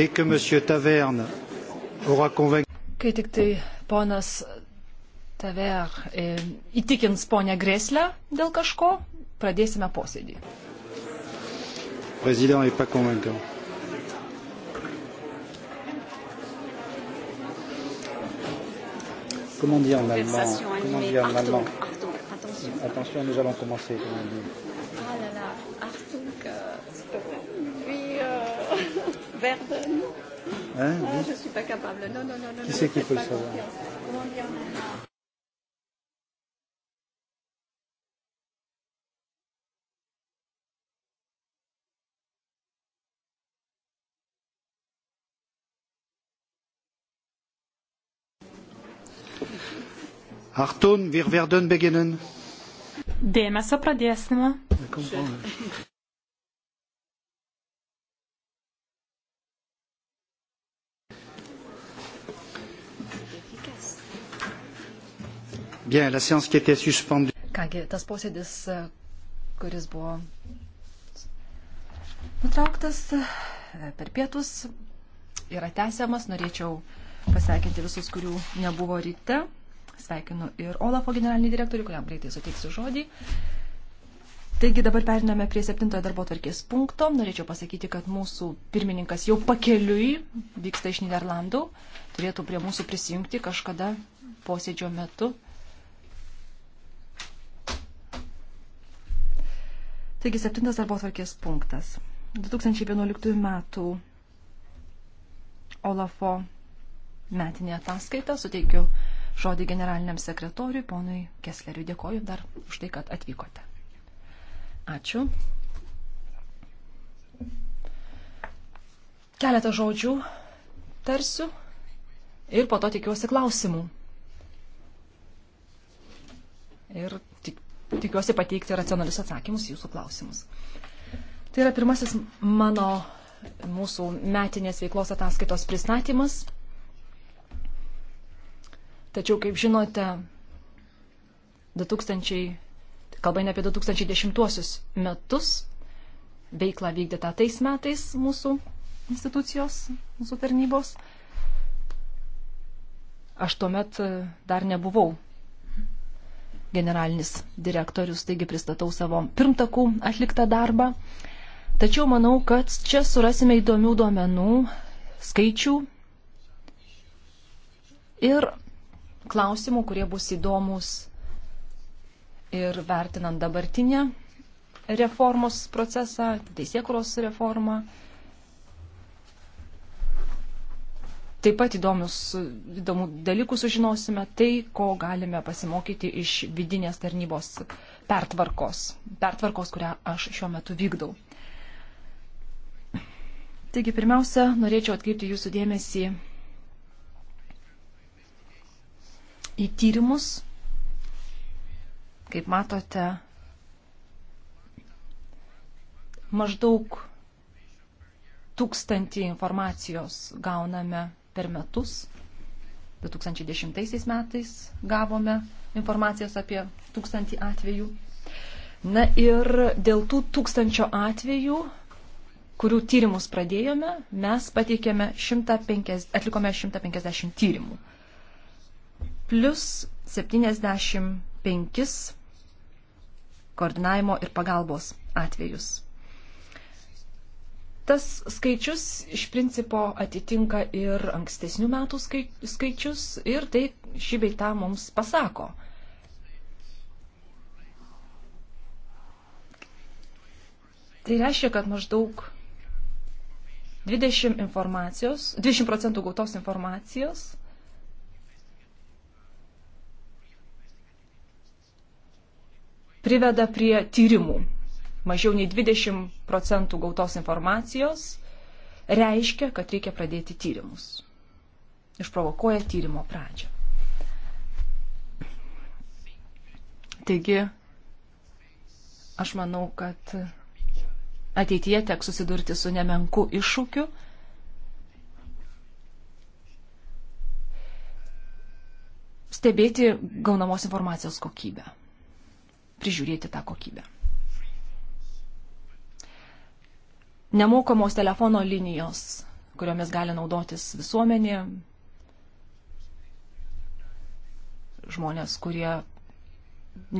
Kai tik tai ponas Taver e, įtikins ponę Greslę dėl kažko, pradėsime posėdį. Président n'est pas convaincant. Comment dire en allemand Comment dire en allemand Attention, nous allons commencer. Comment dire. Verben hein, ah, oui. Je ne suis pas capable. Non, non, non, non. Qui c'est qui peut le savoir confiance. Comment dire Arton vir Verden Begenen. Dėmesio pradėsime. Nekomponai. Bien, la séance qui était suspendue. Kągi, tas posėdis, kuris buvo nutrauktas e, per pietus, yra tęsiamas. Norėčiau pasveikinti visus, kurių nebuvo ryte. Sveikinu ir Olafo generalinį direktorių, kuriam greitai suteiksiu žodį. Taigi dabar periname prie septintojo darbo tvarkės punkto. Norėčiau pasakyti, kad mūsų pirmininkas jau pakeliui vyksta iš Niderlandų. Turėtų prie mūsų prisijungti kažkada posėdžio metu. Taigi septintas darbo tvarkės punktas. 2011 metų Olafo metinė ataskaita suteikiu žodį generaliniam sekretoriui, ponui Kesleriui. Dėkoju dar už tai, kad atvykote. Ačiū. Keletą žodžių tarsiu ir po to tikiuosi klausimų. Ir tik tikiuosi pateikti racionalius atsakymus į jūsų klausimus. Tai yra pirmasis mano mūsų metinės veiklos ataskaitos pristatymas. Tačiau, kaip žinote, 2000, kalba ne apie 2010 metus, veiklą vykdytą tais metais mūsų institucijos, mūsų tarnybos. Aš tuomet dar nebuvau generalinis direktorius, taigi pristatau savo pirmtakų atliktą darbą. Tačiau manau, kad čia surasime įdomių duomenų, skaičių ir klausimų, kurie bus įdomus ir vertinant dabartinę reformos procesą, teisėkuros reformą taip pat įdomius, įdomų dalykų sužinosime, tai, ko galime pasimokyti iš vidinės tarnybos pertvarkos, pertvarkos, kurią aš šiuo metu vykdau. Taigi, pirmiausia, norėčiau atkreipti jūsų dėmesį į tyrimus. Kaip matote, maždaug tūkstantį informacijos gauname per metus. 2010 metais gavome informacijos apie tūkstantį atvejų. Na ir dėl tų tūkstančio atvejų, kurių tyrimus pradėjome, mes pateikėme 150, atlikome 150 tyrimų. Plus 75 koordinavimo ir pagalbos atvejus. Tas skaičius iš principo atitinka ir ankstesnių metų skaičius ir tai šį beitą mums pasako. Tai reiškia, kad maždaug 20, 20 procentų gautos informacijos priveda prie tyrimų mažiau nei 20 procentų gautos informacijos reiškia, kad reikia pradėti tyrimus. Išprovokuoja tyrimo pradžią. Taigi, aš manau, kad ateityje teks susidurti su nemenku iššūkiu. Stebėti gaunamos informacijos kokybę. Prižiūrėti tą kokybę. nemokamos telefono linijos, kuriomis gali naudotis visuomenė, žmonės, kurie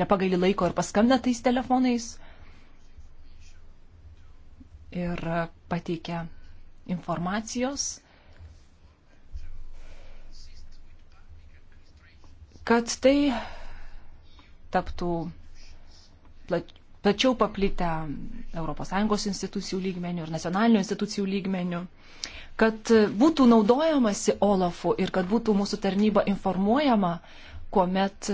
nepagaili laiko ir paskambina tais telefonais ir pateikia informacijos, kad tai taptų plat, plačiau paplitę ES institucijų lygmenių ir nacionalinių institucijų lygmenių, kad būtų naudojamasi OLAFu ir kad būtų mūsų tarnyba informuojama, kuomet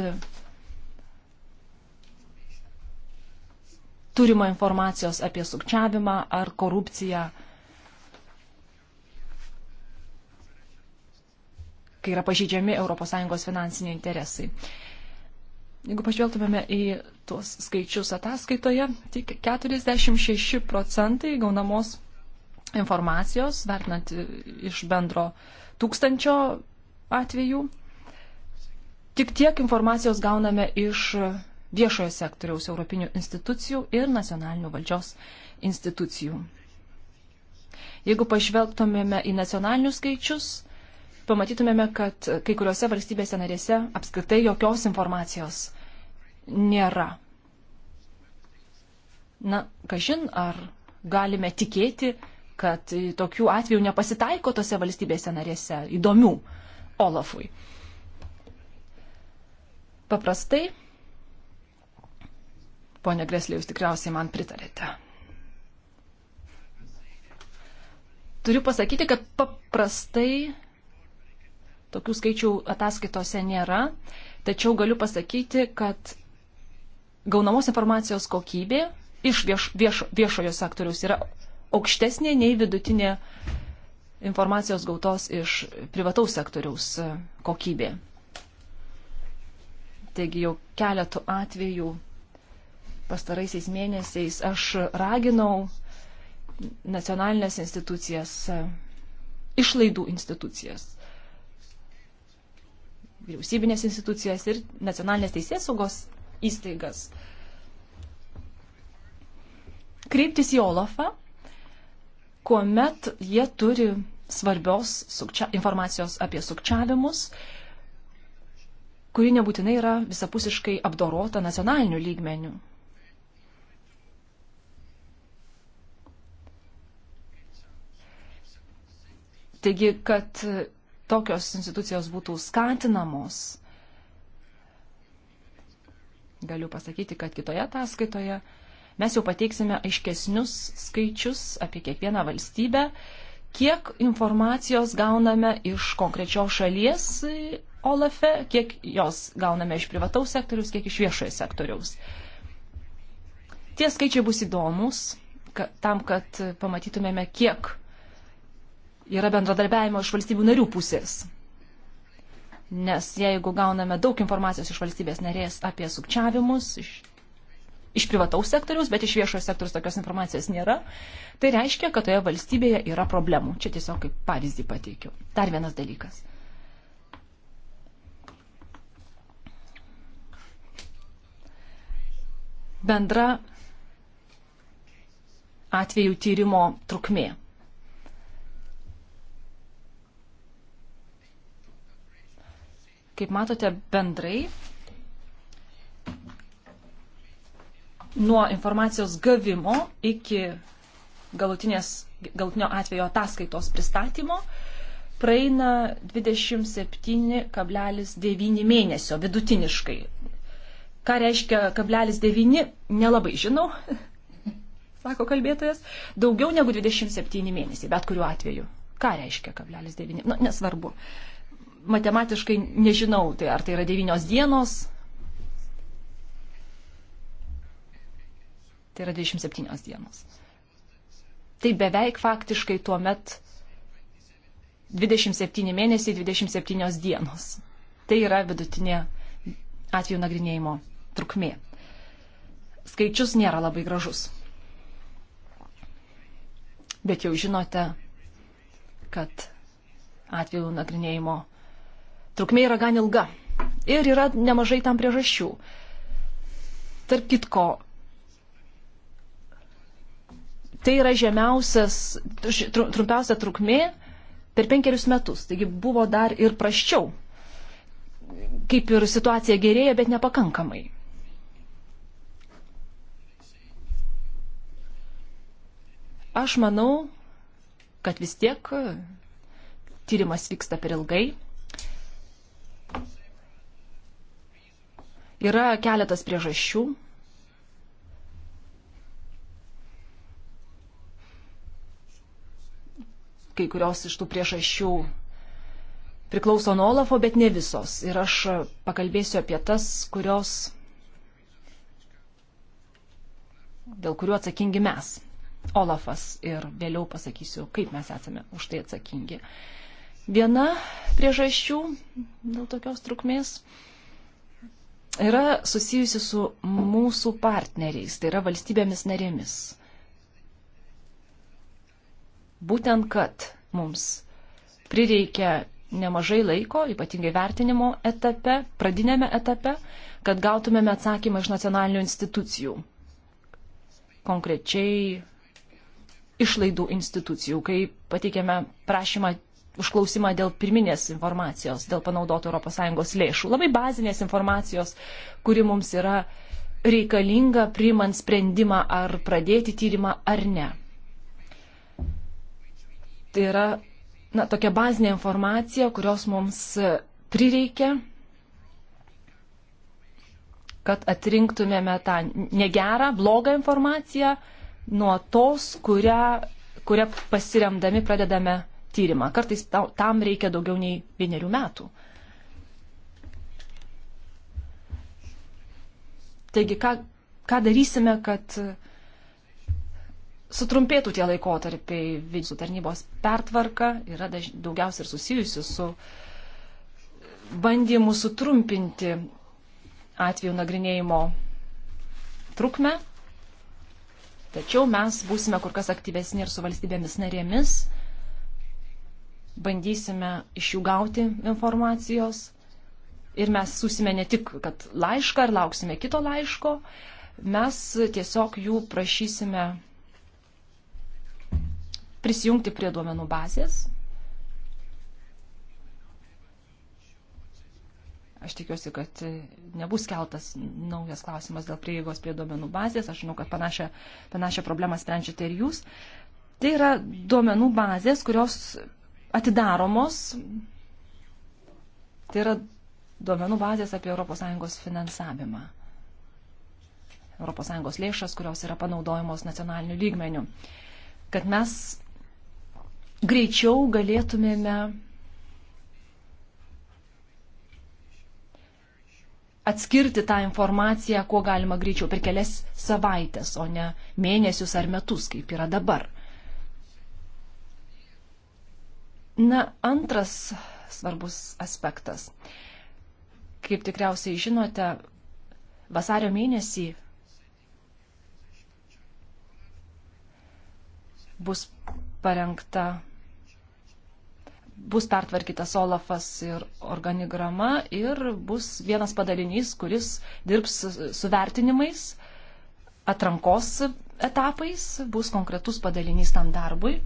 turima informacijos apie sukčiavimą ar korupciją, kai yra pažydžiami ES finansiniai interesai. Jeigu pažvelgtumėme į tuos skaičius ataskaitoje, tik 46 procentai gaunamos informacijos, vertinant iš bendro tūkstančio atvejų, tik tiek informacijos gauname iš viešojo sektoriaus europinių institucijų ir nacionalinių valdžios institucijų. Jeigu pažvelgtumėme į nacionalinius skaičius, pamatytumėme, kad kai kuriuose valstybėse narėse apskritai jokios informacijos nėra. Na, kažin, ar galime tikėti, kad tokių atvejų nepasitaiko tose valstybėse narėse įdomių Olafui. Paprastai, ponia Greslė, jūs tikriausiai man pritarėte. Turiu pasakyti, kad paprastai tokių skaičių ataskaitose nėra, tačiau galiu pasakyti, kad gaunamos informacijos kokybė iš vieš, vieš, viešojo sektoriaus yra aukštesnė nei vidutinė informacijos gautos iš privataus sektoriaus e, kokybė. Taigi jau keletų atvejų pastaraisiais mėnesiais aš raginau nacionalinės institucijas, e, išlaidų institucijas, vyriausybinės institucijas ir nacionalinės teisės saugos įstaigas. Kreiptis į Olafą, kuomet jie turi svarbios sukčia, informacijos apie sukčiavimus, kuri nebūtinai yra visapusiškai apdorota nacionaliniu lygmeniu. Taigi, kad tokios institucijos būtų skatinamos, galiu pasakyti, kad kitoje ataskaitoje mes jau pateiksime aiškesnius skaičius apie kiekvieną valstybę, kiek informacijos gauname iš konkrečios šalies Olafe, kiek jos gauname iš privataus sektoriaus, kiek iš viešojo sektoriaus. Tie skaičiai bus įdomus ka, tam, kad pamatytumėme, kiek yra bendradarbiavimo iš valstybių narių pusės nes jeigu gauname daug informacijos iš valstybės narės apie sukčiavimus, iš, iš privataus sektoriaus, bet iš viešojo sektoriaus tokios informacijos nėra, tai reiškia, kad toje valstybėje yra problemų. Čia tiesiog kaip pavyzdį pateikiu. Dar vienas dalykas. Bendra atvejų tyrimo trukmė. Kaip matote, bendrai nuo informacijos gavimo iki galutinio atvejo ataskaitos pristatymo praeina 27,9 mėnesio vidutiniškai. Ką reiškia kablelis 9, nelabai žinau, sako kalbėtojas, daugiau negu 27 mėnesiai, bet kuriuo atveju. Ką reiškia kablelis 9? Nu, nesvarbu. Uh, matematiškai nežinau, tai ar tai yra devynios dienos, tai yra 27 dienos. Tai beveik faktiškai tuo met 27 mėnesiai, 27 dienos. Tai yra vidutinė atvejų nagrinėjimo trukmė. Skaičius nėra labai gražus. Bet jau žinote, kad atvejų nagrinėjimo trukmė Trukmė yra gan ilga ir yra nemažai tam priežasčių. Tark kitko, tai yra žemiausias, trumpiausia trukmė per penkerius metus, taigi buvo dar ir praščiau. Kaip ir situacija gerėja, bet nepakankamai. Aš manau, kad vis tiek tyrimas vyksta per ilgai Yra keletas priežasčių. Kai kurios iš tų priežasčių priklauso nuo Olafo, bet ne visos. Ir aš pakalbėsiu apie tas, kurios, dėl kurių atsakingi mes. Olafas ir vėliau pasakysiu, kaip mes esame už tai atsakingi. Viena priežasčių dėl tokios trukmės yra susijusi su mūsų partneriais, tai yra valstybėmis narėmis. Būtent, kad mums prireikia nemažai laiko, ypatingai vertinimo etape, pradinėme etape, kad gautumėme atsakymą iš nacionalinių institucijų. Konkrečiai išlaidų institucijų, kai pateikėme prašymą užklausimą dėl pirminės informacijos, dėl panaudotų ES lėšų. Labai bazinės informacijos, kuri mums yra reikalinga priimant sprendimą ar pradėti tyrimą ar ne. Tai yra na, tokia bazinė informacija, kurios mums prireikia, kad atrinktumėme tą negerą, blogą informaciją nuo tos, kurią, kurią pasiremdami pradedame tyrimą. Kartais tam reikia daugiau nei vienerių metų. Taigi, ką, ką darysime, kad sutrumpėtų tie laikotarpiai, vizų tarnybos pertvarka yra daž... daugiausia ir susijusi su bandymu sutrumpinti atvejų nagrinėjimo trukmę, tačiau mes būsime kur kas aktyvesni ir su valstybėmis narėmis, bandysime iš jų gauti informacijos. Ir mes susime ne tik, kad laišką ir lauksime kito laiško, mes tiesiog jų prašysime prisijungti prie duomenų bazės. Aš tikiuosi, kad nebus keltas naujas klausimas dėl prieigos prie duomenų bazės. Aš žinau, kad panašią, panašią problemą sprendžiate ir jūs. Tai yra duomenų bazės, kurios atidaromos. Tai yra duomenų bazės apie ES finansavimą. ES lėšas, kurios yra panaudojamos nacionaliniu lygmeniu. Kad mes greičiau galėtumėme atskirti tą informaciją, kuo galima greičiau, per kelias savaitės, o ne mėnesius ar metus, kaip yra dabar. Na, antras svarbus aspektas. Kaip tikriausiai žinote, vasario mėnesį bus parengta, bus pertvarkytas Olafas ir organigrama ir bus vienas padalinys, kuris dirbs su vertinimais, atrankos etapais, bus konkretus padalinys tam darbui.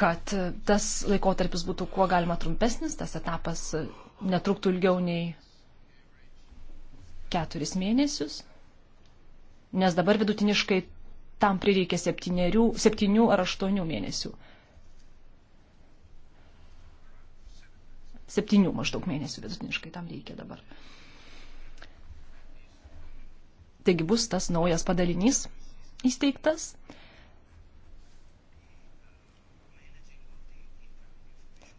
kad tas laikotarpis būtų kuo galima trumpesnis, tas etapas netruktų ilgiau nei keturis mėnesius, nes dabar vidutiniškai tam prireikia septynių, septynių ar aštuonių mėnesių. Septynių maždaug mėnesių vidutiniškai tam reikia dabar. Taigi bus tas naujas padalinys įsteigtas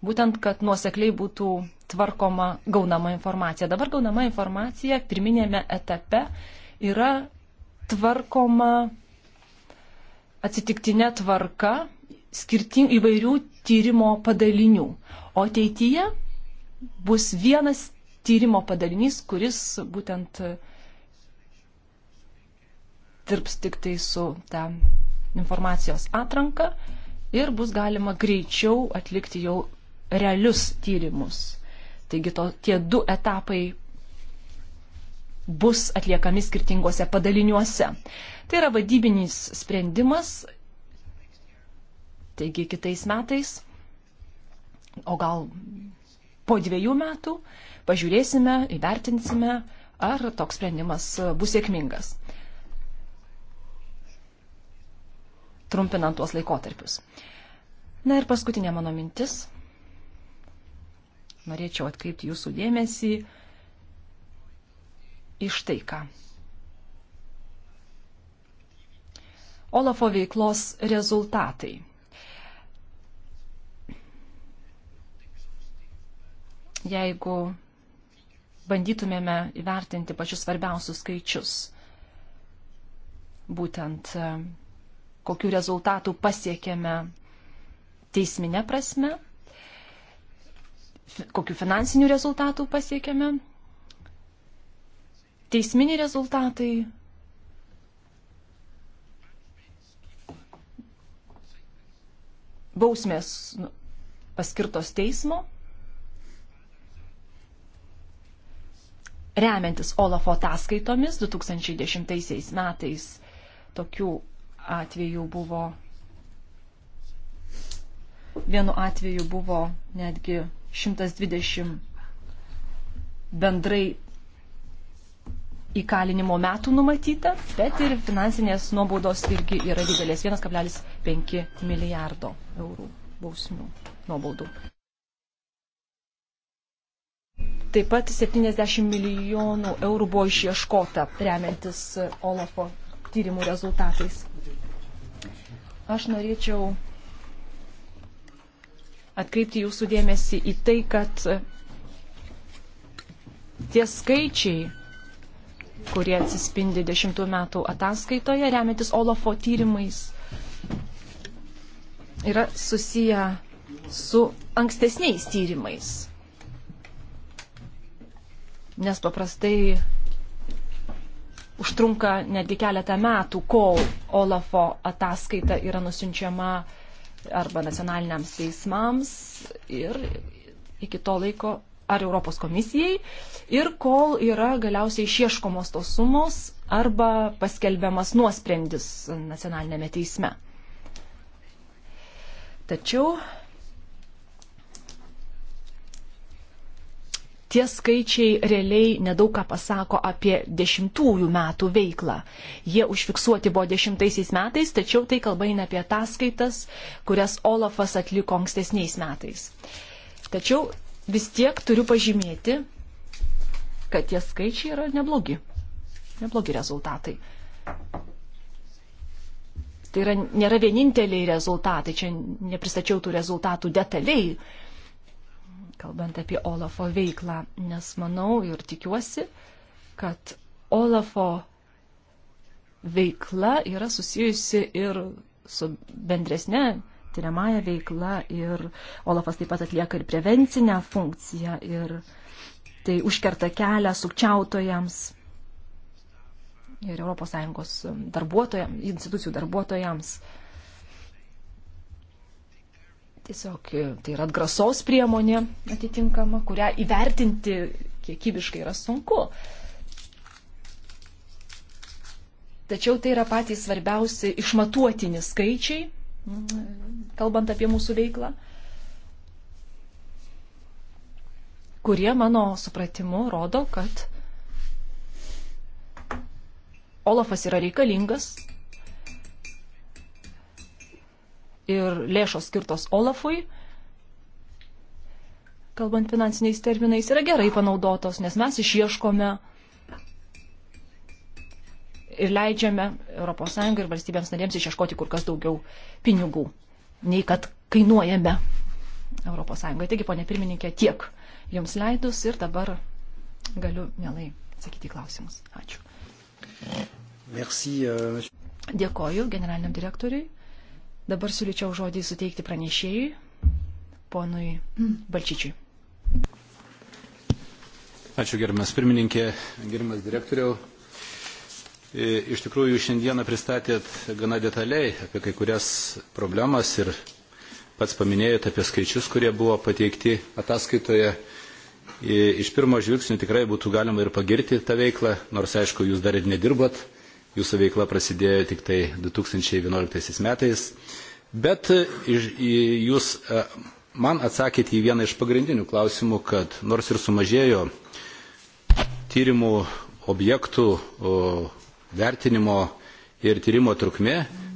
būtent, kad nuosekliai būtų tvarkoma gaunama informacija. Dabar gaunama informacija pirminėme etape yra tvarkoma atsitiktinė tvarka skirtingų įvairių tyrimo padalinių. O ateityje bus vienas tyrimo padalinys, kuris būtent e, dirbs tik tai su ta informacijos atranka ir bus galima greičiau atlikti jau realius tyrimus. Taigi to, tie du etapai bus atliekami skirtingose padaliniuose. Tai yra vadybinis sprendimas, taigi kitais metais, o gal po dviejų metų, pažiūrėsime, įvertinsime, ar toks sprendimas bus sėkmingas. Trumpinant tuos laikotarpius. Na ir paskutinė mano mintis norėčiau atkreipti jūsų dėmesį iš tai ką. Olafo veiklos rezultatai. Jeigu bandytumėme įvertinti pačius svarbiausius skaičius, būtent e, kokiu rezultatu pasiekėme teisminė prasme, kokiu finansiniu rezultatu pasiekėme. Teisminiai rezultatai. Bausmės paskirtos teismo. Remiantis Olafo ataskaitomis 2010 metais tokių atvejų buvo vienu atveju buvo netgi 120 bendrai įkalinimo metų numatyta, bet ir finansinės nuobaudos irgi yra didelės - 1,5 milijardo eurų bausmių nuobaudų. Taip pat 70 milijonų eurų buvo išieškota remiantis Olafo tyrimų rezultatais. Aš norėčiau atkreipti jūsų dėmesį į tai, kad e, tie skaičiai, kurie atsispindi dešimtų metų ataskaitoje, remiantis Olofo tyrimais, yra susiję su ankstesniais tyrimais. Nes paprastai užtrunka netgi keletą metų, kol Olafo ataskaita yra nusinčiama uh, arba nacionaliniams teismams ir iki to laiko ar Europos komisijai ir kol yra galiausiai išieškomos tos sumos arba paskelbiamas nuosprendis nacionalinėme teisme. Tačiau tie skaičiai realiai nedaug ką pasako apie dešimtųjų metų veiklą. Jie užfiksuoti buvo dešimtaisiais metais, tačiau tai kalba eina apie ataskaitas, kurias Olafas atliko ankstesniais metais. Tačiau vis tiek turiu pažymėti, kad tie skaičiai yra neblogi. Neblogi rezultatai. Tai yra, nėra vieninteliai rezultatai, čia nepristačiau tų rezultatų detaliai, kalbant apie Olafo veiklą, nes manau ir tikiuosi, kad Olafo veikla yra susijusi ir su bendresne tyriamąją veiklą ir Olafas taip pat atlieka ir prevencinę funkciją ir tai užkerta kelią sukčiautojams ir ES darbuotojams, institucijų darbuotojams. Tiesiog e, tai yra atgrasos priemonė atitinkama, kurią įvertinti kiekybiškai yra sunku. Tačiau tai yra patys svarbiausi išmatuotini skaičiai, kalbant apie mūsų veiklą, kurie mano supratimu rodo, kad Olafas yra reikalingas ir lėšos skirtos Olafui, kalbant finansiniais terminais, yra gerai panaudotos, nes mes išieškome ir leidžiame ES ir valstybėms narėms išieškoti kur kas daugiau pinigų, nei kad kainuojame ES. Taigi, ponė pirmininkė, tiek jums leidus ir dabar galiu mielai atsakyti klausimus. Ačiū. Merci, uh... Dėkoju generaliniam direktoriui. Dabar siūlyčiau žodį suteikti pranešėjui, ponui Balčyčiui. Ačiū gerbiamas pirmininkė, gerbiamas direktoriau. E, iš tikrųjų, šiandieną pristatėt gana detaliai apie kai kurias problemas ir pats paminėjot apie skaičius, kurie buvo pateikti ataskaitoje. E, iš pirmo žvilgsnio tikrai būtų galima ir pagirti tą veiklą, nors aišku, jūs dar ir nedirbat Jūsų veikla prasidėjo tik tai 2011 metais, bet e, jūs e, man atsakėte į vieną iš pagrindinių klausimų, kad nors ir sumažėjo tyrimų objektų vertinimo ir tyrimo trukmė,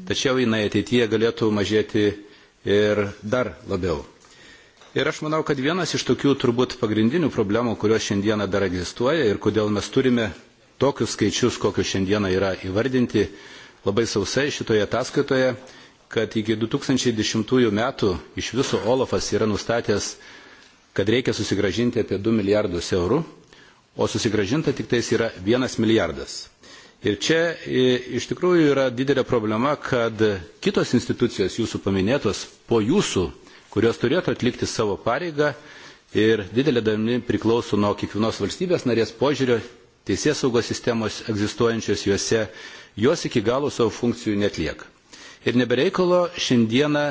tačiau jinai ateityje galėtų mažėti ir dar labiau. Ir aš manau, kad vienas iš tokių turbūt pagrindinių problemų, kurios šiandieną dar egzistuoja ir kodėl mes turime tokius skaičius, kokius šiandieną yra įvardinti labai sausai šitoje ataskaitoje, kad iki 2010 metų iš viso Olafas yra nustatęs, kad reikia susigražinti apie 2 milijardus eurų, o susigražinta tik tais yra 1 milijardas. Ir čia iš tikrųjų yra didelė problema, kad kitos institucijos jūsų paminėtos po jūsų, kurios turėtų atlikti savo pareigą ir didelė dalimi priklauso nuo kiekvienos valstybės narės požiūrio teisės saugos sistemos egzistuojančios juose, jos iki galo savo funkcijų netlieka. Ir nebereikalo šiandieną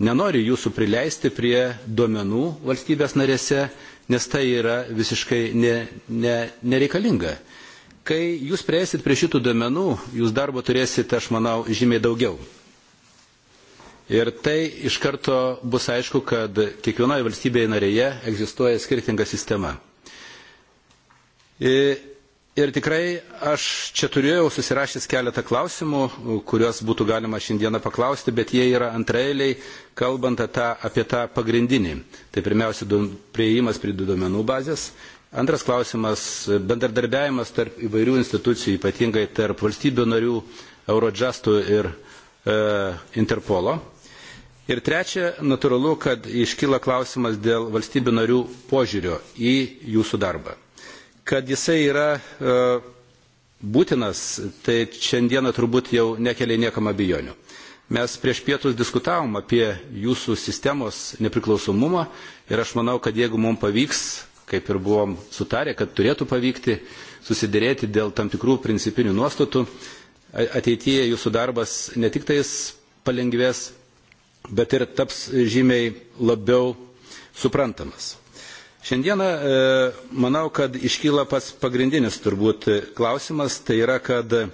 nenori jūsų prileisti prie duomenų valstybės narėse, nes tai yra visiškai ne, ne, nereikalinga. Kai jūs prieisit prie šitų duomenų, jūs darbo turėsite, aš manau, žymiai daugiau. Ir tai iš karto bus aišku, kad kiekvienoje valstybėje narėje egzistuoja skirtinga sistema. Ir e, Ir tikrai aš čia turėjau susirašęs keletą klausimų, kuriuos būtų galima šiandieną paklausti, bet jie yra antrailiai, kalbant tą, apie tą pagrindinį. Tai pirmiausia, prieimas prie duomenų bazės. Antras klausimas - bendradarbiavimas tarp įvairių institucijų, ypatingai tarp valstybių narių, Eurodžastų ir e, Interpolo. Ir trečia, natūralu, kad iškyla klausimas dėl valstybių narių požiūrio į jūsų darbą kad jisai yra e, būtinas, tai šiandieną turbūt jau nekelia niekam abejonių. Mes prieš pietus diskutavom apie jūsų sistemos nepriklausomumą ir aš manau, kad jeigu mums pavyks, kaip ir buvom sutarę, kad turėtų pavykti susidėrėti dėl tam tikrų principinių nuostatų, ateityje jūsų darbas ne tik tais palengvės, bet ir taps žymiai labiau suprantamas. Šiandieną e, manau, kad iškyla pas pagrindinis turbūt klausimas, tai yra, kad e,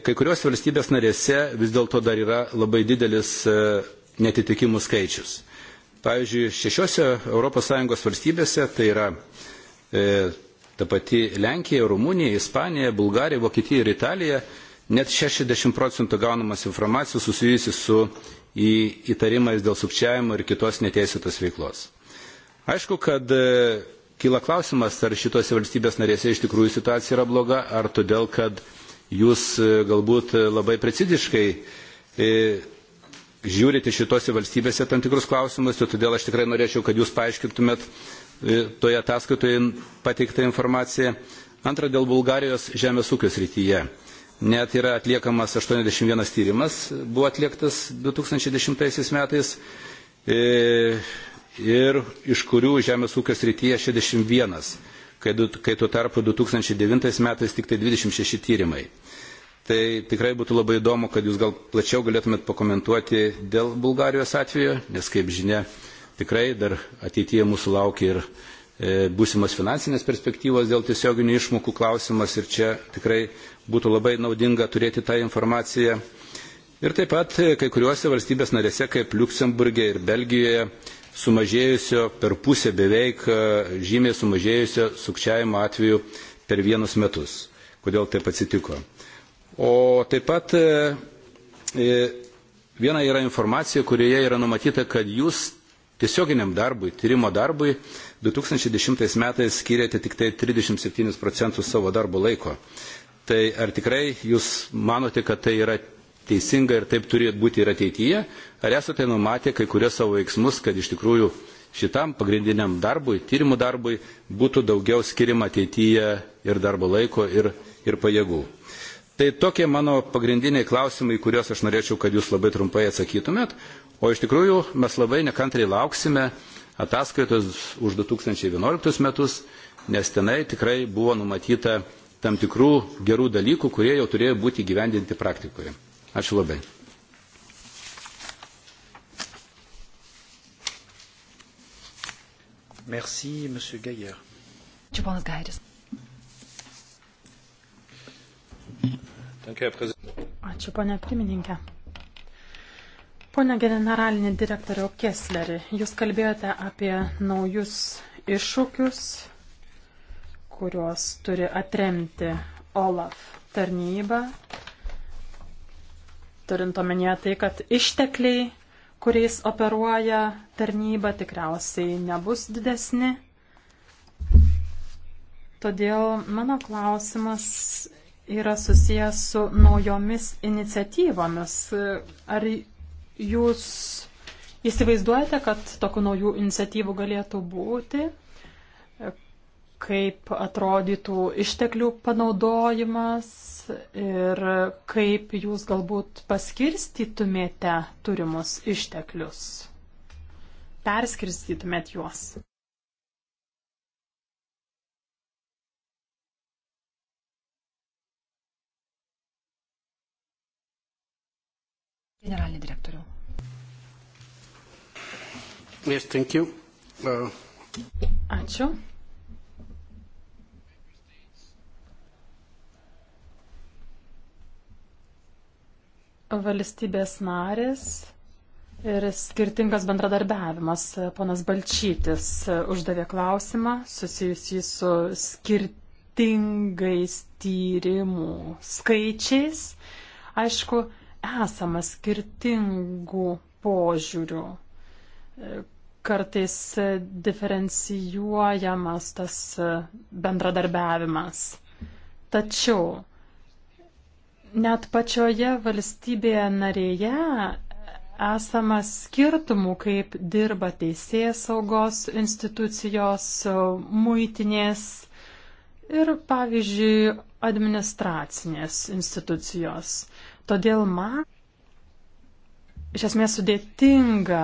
kai kurios valstybės narėse vis dėlto dar yra labai didelis e, netitikimų skaičius. Pavyzdžiui, šešiose ES valstybėse, tai yra e, ta pati Lenkija, Rumunija, Ispanija, Bulgarija, Vokietija ir Italija, net 60 procentų gaunamas informacijos susijusi su įtarimais dėl sukčiavimo ir kitos neteisėtos veiklos. Aišku, kad e, kyla klausimas, ar šitose valstybės narėse iš tikrųjų situacija yra bloga, ar todėl, kad jūs e, galbūt labai preciziškai e, žiūrite šitose valstybėse tam tikrus klausimus, tai todėl aš tikrai norėčiau, kad jūs paaiškintumėt toje ataskaitoje pateiktą informaciją. Antra, dėl Bulgarijos žemės ūkio srityje. Net yra atliekamas 81 tyrimas, buvo atliektas 2010 metais ir iš kurių žemės ūkio srityje 61, kai, kai tuo tarpu 2009 metais tik tai 26 tyrimai. Tai tikrai būtų labai įdomu, kad jūs gal plačiau galėtumėt pakomentuoti dėl Bulgarijos atveju, nes kaip žinia, tikrai dar ateityje mūsų laukia ir e, būsimos finansinės perspektyvos dėl tiesioginių išmokų klausimas ir čia tikrai būtų labai naudinga turėti tą informaciją. Ir taip pat e, kai kuriuose valstybės narėse, kaip Luksemburgė ir Belgijoje, sumažėjusio per pusę beveik e, žymiai sumažėjusio sukčiavimo atveju per vienus metus. Kodėl taip atsitiko? O taip pat e, e, viena yra informacija, kurioje yra numatyta, kad jūs tiesioginiam darbui, tyrimo darbui 2010 metais skiriate tik tai 37 procentus savo darbo laiko. Tai ar tikrai jūs manote, kad tai yra teisinga ir taip turėtų būti ir ateityje. Ar esate numatę kai kurias savo veiksmus, kad iš tikrųjų šitam pagrindiniam darbui, tyrimų darbui būtų daugiau skirima ateityje ir darbo laiko, ir, ir pajėgų. Tai tokie mano pagrindiniai klausimai, kuriuos aš norėčiau, kad jūs labai trumpai atsakytumėt. O iš tikrųjų mes labai nekantriai lauksime ataskaitos už 2011 metus, nes tenai tikrai buvo numatyta tam tikrų gerų dalykų, kurie jau turėjo būti gyvendinti praktikoje. Ačiū labai. Merci, Monsieur Gaillard. Čia ponas Gairis. Ačiū, ponė pirmininkė. Pone generalinė direktorio Kessleri, jūs kalbėjote apie naujus iššūkius, kuriuos turi atremti OLAF tarnyba turint omenyje tai, kad ištekliai, kuriais operuoja tarnyba, tikriausiai nebus didesni. Todėl mano klausimas yra susijęs su naujomis iniciatyvomis. Ar jūs įsivaizduojate, kad tokių naujų iniciatyvų galėtų būti? Kaip atrodytų išteklių panaudojimas? ir kaip jūs galbūt paskirstytumėte turimus išteklius, perskirstytumėt juos. Generalinį direktorių. Yes, thank you. Uh... Ačiū. valstybės narės ir skirtingas bendradarbiavimas. Ponas Balčytis uždavė klausimą susijusį su skirtingais tyrimų skaičiais. Aišku, esama skirtingų požiūrių. Kartais diferencijuojamas tas bendradarbiavimas. Tačiau Net pačioje valstybėje narėje esama skirtumų, kaip dirba teisės saugos institucijos, muitinės ir, pavyzdžiui, administracinės institucijos. Todėl man iš esmės sudėtinga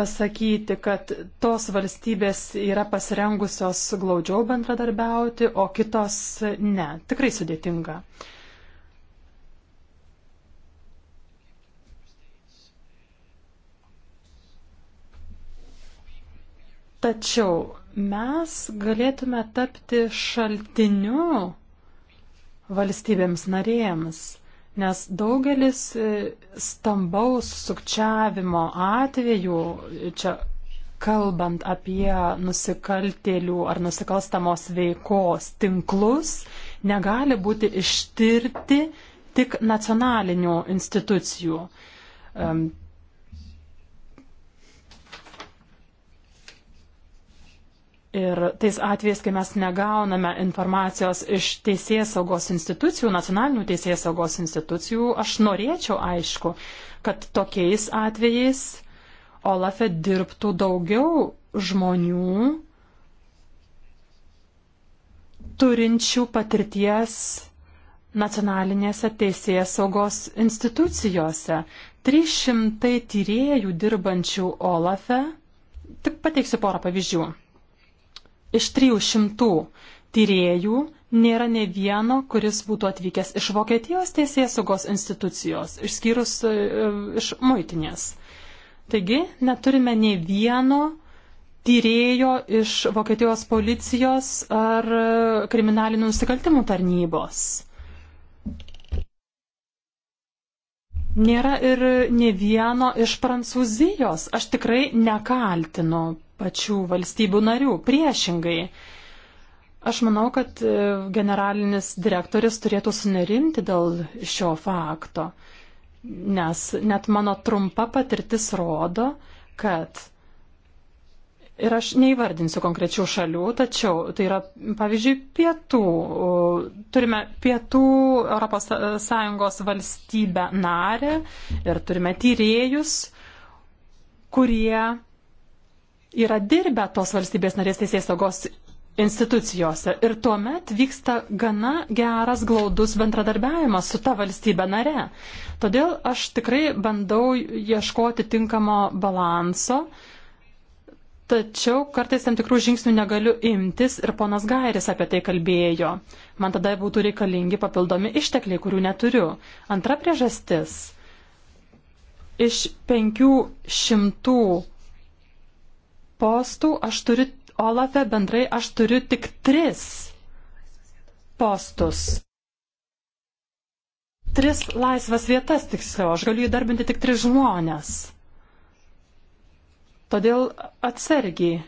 pasakyti, kad tos valstybės yra pasirengusios glaudžiau bendradarbiauti, o kitos ne. Tikrai sudėtinga. Uh, Tačiau mes galėtume tapti šaltiniu valstybėms narėms, nes daugelis e, stambaus sukčiavimo atvejų, čia kalbant apie nusikaltėlių ar nusikalstamos veikos tinklus, negali būti ištirti tik nacionalinių institucijų Ir tais atvejais, kai mes negauname informacijos iš teisės saugos institucijų, nacionalinių teisės saugos institucijų, aš norėčiau aišku, kad tokiais atvejais Olafe dirbtų daugiau žmonių turinčių patirties nacionalinėse teisės saugos institucijose. 300 tyriejų dirbančių Olafe. Tik pateiksiu porą pavyzdžių iš 300 tyrėjų nėra ne vieno, kuris būtų atvykęs iš Vokietijos teisės saugos institucijos, išskyrus e, iš muitinės. Taigi neturime ne vieno tyrėjo iš Vokietijos policijos ar e, kriminalinių nusikaltimų tarnybos. Nėra ir ne vieno iš Prancūzijos. Aš tikrai nekaltinu pačių valstybių narių. Priešingai, aš manau, kad e, generalinis direktoris turėtų sunerimti dėl šio fakto, nes net mano trumpa patirtis rodo, kad ir aš neįvardinsiu konkrečių šalių, tačiau tai yra, pavyzdžiui, pietų. Turime pietų ES valstybę narę ir turime tyrėjus, kurie yra dirbę tos valstybės narės teisės saugos institucijose ir tuomet vyksta gana geras glaudus bendradarbiavimas su ta valstybė nare. Todėl aš tikrai bandau ieškoti tinkamo balanso, tačiau kartais tam tikrų žingsnių negaliu imtis ir ponas Gairis apie tai kalbėjo. Man tada būtų reikalingi papildomi ištekliai, kurių neturiu. Antra priežastis. Iš penkių šimtų postų aš turiu, Olafe bendrai aš turiu tik tris postus. Tris laisvas vietas tiksliau, aš galiu įdarbinti tik tris žmonės. Todėl atsargiai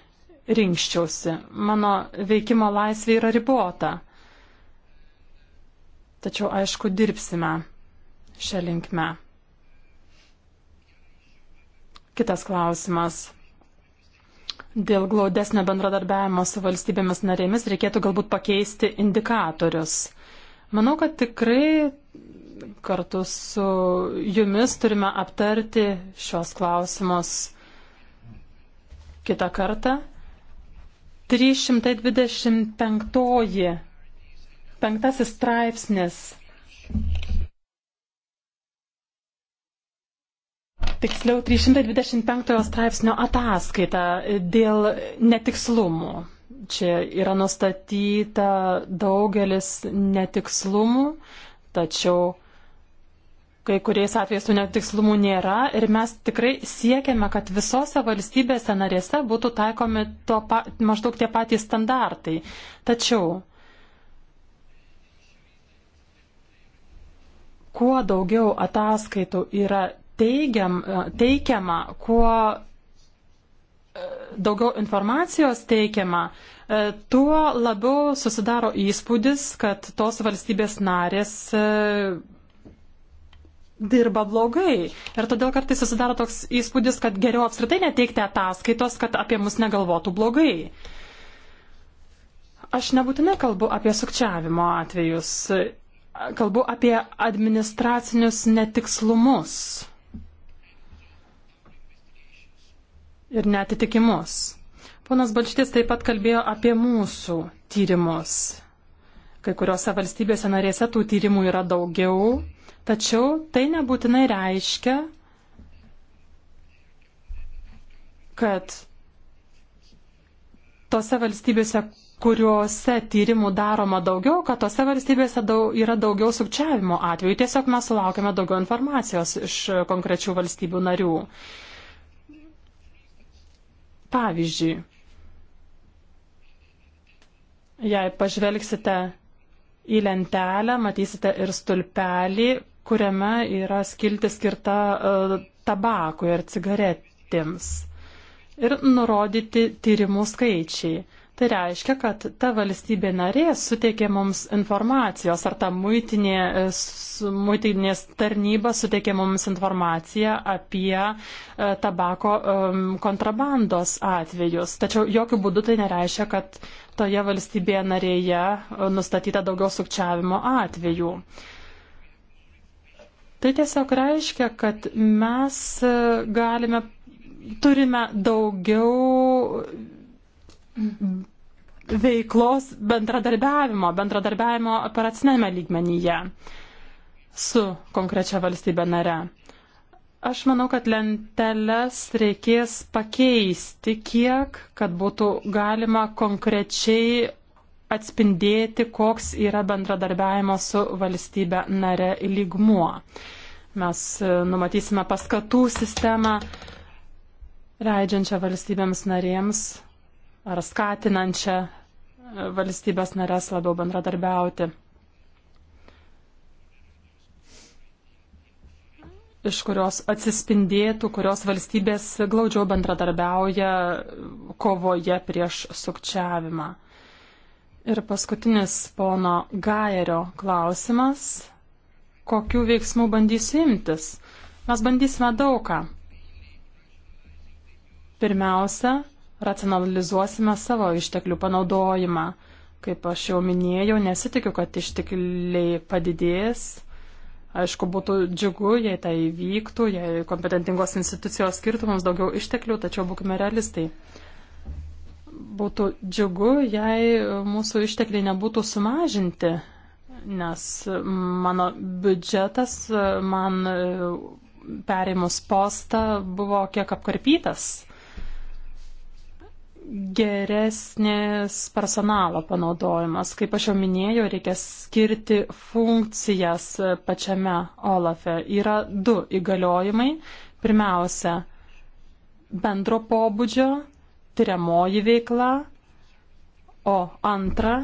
rinkščiausi. Mano veikimo laisvė yra ribota. Tačiau, aišku, dirbsime šią linkmę. Kitas klausimas. Dėl glaudesnio bendradarbiavimo su valstybėmis narėmis reikėtų galbūt pakeisti indikatorius. Manau, kad tikrai kartu su jumis turime aptarti šios klausimus kitą kartą. 325. Penktasis straipsnis. tiksliau 325 straipsnio ataskaitą dėl netikslumų. Čia yra nustatyta daugelis netikslumų, tačiau kai kuriais atvejais tų netikslumų nėra ir mes tikrai siekiame, kad visose valstybėse narėse būtų taikomi to pa, maždaug tie patys standartai. Tačiau kuo daugiau ataskaitų yra teigiam, e, teikiama, kuo e, daugiau informacijos teikiama, e, tuo labiau susidaro įspūdis, kad tos valstybės narės dirba blogai. Ir todėl kartais susidaro toks įspūdis, kad geriau apskritai neteikti ataskaitos, kad apie mus negalvotų blogai. Aš nebūtinai kalbu apie sukčiavimo atvejus, kalbu apie administracinius netikslumus. ir netitikimus. Ponas Balčytis taip pat kalbėjo apie mūsų tyrimus. Kai kuriuose valstybėse narėse tų tyrimų yra daugiau, tačiau tai nebūtinai reiškia, kad tose valstybėse, kuriuose tyrimų daroma daugiau, kad tose valstybėse daug, yra daugiau sukčiavimo atvejų. Tiesiog mes sulaukime daugiau informacijos iš konkrečių valstybių narių. Uh, Pavyzdžiui, jei pažvelgsite į lentelę, matysite ir stulpelį, kuriame yra skilti skirta e, tabakui ir cigaretėms. Ir nurodyti tyrimų skaičiai. Tai reiškia, kad ta valstybė narė suteikė mums informacijos, ar ta muitinė, e, muitinės tarnyba suteikė mums informaciją apie e, tabako e, kontrabandos atvejus. Tačiau jokių būdų tai nereiškia, kad toje valstybėje narėje nustatyta daugiau sukčiavimo atvejų. Tai tiesiog reiškia, kad mes galime turime daugiau veiklos bendradarbiavimo, bendradarbiavimo operacinėme lygmenyje su konkrečia valstybė nare. Aš manau, kad lenteles reikės pakeisti kiek, kad būtų galima konkrečiai atspindėti, koks yra bendradarbiavimo su valstybė nare lygmuo. Mes e, numatysime paskatų sistemą, leidžiančią valstybėms narėms ar skatinančią e, valstybės narės labiau bendradarbiauti. iš kurios atsispindėtų, kurios valstybės glaudžiau bendradarbiauja kovoje prieš sukčiavimą. Ir paskutinis pono Gairio klausimas. Kokių veiksmų bandysiu imtis? Mes bandysime daugą. Pirmiausia, racionalizuosime savo išteklių panaudojimą. Kaip aš jau minėjau, nesitikiu, kad ištekliai padidės. Aišku, būtų džiugu, jei tai įvyktų, jei kompetentingos institucijos skirtų mums daugiau išteklių, tačiau būkime realistai. Būtų džiugu, jei mūsų ištekliai nebūtų sumažinti, nes mano biudžetas man perėmus postą buvo kiek apkarpytas geresnės personalo panaudojimas. Kaip aš jau minėjau, reikia skirti funkcijas pačiame Olafe. Yra du įgaliojimai. Pirmiausia, bendro pobūdžio tyriamoji veikla, o antra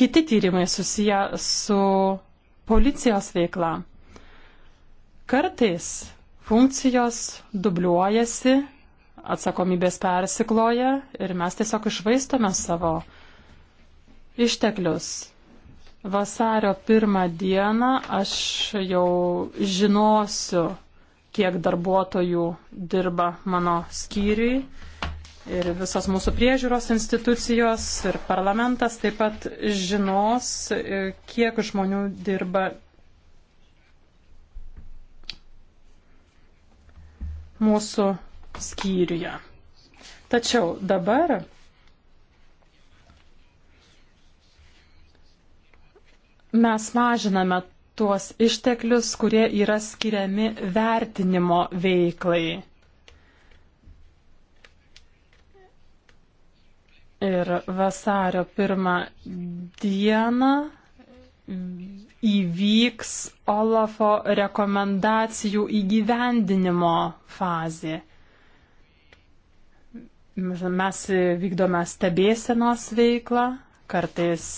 kiti tyrimai susiję su policijos veikla. Kartais funkcijos dubliuojasi, atsakomybės persikloja ir mes tiesiog išvaistome savo išteklius. Vasario pirmą dieną aš jau žinosiu, kiek darbuotojų dirba mano skyriui ir visos mūsų priežiūros institucijos ir parlamentas taip pat žinos, kiek žmonių dirba mūsų skyriuje. Tačiau dabar mes mažiname tuos išteklius, kurie yra skiriami vertinimo veiklai. Ir vasario pirmą dieną įvyks Olafo rekomendacijų įgyvendinimo fazė. Mes vykdome stebėsenos veiklą, kartais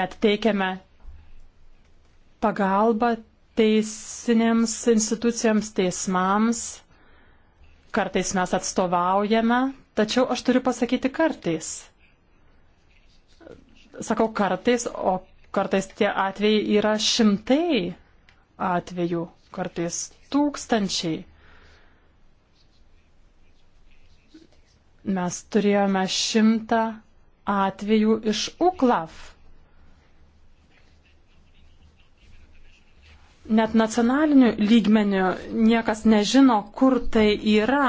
net teikiame pagalbą teisinėms institucijoms, teismams, kartais mes atstovaujame, tačiau aš turiu pasakyti kartais sakau kartais, o Kartais tie atvejai yra šimtai atvejų, kartais tūkstančiai. Mes turėjome šimtą atvejų iš UKLAF. Net nacionaliniu lygmeniu niekas nežino, kur tai yra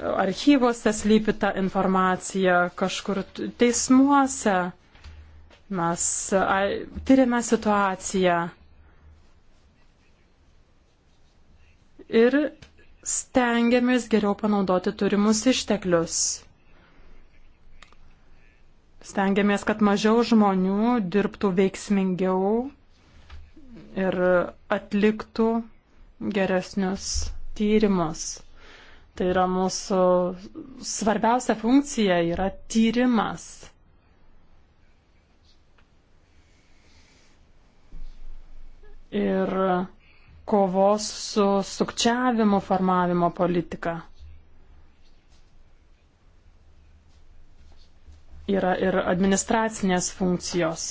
archyvose slypi ta informacija, kažkur teismuose mes tyriame situaciją. Ir stengiamės geriau panaudoti turimus išteklius. Stengiamės, kad mažiau žmonių dirbtų veiksmingiau ir atliktų geresnius tyrimus. Tai yra mūsų svarbiausia funkcija yra tyrimas. Ir kovos su sukčiavimo formavimo politika. Yra ir administracinės funkcijos.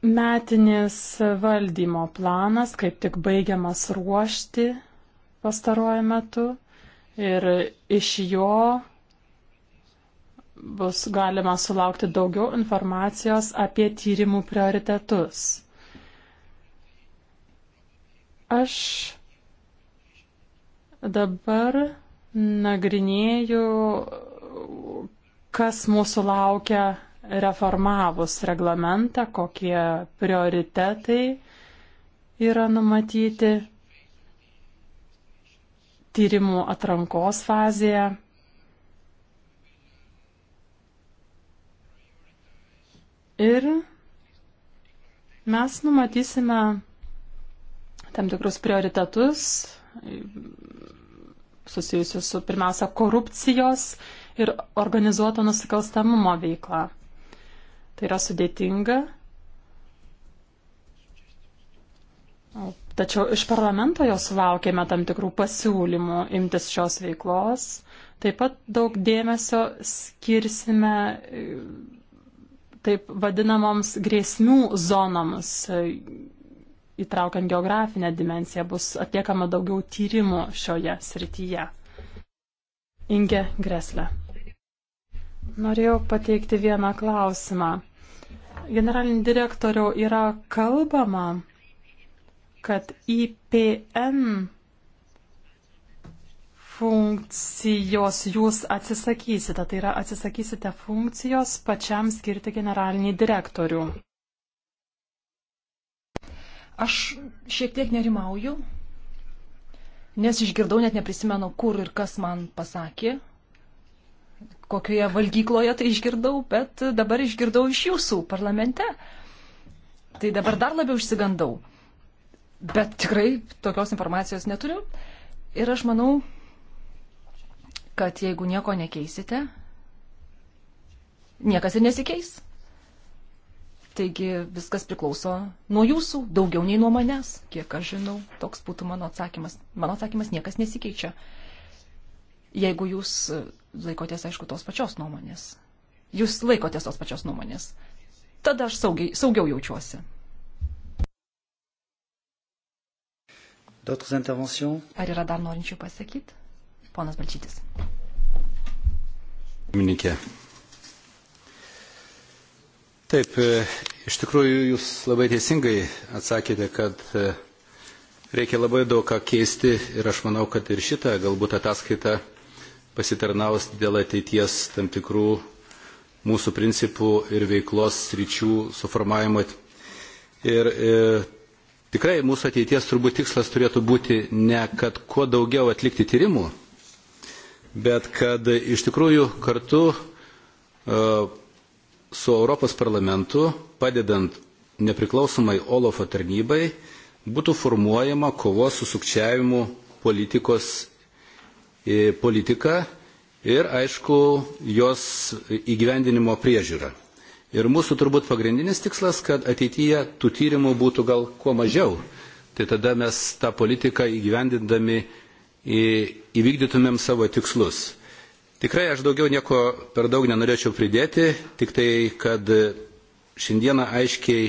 Metinis valdymo planas kaip tik baigiamas ruošti pastaruoju metu ir iš jo bus galima sulaukti daugiau informacijos apie tyrimų prioritetus. Aš dabar nagrinėju, kas mūsų laukia reformavus reglamentą, kokie prioritetai yra numatyti tyrimų atrankos fazėje. Ir mes numatysime tam tikrus prioritetus susijusius su pirmiausia korupcijos ir organizuoto nusikalstamumo veikla. Tai yra sudėtinga. Tačiau iš parlamento jau sulaukėme tam tikrų pasiūlymų imtis šios veiklos. Taip pat daug dėmesio skirsime e, taip vadinamoms grėsmių zonoms, e, įtraukiant geografinę dimenciją, bus atliekama daugiau tyrimų šioje srityje. Inge Greslė. Norėjau pateikti vieną klausimą. Generalinį direktoriau yra kalbama, kad IPN funkcijos jūs atsisakysite, tai yra atsisakysite funkcijos pačiam skirti generalinį direktorių. Aš šiek tiek nerimauju, nes išgirdau, net neprisimenu, kur ir kas man pasakė kokioje valgykloje tai išgirdau, bet dabar išgirdau iš jūsų parlamente. Tai dabar dar labiau išsigandau. Bet tikrai tokios informacijos neturiu. Ir aš manau, kad jeigu nieko nekeisite, niekas ir nesikeis. Taigi viskas priklauso nuo jūsų, daugiau nei nuo manęs, kiek aš žinau. Toks būtų mano atsakymas. Mano atsakymas niekas nesikeičia. Jeigu jūs e, laikotės, aišku, tos pačios nuomonės. Jūs laikotės tos pačios nuomonės. Tada aš saugiai, saugiau jaučiuosi. Ar yra dar norinčių pasakyti? Ponas Balčytis. Minikė. Taip, e, iš tikrųjų jūs labai teisingai atsakėte, kad e, reikia labai daug ką keisti ir aš manau, kad ir šitą galbūt ataskaitą pasitarnaus dėl ateities tam tikrų mūsų principų ir veiklos sričių suformavimo. Ir e, tikrai mūsų ateities turbūt tikslas turėtų būti ne kad kuo daugiau atlikti tyrimų, bet kad iš tikrųjų kartu e, su Europos parlamentu, padedant nepriklausomai Olofo tarnybai, būtų formuojama kovos su sukčiavimu politikos politiką ir, aišku, jos įgyvendinimo priežiūrą. Ir mūsų turbūt pagrindinis tikslas, kad ateityje tų tyrimų būtų gal kuo mažiau. Tai tada mes tą politiką įgyvendindami įvykdytumėm savo tikslus. Tikrai aš daugiau nieko per daug nenorėčiau pridėti, tik tai, kad šiandieną aiškiai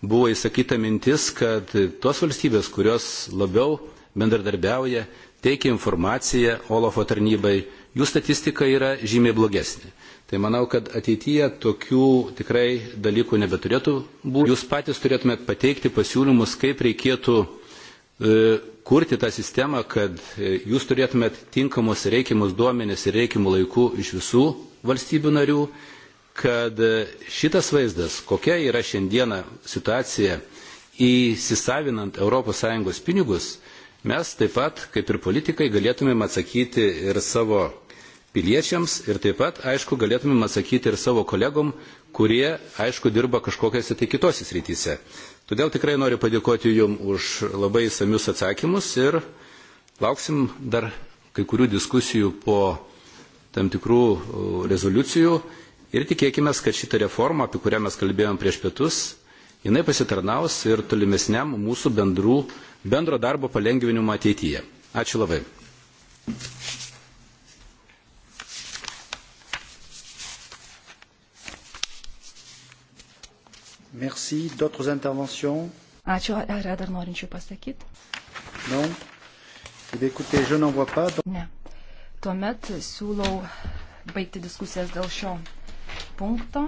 buvo įsakyta mintis, kad tos valstybės, kurios labiau bendradarbiauja, teikia informaciją Olafo tarnybai, jų statistika yra žymiai blogesnė. Tai manau, kad ateityje tokių tikrai dalykų nebeturėtų būti. Jūs patys turėtumėt pateikti pasiūlymus, kaip reikėtų e, kurti tą sistemą, kad e, jūs turėtumėt tinkamus reikiamus duomenis ir reikiamų laikų iš visų valstybių narių, kad e, šitas vaizdas, kokia yra šiandieną situacija įsisavinant ES pinigus, mes taip pat, kaip ir politikai, galėtumėm atsakyti ir savo piliečiams ir taip pat, aišku, galėtumėm atsakyti ir savo kolegom, kurie, aišku, dirba kažkokiose tai kitose srityse. Todėl tikrai noriu padėkoti Jums už labai samius atsakymus ir lauksim dar kai kurių diskusijų po tam tikrų rezoliucijų ir tikėkime, kad šita reforma, apie kurią mes kalbėjom prieš pietus, jinai pasitarnaus ir tolimesniam mūsų bendrų bendro darbo palengvinimo ateityje. Ačiū labai. Merci. D'autres interventions Ačiū. Ar yra dar norinčių pasakyti? Non. Eh écoutez, je n'en vois pas. Donc... Ne. Tuomet siūlau baigti diskusijas dėl šio punkto.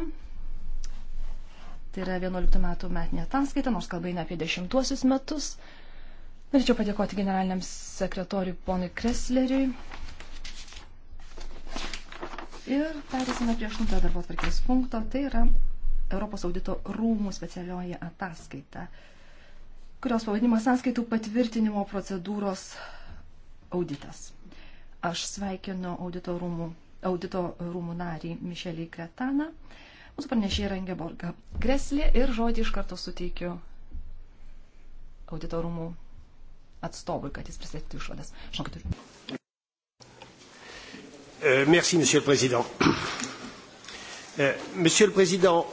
Tai yra 11 metų metinė ataskaita, nors kalba eina apie 10 metus. Norėčiau padėkoti generaliniam sekretoriui ponui Kresleriui. Ir perėsime prie 8 darbo atvarkės punkto. Tai yra Europos audito rūmų specialioji ataskaita, kurios pavadinimas sąskaitų patvirtinimo procedūros auditas. Aš sveikinu audito rūmų, audito rūmų narį Mišelį Kretaną. Mūsų pranešė yra Ingeborga Greslė ir žodį iš karto suteikiu audito rūmų atstovui, kad jis pristatytų išvadas. Žinau, kad turiu. Euh, merci, monsieur le président. Euh, monsieur le président.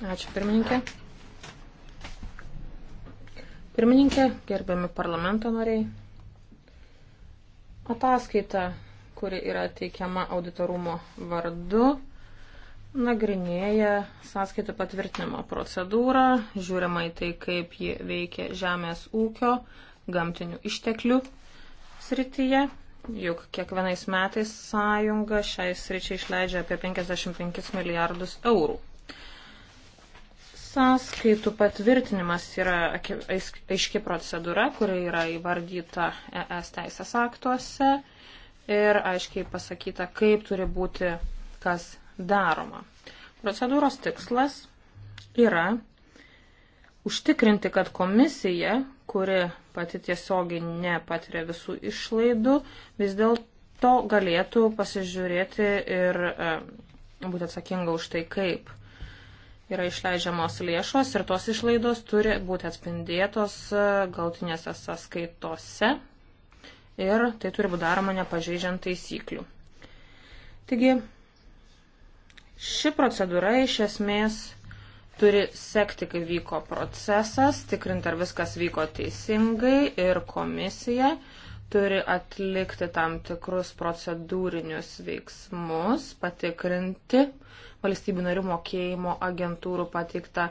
Ačiū, pirmininkė. Pirmininkė, gerbiami parlamento nariai. Ataskaita, kuri yra teikiama auditorumo vardu, nagrinėja sąskaitų patvirtinimo procedūrą, žiūrima į tai, kaip ji veikia žemės ūkio gamtinių išteklių srityje, juk kiekvienais metais sąjunga šiai sričiai išleidžia apie 55 milijardus eurų. Sąskaitų patvirtinimas yra aiški procedūra, kuri yra įvardyta ES teisės aktuose ir aiškiai pasakyta, kaip turi būti kas daroma. Procedūros tikslas yra užtikrinti, kad komisija kuri pati tiesiogiai nepatiria visų išlaidų, vis dėlto galėtų pasižiūrėti ir e, būti atsakinga už tai, kaip yra išleidžiamos lėšos ir tos išlaidos turi būti atspindėtos e, galtinėse sąskaitose ir tai turi būti daroma nepažeidžiant taisyklių. Taigi, ši procedūra iš esmės turi sekti, kaip vyko procesas, tikrinti, ar viskas vyko teisingai ir komisija turi atlikti tam tikrus procedūrinius veiksmus, patikrinti valstybių narių mokėjimo agentūrų pateiktą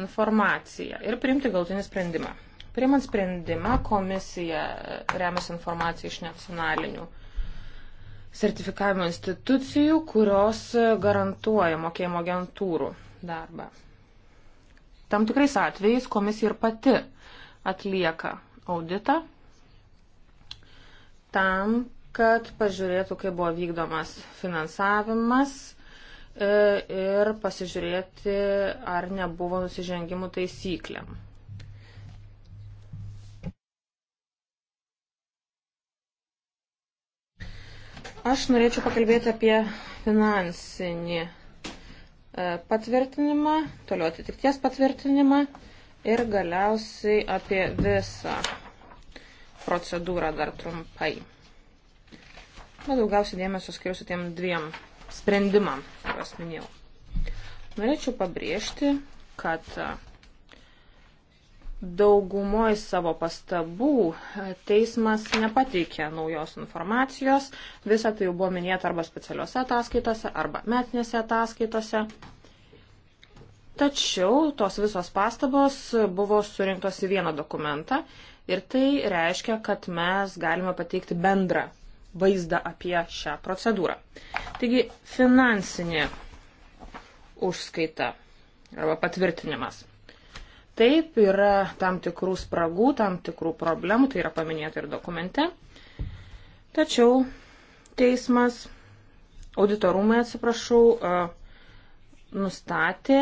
informaciją ir priimti galtinį sprendimą. Priimant sprendimą, komisija remiasi informaciją iš nacionalinių sertifikavimo institucijų, kurios garantuoja mokėjimo agentūrų darbą. Tam tikrais atvejais komisija ir pati atlieka auditą tam, kad pažiūrėtų, kaip buvo vykdomas finansavimas e, ir pasižiūrėti, ar nebuvo nusižengimų taisyklėm. Aš norėčiau pakalbėti apie finansinį E, patvirtinimą, toliau atitikties patvirtinimą ir galiausiai apie visą procedūrą dar trumpai. Na, daugiausiai dėmesio skiriuosi tiem dviem sprendimam, kuriuos minėjau. Norėčiau pabrėžti, kad Daugumoj savo pastabų teismas nepateikė naujos informacijos, visą tai jau buvo minėta arba specialiuose ataskaitose, arba metinėse ataskaitose. Tačiau tos visos pastabos buvo surinktos į vieną dokumentą ir tai reiškia, kad mes galime pateikti bendrą vaizdą apie šią procedūrą. Taigi finansinė užskaita arba patvirtinimas. Taip, yra tam tikrų spragų, tam tikrų problemų, tai yra paminėta ir dokumente. Tačiau teismas, auditorumai atsiprašau, nustatė,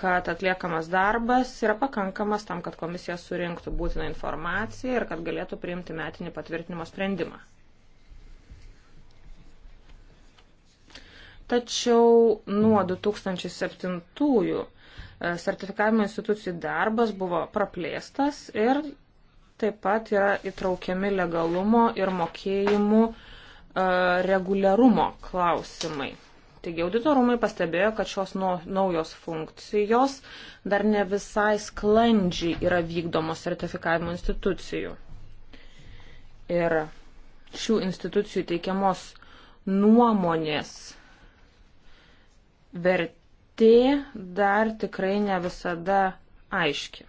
kad atliekamas darbas yra pakankamas tam, kad komisija surinktų būtiną informaciją ir kad galėtų priimti metinį patvirtinimo sprendimą. Tačiau nuo 2007 sertifikavimo institucijų darbas buvo praplėstas ir taip pat yra įtraukiami legalumo ir mokėjimų e, reguliarumo klausimai. Taigi auditorumai pastebėjo, kad šios naujos funkcijos dar ne visai sklandžiai yra vykdomos sertifikavimo institucijų. Ir šių institucijų teikiamos nuomonės vert, vertė dar tikrai ne visada aiški.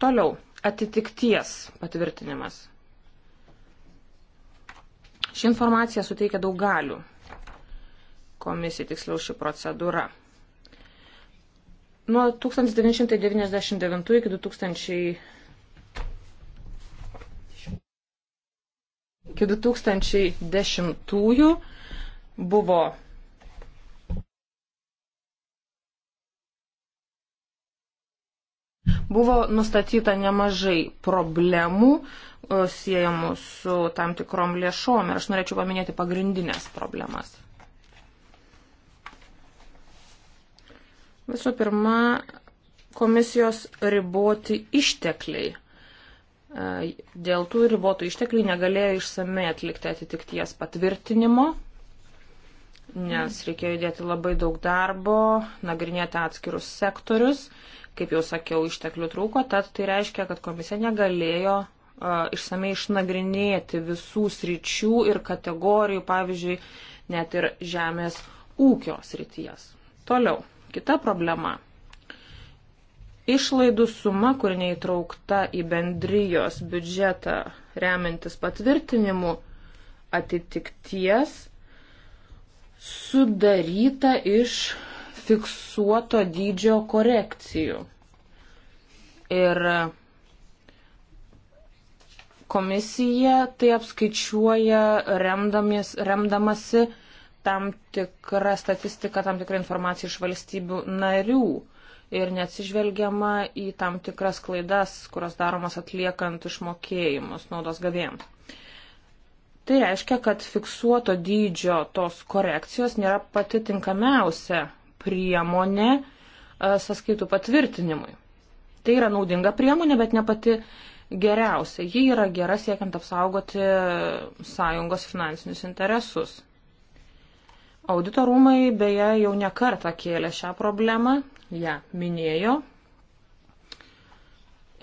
Toliau, atitikties patvirtinimas. Ši informacija suteikia daug galių komisijai, tiksliau ši procedūra. Nuo 1999 iki 2000 iki 2010 buvo Buvo nustatyta nemažai problemų e, siejamų su tam tikrom lėšom ir aš norėčiau paminėti pagrindinės problemas. Visų pirma, komisijos riboti ištekliai. E, dėl tų ribotų ištekliai negalėjo išsamei atlikti atitikties patvirtinimo, nes reikėjo įdėti labai daug darbo, nagrinėti atskirus sektorius kaip jau sakiau, išteklių trūko, tad tai reiškia, kad komisija negalėjo išsamei išnagrinėti visų sričių ir kategorijų, pavyzdžiui, net ir žemės ūkio srities. Toliau, kita problema. Išlaidų suma, kur neįtraukta į bendrijos biudžetą remiantis patvirtinimu atitikties, sudaryta iš fiksuoto dydžio korekcijų. Ir komisija tai apskaičiuoja remdamasi tam tikrą statistiką, tam tikrą informaciją iš valstybių narių ir neatsižvelgiama į tam tikras klaidas, kurios daromas atliekant išmokėjimus naudos gavėjams. Tai reiškia, kad fiksuoto dydžio tos korekcijos nėra pati tinkamiausia priemonė e, sąskaitų patvirtinimui. Tai yra naudinga priemonė, bet ne pati geriausia. Ji yra gera siekiant apsaugoti sąjungos finansinius interesus. Audito rūmai beje jau nekartą kėlė šią problemą, ją minėjo.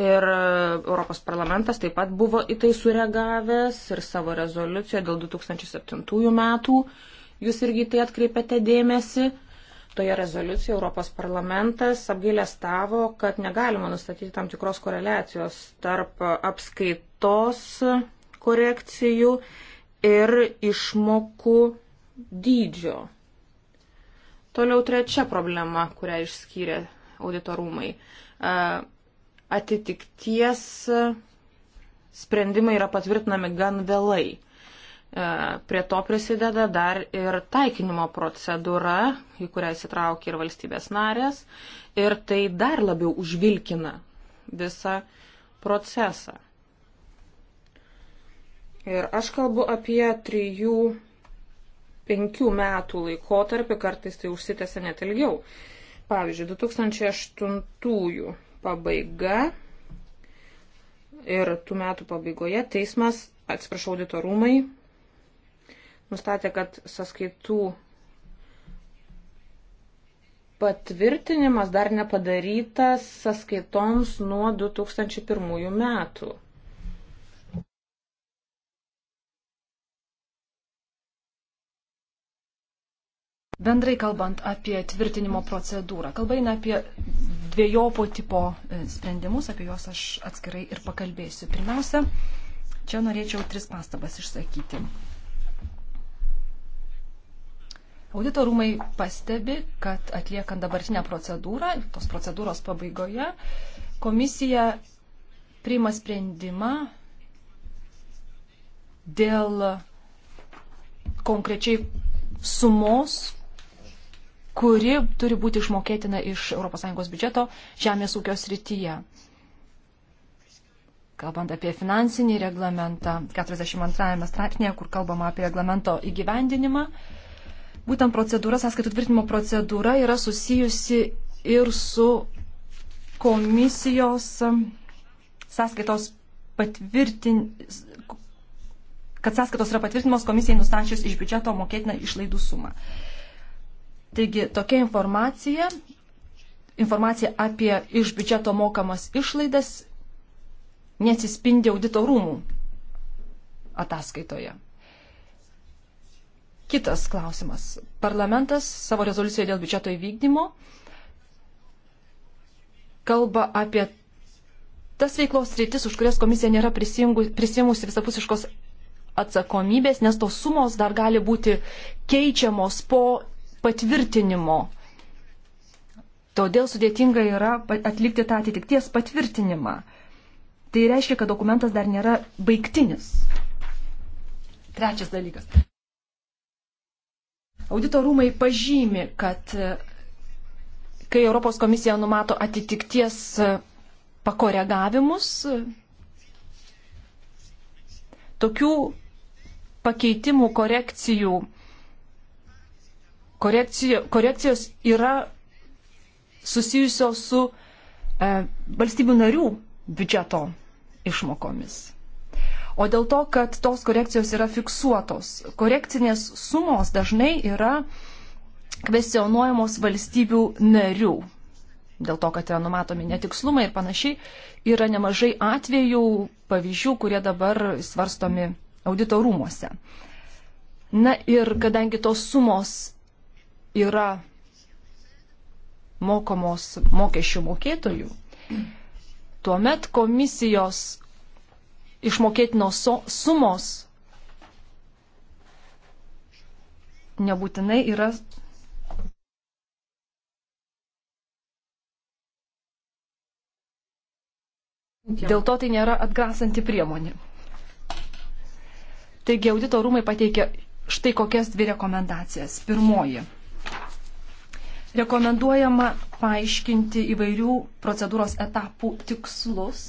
Ir Europos parlamentas taip pat buvo į tai sureagavęs ir savo rezoliucijoje dėl 2007 metų. Jūs irgi tai atkreipėte dėmesį toje rezoliucijoje Europos parlamentas apgailestavo, kad negalima nustatyti tam tikros koreliacijos tarp apskaitos korekcijų ir išmokų dydžio. Toliau trečia problema, kurią išskyrė auditorumai. Atitikties sprendimai yra patvirtinami gan vėlai. Prie to prisideda dar ir taikinimo procedūra, į kurią įsitraukia ir valstybės narės, ir tai dar labiau užvilkina visą procesą. Ir aš kalbu apie trijų, penkių metų laikotarpį, kartais tai užsitęsia net ilgiau. Pavyzdžiui, 2008 pabaiga ir tų metų pabaigoje teismas, atsiprašau, auditorumai nustatė, kad sąskaitų patvirtinimas dar nepadarytas sąskaitoms nuo 2001 metų. Bendrai kalbant apie tvirtinimo procedūrą, kalba eina apie dviejopo tipo e, sprendimus, apie juos aš atskirai ir pakalbėsiu. Pirmiausia, čia norėčiau tris pastabas išsakyti. Audito rūmai pastebi, kad atliekant dabartinę procedūrą, tos procedūros pabaigoje, komisija priima sprendimą dėl konkrečiai sumos, kuri turi būti išmokėtina iš ES biudžeto žemės ūkio srityje. Kalbant apie finansinį reglamentą, 42 straipsnėje, kur kalbama apie reglamento įgyvendinimą, Būtent procedūra, sąskaitų tvirtinimo procedūra yra susijusi ir su komisijos um, sąskaitos patvirtin, kad sąskaitos yra patvirtinimos komisijai nustačius iš biudžeto mokėtiną išlaidų sumą. Taigi tokia informacija, informacija apie iš biudžeto mokamas išlaidas neatsispindi audito rūmų ataskaitoje. Kitas klausimas. Parlamentas savo rezoliucijoje dėl biudžeto įvykdymo kalba apie tas veiklos rytis, už kurias komisija nėra prisimusi visapusiškos atsakomybės, nes tos sumos dar gali būti keičiamos po patvirtinimo. Todėl sudėtinga yra atlikti tą atitikties patvirtinimą. Tai reiškia, kad dokumentas dar nėra baigtinis. Trečias dalykas. Audito rūmai pažymi, kad e, kai Europos komisija numato atitikties e, pakoregavimus, e, tokių pakeitimų korekcijų, korekcijo, korekcijos yra susijusios su e, valstybių narių biudžeto išmokomis o dėl to, kad tos korekcijos yra fiksuotos. Korekcinės sumos dažnai yra kvesionuojamos valstybių narių. Dėl to, kad yra numatomi netikslumai ir panašiai, yra nemažai atvejų, pavyzdžių, kurie dabar svarstomi auditorumuose. Na ir kadangi tos sumos yra mokomos mokesčių mokėtojų, tuomet komisijos išmokėtinos so, sumos nebūtinai yra. Dėl to tai nėra atgrasanti priemonė. Taigi audito rūmai pateikė štai kokias dvi rekomendacijas. Pirmoji. Rekomenduojama paaiškinti įvairių procedūros etapų tikslus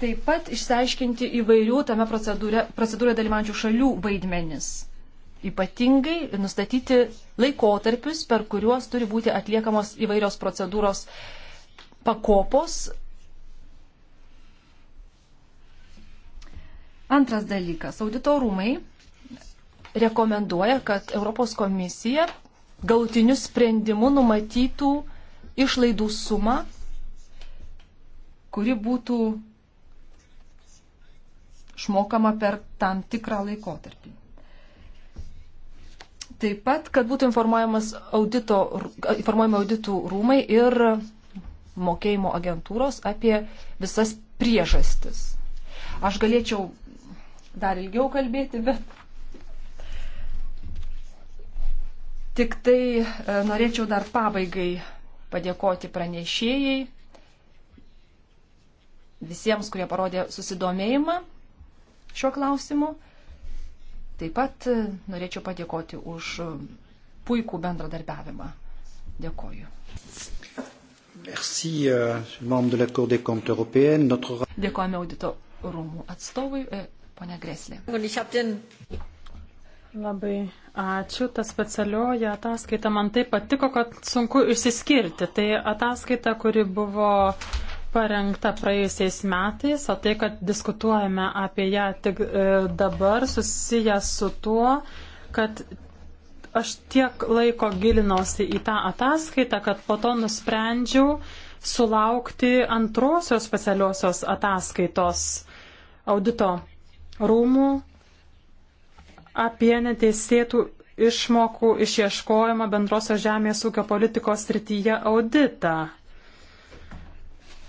taip pat išsiaiškinti įvairių tame procedūroje dalyvančių šalių vaidmenis. Ypatingai nustatyti laikotarpius, per kuriuos turi būti atliekamos įvairios procedūros pakopos. Antras dalykas. Auditorumai rekomenduoja, kad Europos komisija galutiniu sprendimu numatytų išlaidų sumą, kuri būtų išmokama per tam tikrą laikotarpį. Taip pat, kad būtų audito, informuojami auditų rūmai ir mokėjimo agentūros apie visas priežastis. Aš galėčiau dar ilgiau kalbėti, bet Tik tai e, norėčiau dar pabaigai padėkoti pranešėjai, visiems, kurie parodė susidomėjimą šiuo klausimu. Taip pat e, norėčiau padėkoti už e, puikų bendradarbiavimą. Dėkoju. Merci, uh, Dėkojame audito rūmų atstovui, e, ponia Greslė. Labai ačiū. Ta specialioji ataskaita man taip patiko, kad sunku išsiskirti. Tai ataskaita, kuri buvo uh, parengta praėjusiais metais, o tai, kad diskutuojame apie ją tik e, dabar, susijęs su tuo, kad aš tiek laiko gilinausi į tą ataskaitą, kad po to nusprendžiau sulaukti antrosios specialiosios ataskaitos audito rūmų apie neteisėtų išmokų išieškojimą bendrosios žemės ūkio politikos srityje auditą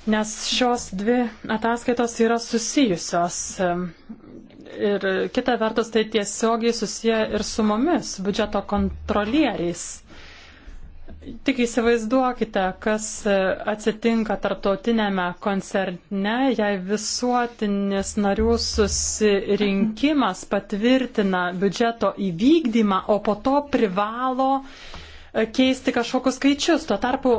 nes šios dvi ataskaitos yra susijusios. Ir kita vertus, tai tiesiogiai susiję ir su mumis, biudžeto kontrolieriais. Tik įsivaizduokite, kas e, atsitinka tarptautinėme koncerne, jei visuotinis narių susirinkimas patvirtina biudžeto įvykdymą, o po to privalo e, keisti kažkokius skaičius. Tuo tarpu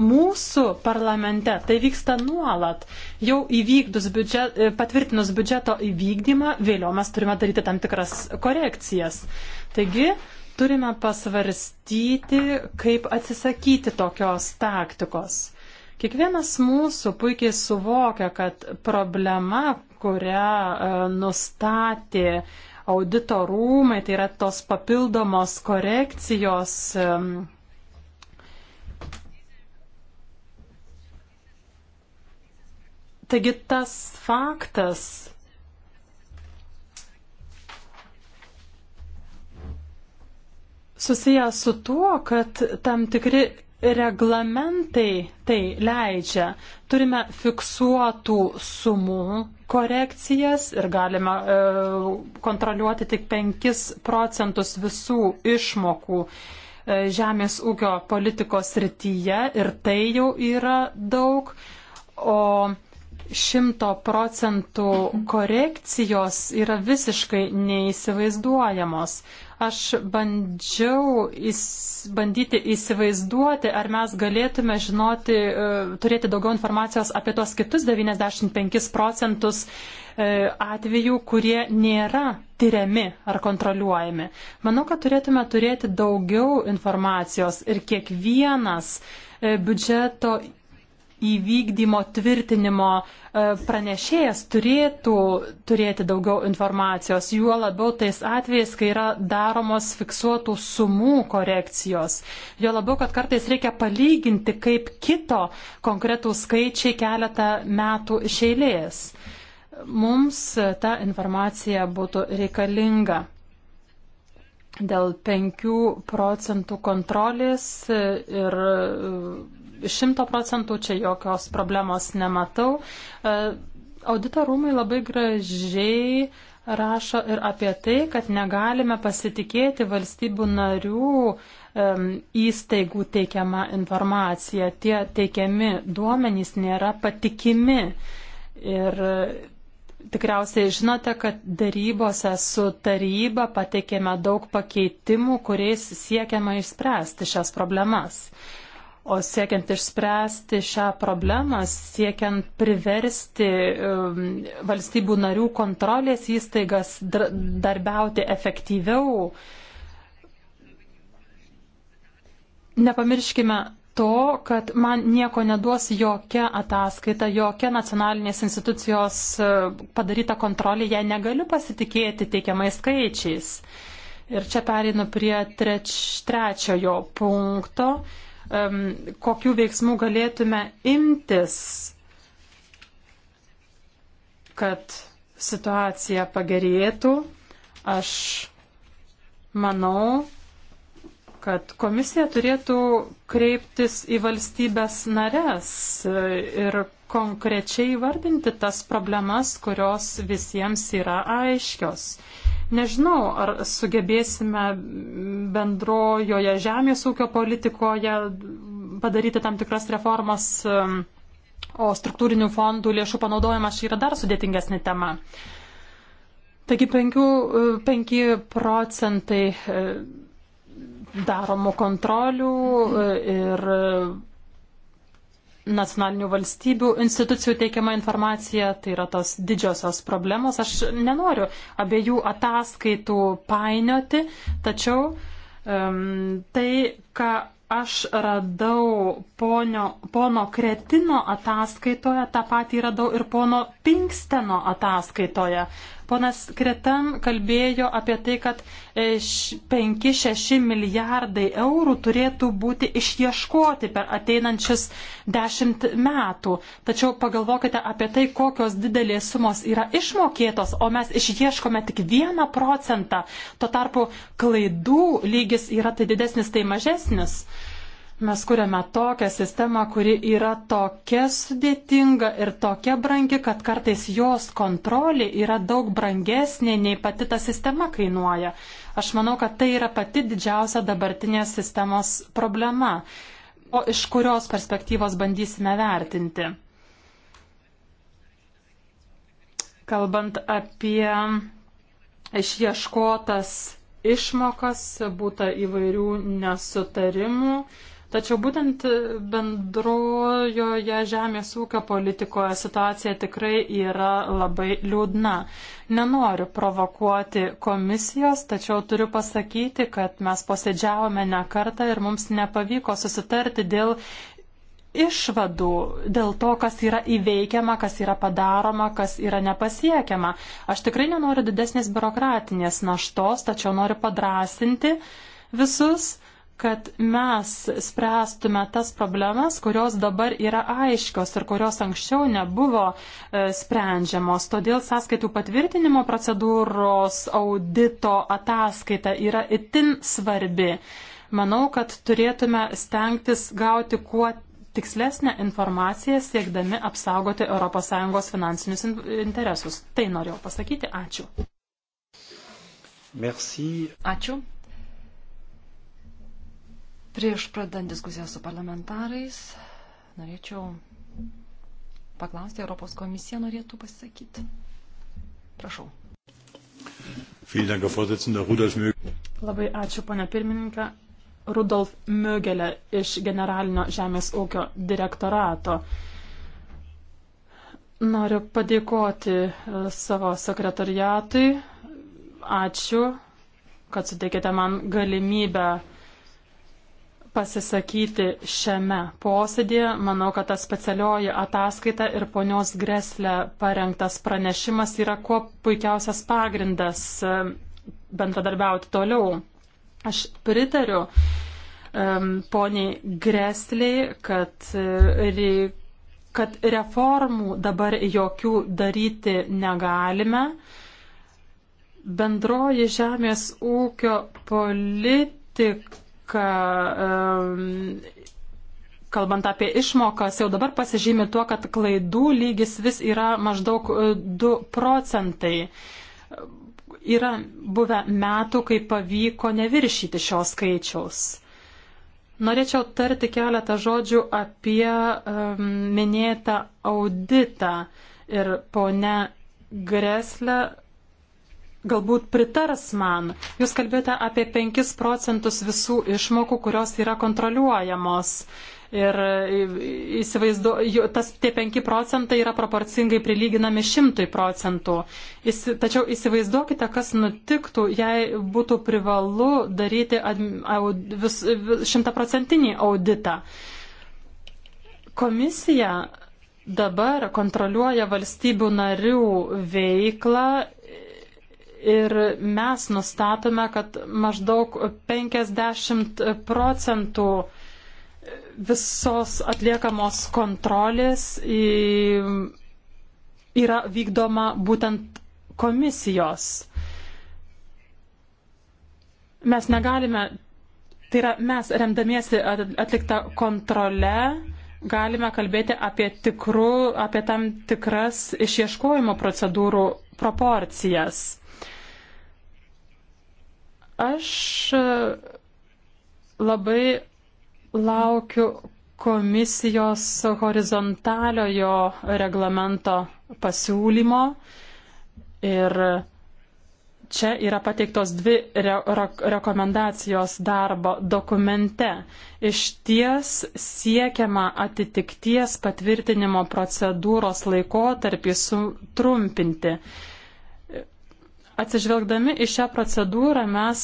mūsų parlamente tai vyksta nuolat. Jau įvykdus biudžet, e, patvirtinus biudžeto įvykdymą, vėliau mes turime daryti tam tikras korekcijas. Taigi, turime pasvarstyti, kaip atsisakyti tokios taktikos. Kiekvienas mūsų puikiai suvokia, kad problema, kurią e, nustatė audito rūmai, tai yra tos papildomos korekcijos Taigi tas faktas, susijęs su tuo, kad tam tikri reglamentai tai leidžia. Turime fiksuotų sumų korekcijas ir galime e, kontroliuoti tik 5 procentus visų išmokų e, žemės ūkio politikos rytyje ir tai jau yra daug. O šimto procentų korekcijos yra visiškai neįsivaizduojamos. Aš bandžiau įs, bandyti įsivaizduoti, ar mes galėtume žinoti, e, turėti daugiau informacijos apie tos kitus 95 procentus e, atvejų, kurie nėra tyriami ar kontroliuojami. Manau, kad turėtume turėti daugiau informacijos ir kiekvienas e, biudžeto įvykdymo tvirtinimo e, pranešėjas turėtų turėti daugiau informacijos, juo labiau tais atvejais, kai yra daromos fiksuotų sumų korekcijos. Jo labiau, kad kartais reikia palyginti, kaip kito konkretų skaičiai keletą metų iš eilės. Mums ta informacija būtų reikalinga dėl 5 procentų kontrolės ir šimto procentų čia jokios problemos nematau. E, audito rūmai labai gražiai rašo ir apie tai, kad negalime pasitikėti valstybių narių įstaigų teikiama informacija. Tie teikiami duomenys nėra patikimi. Ir e, Tikriausiai žinote, kad darybose su taryba pateikėme daug pakeitimų, kuriais siekiama išspręsti šias problemas. O siekiant išspręsti šią problemą, siekiant priversti um, valstybių narių kontrolės įstaigas darbiauti efektyviau, nepamirškime to, kad man nieko neduos jokia ataskaita, jokia nacionalinės institucijos uh, padaryta kontrolė, jei negaliu pasitikėti teikiamais skaičiais. Ir čia pereinu prie treč, trečiojo punkto kokių veiksmų galėtume imtis, kad situacija pagerėtų. Aš manau, kad komisija turėtų kreiptis į valstybės nares e, ir konkrečiai vardinti tas problemas, kurios visiems yra aiškios. Nežinau, ar sugebėsime bendrojoje žemės ūkio politikoje padaryti tam tikras reformas, um, o struktūrinių fondų lėšų panaudojimas čia yra dar sudėtingesnė tema. Taigi 5, 5 uh, procentai uh, daromų kontrolių uh, ir nacionalinių valstybių institucijų teikiama informacija, tai yra tos didžiosios problemos. Aš nenoriu abiejų ataskaitų painioti, tačiau um, tai, ką aš radau ponio, pono Kretino ataskaitoje, tą patį radau ir pono Pinksteno ataskaitoje. Ponas Kretan kalbėjo apie tai, kad 5-6 e, milijardai eurų turėtų būti išieškoti per ateinančius 10 metų. Tačiau pagalvokite apie tai, kokios didelės sumos yra išmokėtos, o mes išieškome tik 1 procentą. Tuo tarpu klaidų lygis yra tai didesnis, tai mažesnis. Mes kuriame tokią sistemą, kuri yra tokia sudėtinga ir tokia brangi, kad kartais jos kontrolė yra daug brangesnė nei pati ta sistema kainuoja. Aš manau, kad tai yra pati didžiausia dabartinės sistemos problema, o iš kurios perspektyvos bandysime vertinti. Kalbant apie išieškotas išmokas, būta įvairių nesutarimų. Tačiau būtent bendrojoje žemės ūkio politikoje situacija tikrai yra labai liūdna. Nenoriu provokuoti komisijos, tačiau turiu pasakyti, kad mes posėdžiavome ne kartą ir mums nepavyko susitarti dėl išvadų dėl to, kas yra įveikiama, kas yra padaroma, kas yra nepasiekiama. Aš tikrai nenoriu didesnės biurokratinės naštos, tačiau noriu padrasinti visus kad mes spręstume tas problemas, kurios dabar yra aiškios ir kurios anksčiau nebuvo e, sprendžiamos. Todėl sąskaitų patvirtinimo procedūros audito ataskaita yra itin svarbi. Manau, kad turėtume stengtis gauti kuo tikslesnę informaciją, siekdami apsaugoti ES finansinius interesus. Tai norėjau pasakyti. Ačiū. Merci. Ačiū. Prieš pradant diskusiją su parlamentarais, norėčiau paklausti, Europos komisija norėtų pasisakyti. Prašau. Labai ačiū, ponia pirmininkė. Rudolf Mögelė iš Generalinio žemės ūkio direktorato. Noriu padėkoti e, savo sekretariatui. Ačiū, kad suteikėte man galimybę pasisakyti šiame posėdėje. Manau, kad ta specialioji ataskaita ir ponios Greslė parengtas pranešimas yra kuo puikiausias pagrindas e, bendradarbiauti toliau. Aš pritariu um, poniai Gresliai, kad, e, kad reformų dabar jokių daryti negalime. Bendroji žemės ūkio politika kalbant apie išmokas, jau dabar pasižymi tuo, kad klaidų lygis vis yra maždaug 2 e, procentai. Yra buvę metų, kai pavyko neviršyti šios skaičiaus. Norėčiau tarti keletą žodžių apie um, minėtą auditą ir ponia Greslė galbūt pritars man. Jūs kalbėjote apie 5 procentus visų išmokų, kurios yra kontroliuojamos. Ir įsivaizdu, tas tie 5 procentai yra proporcingai prilyginami 100 procentų. Įsi, tačiau įsivaizduokite, kas nutiktų, jei būtų privalu daryti aud, vis, vis, 100 procentinį auditą. Komisija dabar kontroliuoja valstybių narių veiklą Ir mes nustatome, kad maždaug 50 procentų visos atliekamos kontrolės yra vykdoma būtent komisijos. Mes negalime, tai yra mes remdamiesi atliktą kontrolę, galime kalbėti apie, tikrų, apie tam tikras išieškojimo procedūrų proporcijas. Aš e, labai laukiu komisijos horizontaliojo reglamento pasiūlymo ir čia yra pateiktos dvi re rekomendacijos darbo dokumente. Iš ties siekiama atitikties patvirtinimo procedūros laikotarpį sutrumpinti. Atsižvelgdami į šią procedūrą mes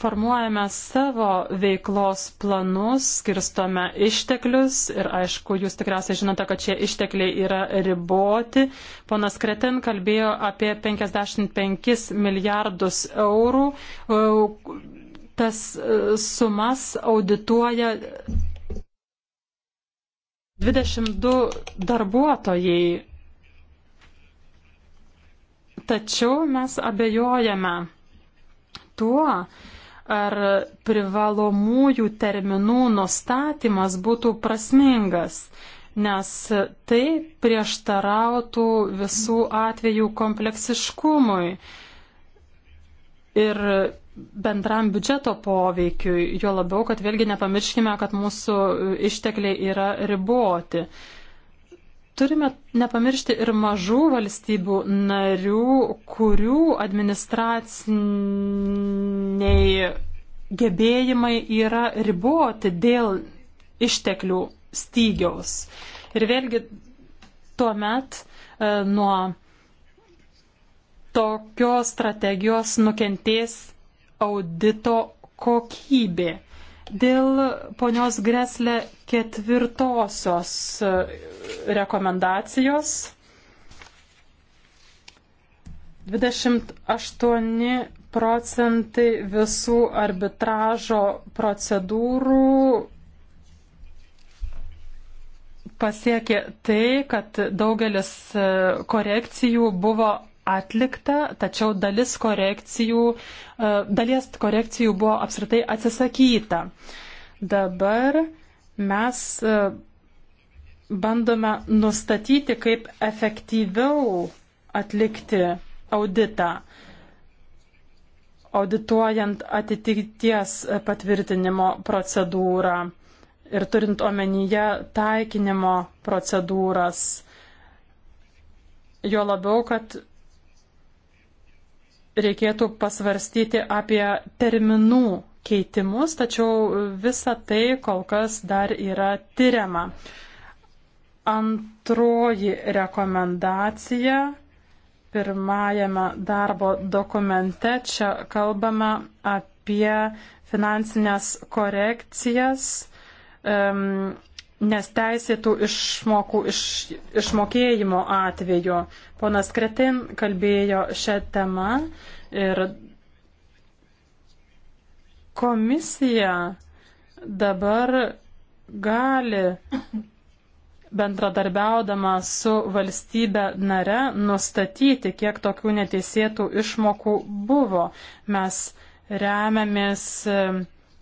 formuojame savo veiklos planus, skirstome išteklius ir aišku, jūs tikriausiai žinote, kad šie ištekliai yra riboti. Ponas Kreten kalbėjo apie 55 milijardus eurų. Tas e, sumas audituoja 22 darbuotojai Tačiau mes abejojame tuo, ar privalomųjų terminų nustatymas būtų prasmingas, nes tai prieštarautų visų atvejų kompleksiškumui ir bendram biudžeto poveikiui, jo labiau, kad vėlgi nepamirškime, kad mūsų ištekliai yra riboti. Uh, Turime nepamiršti ir mažų valstybių narių, kurių administraciniai gebėjimai yra riboti dėl išteklių stygiaus. Ir vėlgi tuo met e, nuo tokios strategijos nukentės audito kokybė. Dėl ponios Greslė ketvirtosios e, rekomendacijos 28 procentai visų arbitražo procedūrų pasiekė tai, kad daugelis e, korekcijų buvo atlikta, tačiau dalis korekcijų, e, dalies korekcijų buvo apskritai atsisakyta. Dabar mes e, bandome nustatyti, kaip efektyviau atlikti auditą, audituojant atitikties patvirtinimo procedūrą ir turint omenyje taikinimo procedūras. Jo labiau, kad reikėtų pasvarstyti apie terminų keitimus, tačiau visa tai kol kas dar yra tyriama. Antroji rekomendacija pirmajame darbo dokumente čia kalbame apie finansinės korekcijas um, nes teisėtų išmokų iš, išmokėjimo atveju. Ponas Kretin kalbėjo šią temą ir komisija dabar gali bendradarbiaudama su valstybe nare nustatyti, kiek tokių neteisėtų išmokų buvo. Mes remiamės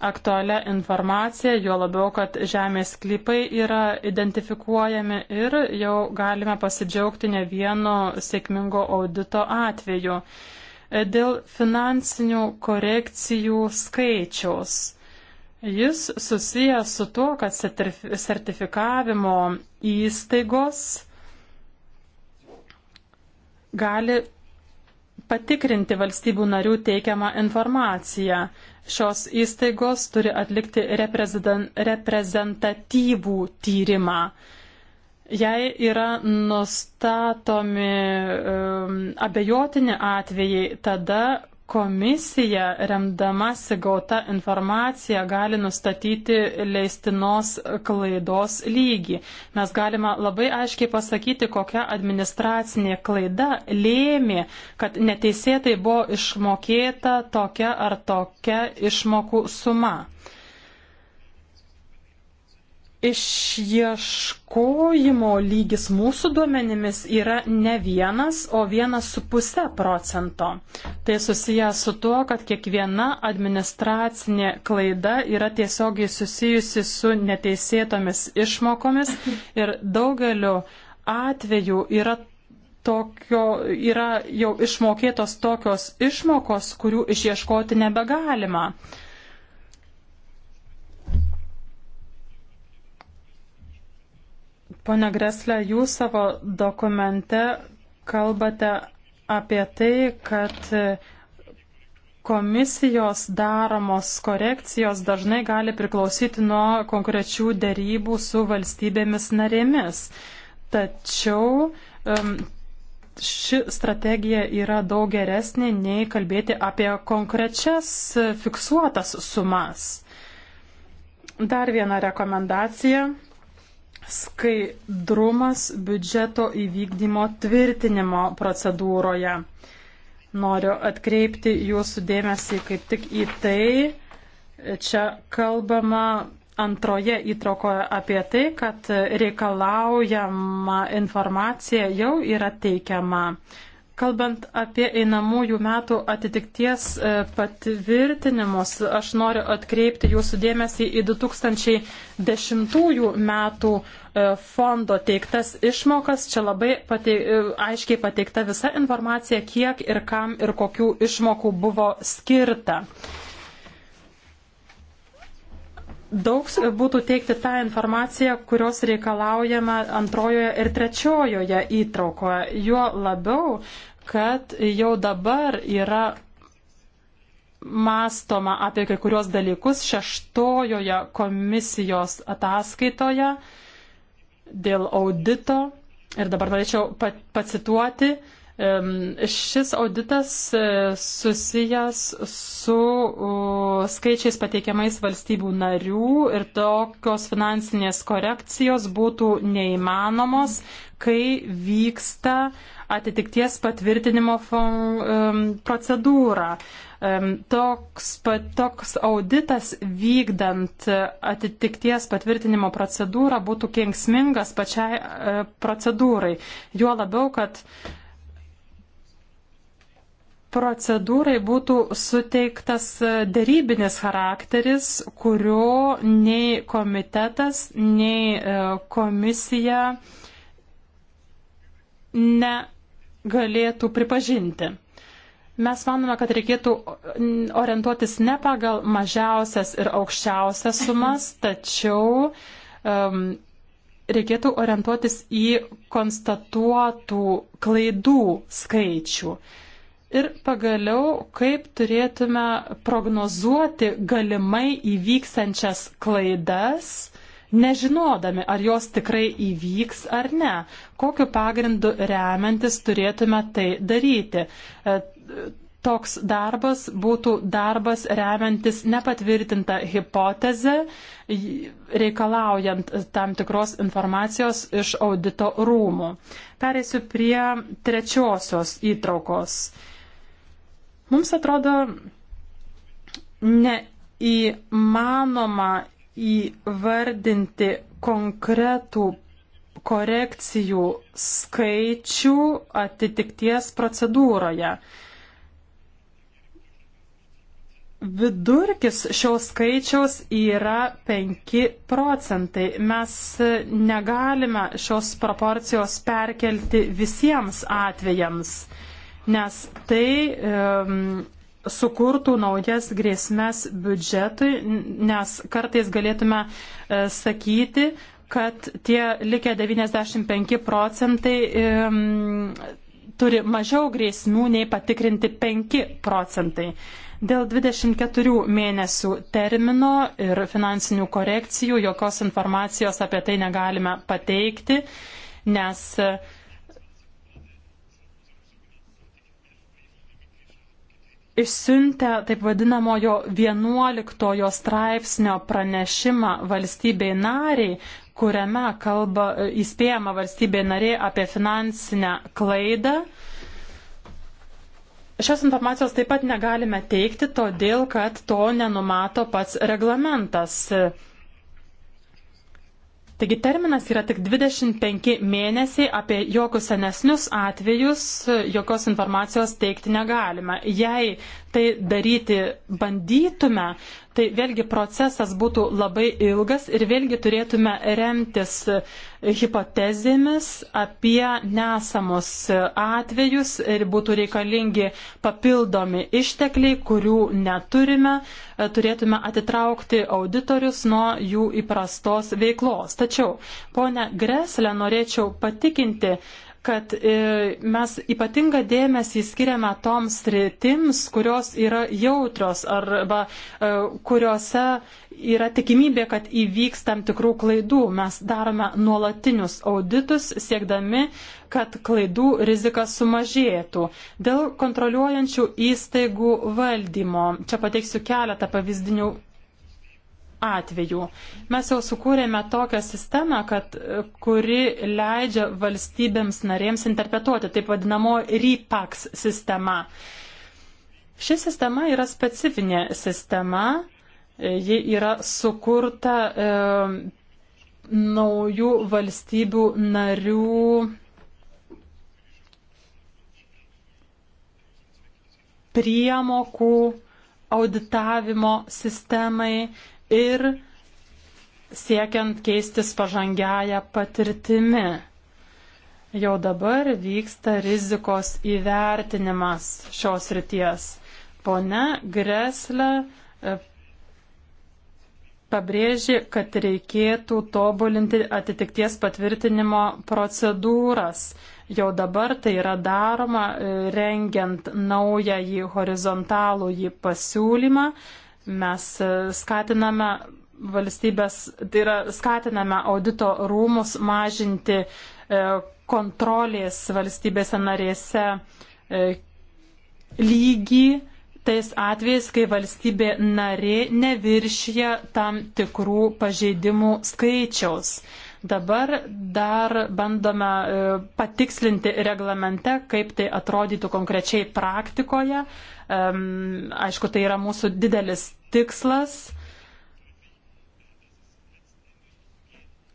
aktualią informaciją, juo labiau, kad žemės sklypai yra identifikuojami ir jau galime pasidžiaugti ne vieno sėkmingo audito atveju. E, dėl finansinių korekcijų skaičiaus. Jis susijęs su tuo, kad sertifikavimo įstaigos gali patikrinti valstybių narių teikiamą informaciją. Šios įstaigos turi atlikti reprezentatyvų tyrimą. Jei yra nustatomi um, abejotini atvejai, tada komisija, remdamasi gauta informacija, gali nustatyti leistinos klaidos lygį. Mes galime labai aiškiai pasakyti, kokia administracinė klaida lėmė, kad neteisėtai buvo išmokėta tokia ar tokia išmokų suma. Išieškojimo lygis mūsų duomenimis yra ne vienas, o vienas su pusė procento. Tai susiję su tuo, kad kiekviena administracinė klaida yra tiesiogiai susijusi su neteisėtomis išmokomis ir daugeliu atveju yra tokio, yra jau išmokėtos tokios išmokos, kurių išieškoti nebegalima. Pone Greslė, jūs savo dokumente kalbate apie tai, kad komisijos daromos korekcijos dažnai gali priklausyti nuo konkrečių dėrybų su valstybėmis narėmis. Tačiau ši strategija yra daug geresnė nei kalbėti apie konkrečias fiksuotas sumas. Dar viena rekomendacija skaidrumas biudžeto įvykdymo tvirtinimo procedūroje. Noriu atkreipti jūsų dėmesį kaip tik į tai, čia kalbama antroje įtrokoje apie tai, kad reikalaujama informacija jau yra teikiama Kalbant apie einamųjų metų atitikties e, patvirtinimus, aš noriu atkreipti jūsų dėmesį į 2010 metų e, fondo teiktas išmokas. Čia labai patei, e, aiškiai pateikta visa informacija, kiek ir kam ir kokių išmokų buvo skirta daug būtų teikti tą informaciją, kurios reikalaujama antrojoje ir trečiojoje įtraukoje. Juo labiau, kad jau dabar yra mąstoma apie kai kurios dalykus šeštojoje komisijos ataskaitoje dėl audito. Ir dabar norėčiau pacituoti. Pat Šis auditas e, susijęs su skaičiais pateikiamais valstybių narių ir tokios finansinės korekcijos būtų neįmanomos, kai vyksta atitikties patvirtinimo procedūra. Toks, toks auditas vykdant atitikties patvirtinimo procedūrą būtų kengsmingas pačiai e, procedūrai. Juo labiau, kad procedūrai būtų suteiktas darybinis charakteris, kurio nei komitetas, nei e, komisija negalėtų pripažinti. Mes manome, kad reikėtų orientuotis ne pagal mažiausias ir aukščiausias sumas, tačiau um, reikėtų orientuotis į konstatuotų klaidų skaičių. Uh, Ir pagaliau, kaip turėtume prognozuoti galimai įvyksančias klaidas, nežinodami, ar jos tikrai įvyks ar ne. Kokiu pagrindu remiantis turėtume tai daryti. E, toks darbas būtų darbas remiantis nepatvirtinta hipotezė, reikalaujant tam tikros informacijos iš audito rūmų. Pereisiu prie trečiosios įtraukos. Mums atrodo neįmanoma įvardinti konkretų korekcijų skaičių atitikties procedūroje. Vidurkis šio skaičiaus yra 5 procentai. Mes negalime šios proporcijos perkelti visiems atvejams nes tai um, sukurtų naujas grėsmės biudžetui, nes kartais galėtume uh, sakyti, kad tie likę 95 procentai um, turi mažiau grėsmių nei patikrinti 5 procentai. Dėl 24 mėnesių termino ir finansinių korekcijų jokios informacijos apie tai negalime pateikti, nes uh, išsiuntę taip vadinamojo 11 straipsnio pranešimą valstybei nariai, kuriame kalba įspėjama valstybė narė apie finansinę klaidą. Šios informacijos taip pat negalime teikti, todėl kad to nenumato pats reglamentas. Taigi terminas yra tik 25 mėnesiai, apie jokius senesnius atvejus jokios informacijos teikti negalima. Jei tai daryti bandytume, tai vėlgi procesas būtų labai ilgas ir vėlgi turėtume remtis hipotezėmis apie nesamus atvejus ir būtų reikalingi papildomi ištekliai, kurių neturime, turėtume atitraukti auditorius nuo jų įprastos veiklos. Tačiau, ponia Greslė, norėčiau patikinti, kad e, mes ypatingą dėmesį skiriame toms sritims, kurios yra jautrios arba e, kuriuose yra tikimybė, kad įvyks tam tikrų klaidų. Mes darome nuolatinius auditus, siekdami, kad klaidų rizika sumažėtų. Dėl kontroliuojančių įstaigų valdymo. Čia pateiksiu keletą pavyzdinių atveju. Mes jau sukūrėme tokią sistemą, kad, e, kuri leidžia valstybėms narėms interpretuoti, taip vadinamo REPAX sistema. Ši sistema yra specifinė sistema, e, ji yra sukurta e, naujų valstybių narių priemokų auditavimo sistemai ir siekiant keistis pažangiają patirtimi. Jau dabar vyksta rizikos įvertinimas šios ryties. Pone Greslė e, pabrėžė, kad reikėtų tobulinti atitikties patvirtinimo procedūras. Jau dabar tai yra daroma e, rengiant naująjį horizontalų jį pasiūlymą Mes e, skatiname valstybės, tai yra skatiname audito rūmus mažinti e, kontrolės valstybėse narėse e, lygį tais atvejais, kai valstybė narė neviršyje tam tikrų pažeidimų skaičiaus. Dabar dar bandome patikslinti reglamente, kaip tai atrodytų konkrečiai praktikoje. Aišku, tai yra mūsų didelis tikslas.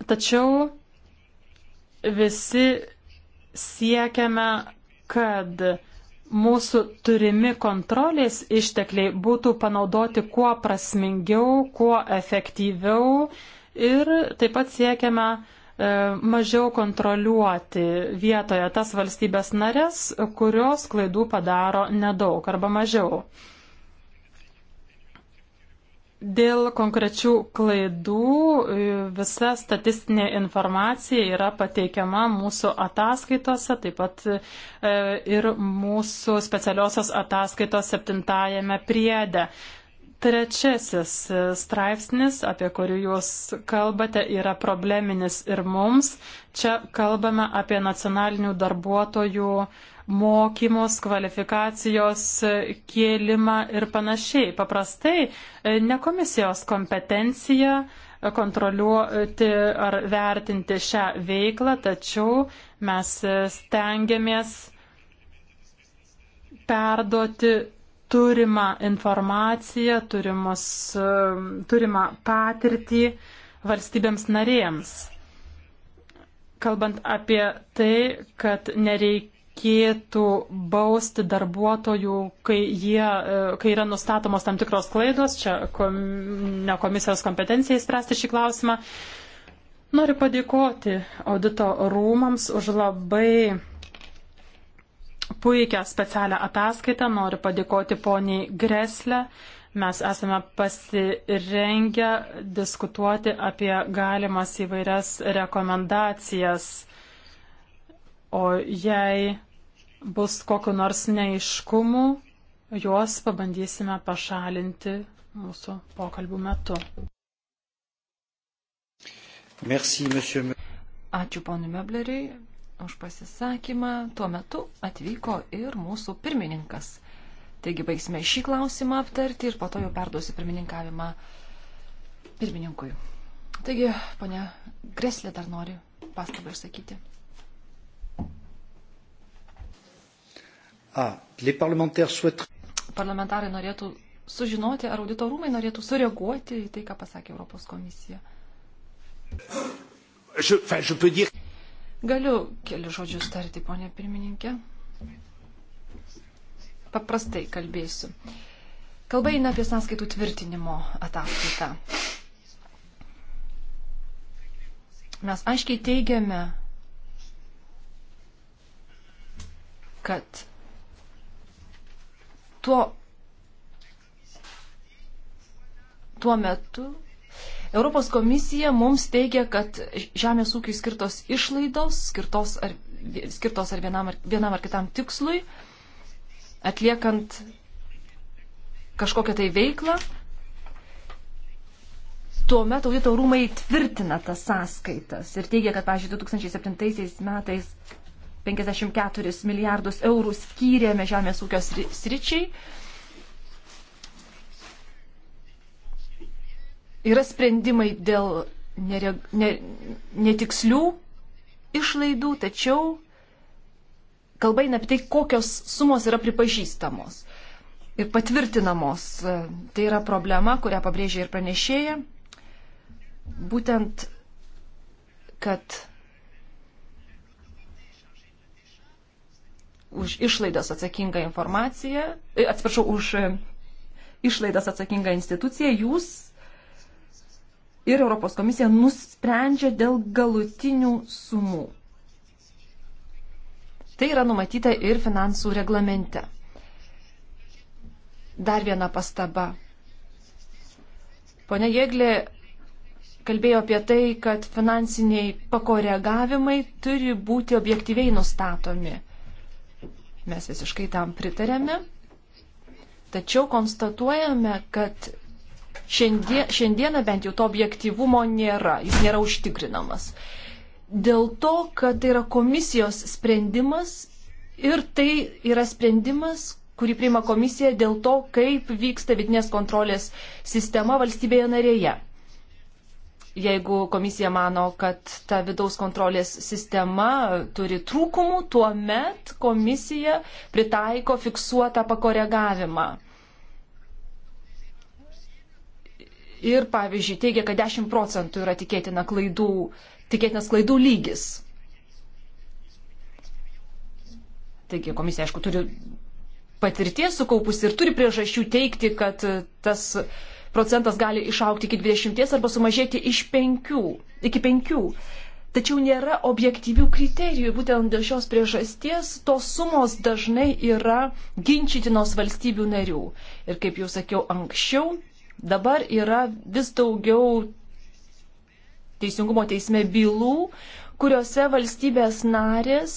Tačiau visi siekiame, kad mūsų turimi kontrolės ištekliai būtų panaudoti kuo prasmingiau, kuo efektyviau ir taip pat siekiame e, mažiau kontroliuoti vietoje tas valstybės narės, kurios klaidų padaro nedaug arba mažiau. Dėl konkrečių klaidų e, visa statistinė informacija yra pateikiama mūsų ataskaitose, taip pat e, ir mūsų specialiosios ataskaitos septintajame priede. Trečiasis e, straipsnis, apie kurį jūs kalbate, yra probleminis ir mums. Čia kalbame apie nacionalinių darbuotojų uh, mokymus, kvalifikacijos e, kėlimą ir panašiai. Paprastai e, ne komisijos kompetencija e, kontroliuoti ar vertinti šią veiklą, tačiau mes stengiamės perduoti turimą informaciją, turimus, turimą patirtį valstybėms narėms kalbant apie tai, kad nereik, reikėtų bausti darbuotojų, kai, jie, e, kai yra nustatomos tam tikros klaidos, čia kom, ne komisijos kompetencija įspręsti šį klausimą. Noriu padėkoti audito rūmams už labai puikią specialią ataskaitą. Noriu padėkoti poniai Greslę. Mes esame pasirengę diskutuoti apie galimas įvairias rekomendacijas O jei bus kokiu nors neiškumu, juos pabandysime pašalinti mūsų pokalbių metu. Merci, monsieur. Ačiū ponui Mebleriui už pasisakymą. Tuo metu atvyko ir mūsų pirmininkas. Taigi baigsime šį klausimą aptarti ir po to jau perduosiu pirmininkavimą pirmininkui. Taigi, ponia Greslė dar nori pastabą išsakyti. Ah, Parlamentarai norėtų sužinoti, ar auditorumai norėtų sureaguoti į tai, ką pasakė Europos komisija. Je, fin, je dire... Galiu keli žodžius tarti, ponė pirmininkė. Paprastai kalbėsiu. Kalba eina apie sąskaitų tvirtinimo ataskaitą. Mes aiškiai teigiame, kad Tuo, tuo metu Europos komisija mums teigia, kad žemės ūkiai skirtos išlaidos, skirtos ar, skirtos ar vienam, ar vienam ar kitam tikslui, atliekant kažkokią tai veiklą, tuomet audito rūmai tvirtina tas sąskaitas ir teigia, kad, pavyzdžiui, 2007 metais 54 milijardus eurų skyrėme žemės ūkio sričiai. Yra sprendimai dėl nere, ne, netikslių išlaidų, tačiau kalba eina apie tai, kokios sumos yra pripažįstamos ir patvirtinamos. Tai yra problema, kurią pabrėžia ir pranešėja. Būtent, kad už išlaidas atsakingą informaciją, e, atsiprašau, už e, išlaidas atsakingą instituciją, jūs ir Europos komisija nusprendžia dėl galutinių sumų. Tai yra numatyta ir finansų reglamente. Dar viena pastaba. Pone Jėglė kalbėjo apie tai, kad finansiniai pakoregavimai turi būti objektyviai nustatomi. Mes visiškai tam pritarėme. Tačiau konstatuojame, kad šiandien, šiandieną bent jau to objektivumo nėra, jis nėra užtikrinamas. Dėl to, kad tai yra komisijos sprendimas ir tai yra sprendimas, kurį priima komisija dėl to, kaip vyksta vidinės kontrolės sistema valstybėje narėje. Jeigu komisija mano, kad ta vidaus kontrolės sistema turi trūkumų, tuomet komisija pritaiko fiksuotą pakoregavimą. Ir, pavyzdžiui, teigia, kad 10 procentų yra tikėtina klaidų, tikėtinas klaidų lygis. Taigi komisija, aišku, turi patirties sukaupusi ir turi priežasčių teikti, kad tas uh, procentas gali išaukti iki 20 arba sumažėti iš 5, iki 5. Tačiau nėra objektyvių kriterijų. Būtent dėl šios priežasties tos sumos dažnai yra ginčytinos valstybių narių. Ir kaip jau sakiau anksčiau, dabar yra vis daugiau teisingumo teisme bylų, kuriuose valstybės narės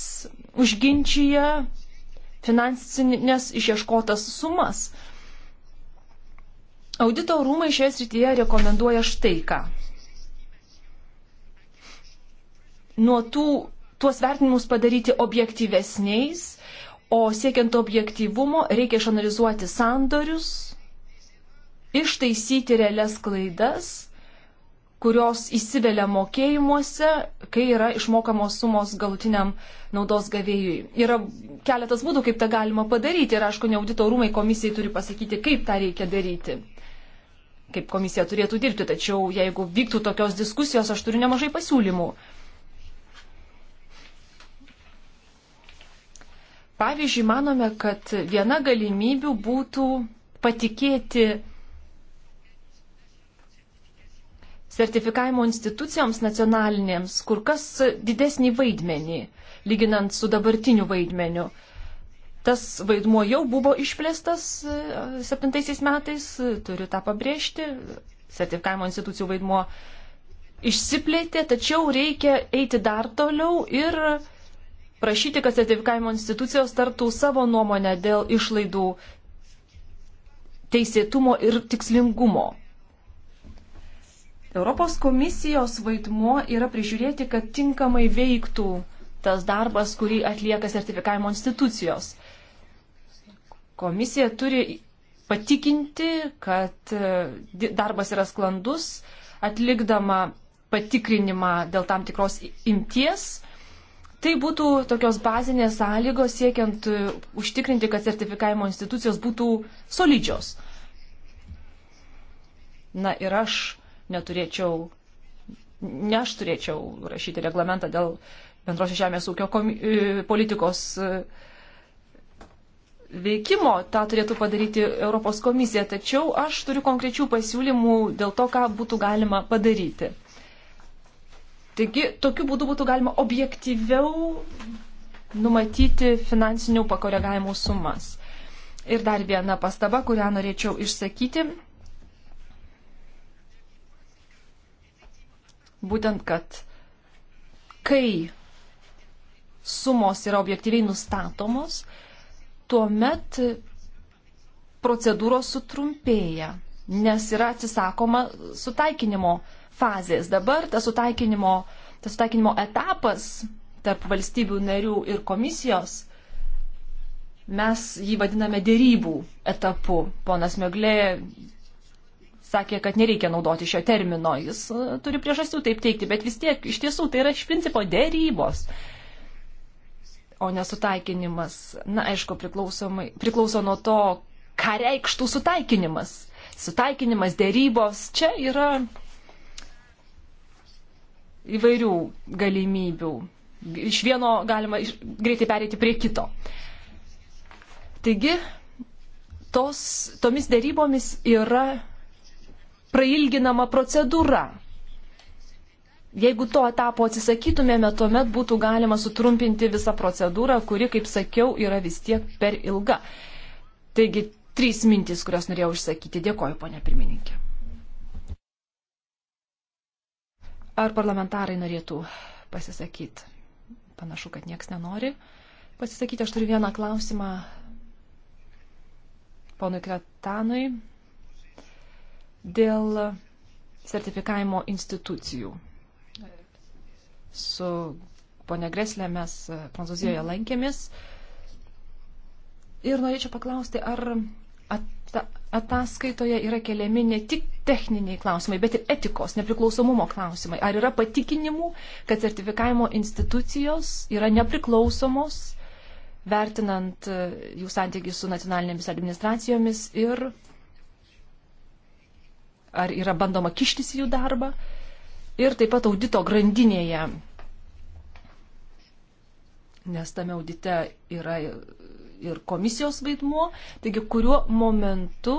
užginčia finansinės išieškotas sumas. Audito rūmai šioje srityje rekomenduoja štai ką. Nuo tų, tuos vertinimus padaryti objektyvesniais, o siekiant objektyvumo reikia išanalizuoti sandorius, ištaisyti realias klaidas, kurios įsivelia mokėjimuose, kai yra išmokamos sumos galutiniam naudos gavėjui. Yra keletas būdų, kaip tą galima padaryti ir, aišku, ne audito rūmai komisijai turi pasakyti, kaip tą reikia daryti kaip komisija turėtų dirbti, tačiau jeigu vyktų tokios diskusijos, aš turiu nemažai pasiūlymų. Pavyzdžiui, manome, kad viena galimybių būtų patikėti sertifikavimo institucijoms nacionalinėms kur kas didesnį vaidmenį, lyginant su dabartiniu vaidmeniu tas vaidmuo jau buvo išplėstas e, septintaisiais metais, e, turiu tą pabrėžti, sertifikavimo institucijų vaidmuo išsiplėtė, tačiau reikia eiti dar toliau ir prašyti, kad sertifikavimo institucijos tartų savo nuomonę dėl išlaidų teisėtumo ir tikslingumo. Europos komisijos vaidmuo yra prižiūrėti, kad tinkamai veiktų tas darbas, kurį atlieka sertifikavimo institucijos. Komisija turi patikinti, kad e, darbas yra sklandus, atlikdama patikrinimą dėl tam tikros imties. Tai būtų tokios bazinės sąlygos siekiant e, užtikrinti, kad sertifikavimo institucijos būtų solidžios. Na ir aš neturėčiau, ne aš turėčiau rašyti reglamentą dėl bendrosios žemės ūkio komi, e, politikos uh, veikimo. Ta turėtų padaryti Europos komisija, tačiau aš turiu konkrečių pasiūlymų dėl to, ką būtų galima padaryti. Taigi, tokiu būdu būtų galima objektyviau numatyti finansinių pakoregavimų sumas. Ir dar viena pastaba, kurią norėčiau išsakyti. Būtent, kad kai sumos yra objektyviai nustatomos, tuomet procedūros sutrumpėja, nes yra atsisakoma sutaikinimo fazės. Dabar tas sutaikinimo, tas sutaikinimo etapas tarp valstybių narių ir komisijos, mes jį vadiname dėrybų etapu. Ponas Meglė sakė, kad nereikia naudoti šio termino, jis e, turi priežastų taip teikti, bet vis tiek iš tiesų tai yra iš principo dėrybos o nesutaikinimas. Na, aišku, priklauso nuo to, ką reikštų sutaikinimas. Sutaikinimas, dėrybos, čia yra įvairių galimybių. Iš vieno galima iš, greitai pereiti prie kito. Taigi, tos, tomis dėrybomis yra prailginama procedūra. Jeigu to etapo atsisakytumėme, tuomet būtų galima sutrumpinti visą procedūrą, kuri, kaip sakiau, yra vis tiek per ilga. Taigi, trys mintys, kurias norėjau išsakyti. Dėkoju, ponė pirmininkė. Ar parlamentarai norėtų pasisakyti? Panašu, kad niekas nenori pasisakyti. Aš turiu vieną klausimą ponui Kretanui dėl sertifikavimo institucijų su ponia Greslė mes e, Prancūzijoje mhm. lankėmis. Ir norėčiau paklausti, ar ataskaitoje yra keliami ne tik techniniai klausimai, bet ir etikos, nepriklausomumo klausimai. Ar yra patikinimų, kad sertifikavimo institucijos yra nepriklausomos, vertinant e, jų santykį su nacionalinėmis administracijomis ir ar yra bandoma kištis į jų darbą? ir taip pat audito grandinėje. Nes tame audite yra ir komisijos vaidmuo, taigi kuriuo momentu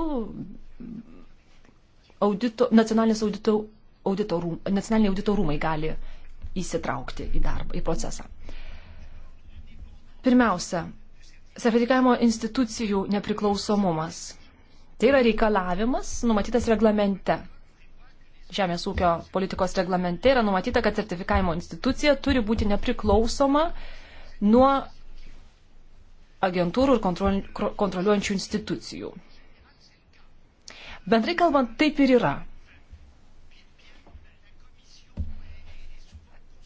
audito, nacionalinės audito, audito, rūm, nacionaliniai audito rūmai gali įsitraukti į darbą, į procesą. Pirmiausia, sertifikavimo institucijų nepriklausomumas. Tai yra reikalavimas numatytas reglamente. Žemės ūkio politikos reglamente yra numatyta, kad sertifikavimo institucija turi būti nepriklausoma nuo agentūrų ir kontroliuojančių institucijų. Bendrai kalbant, taip ir yra.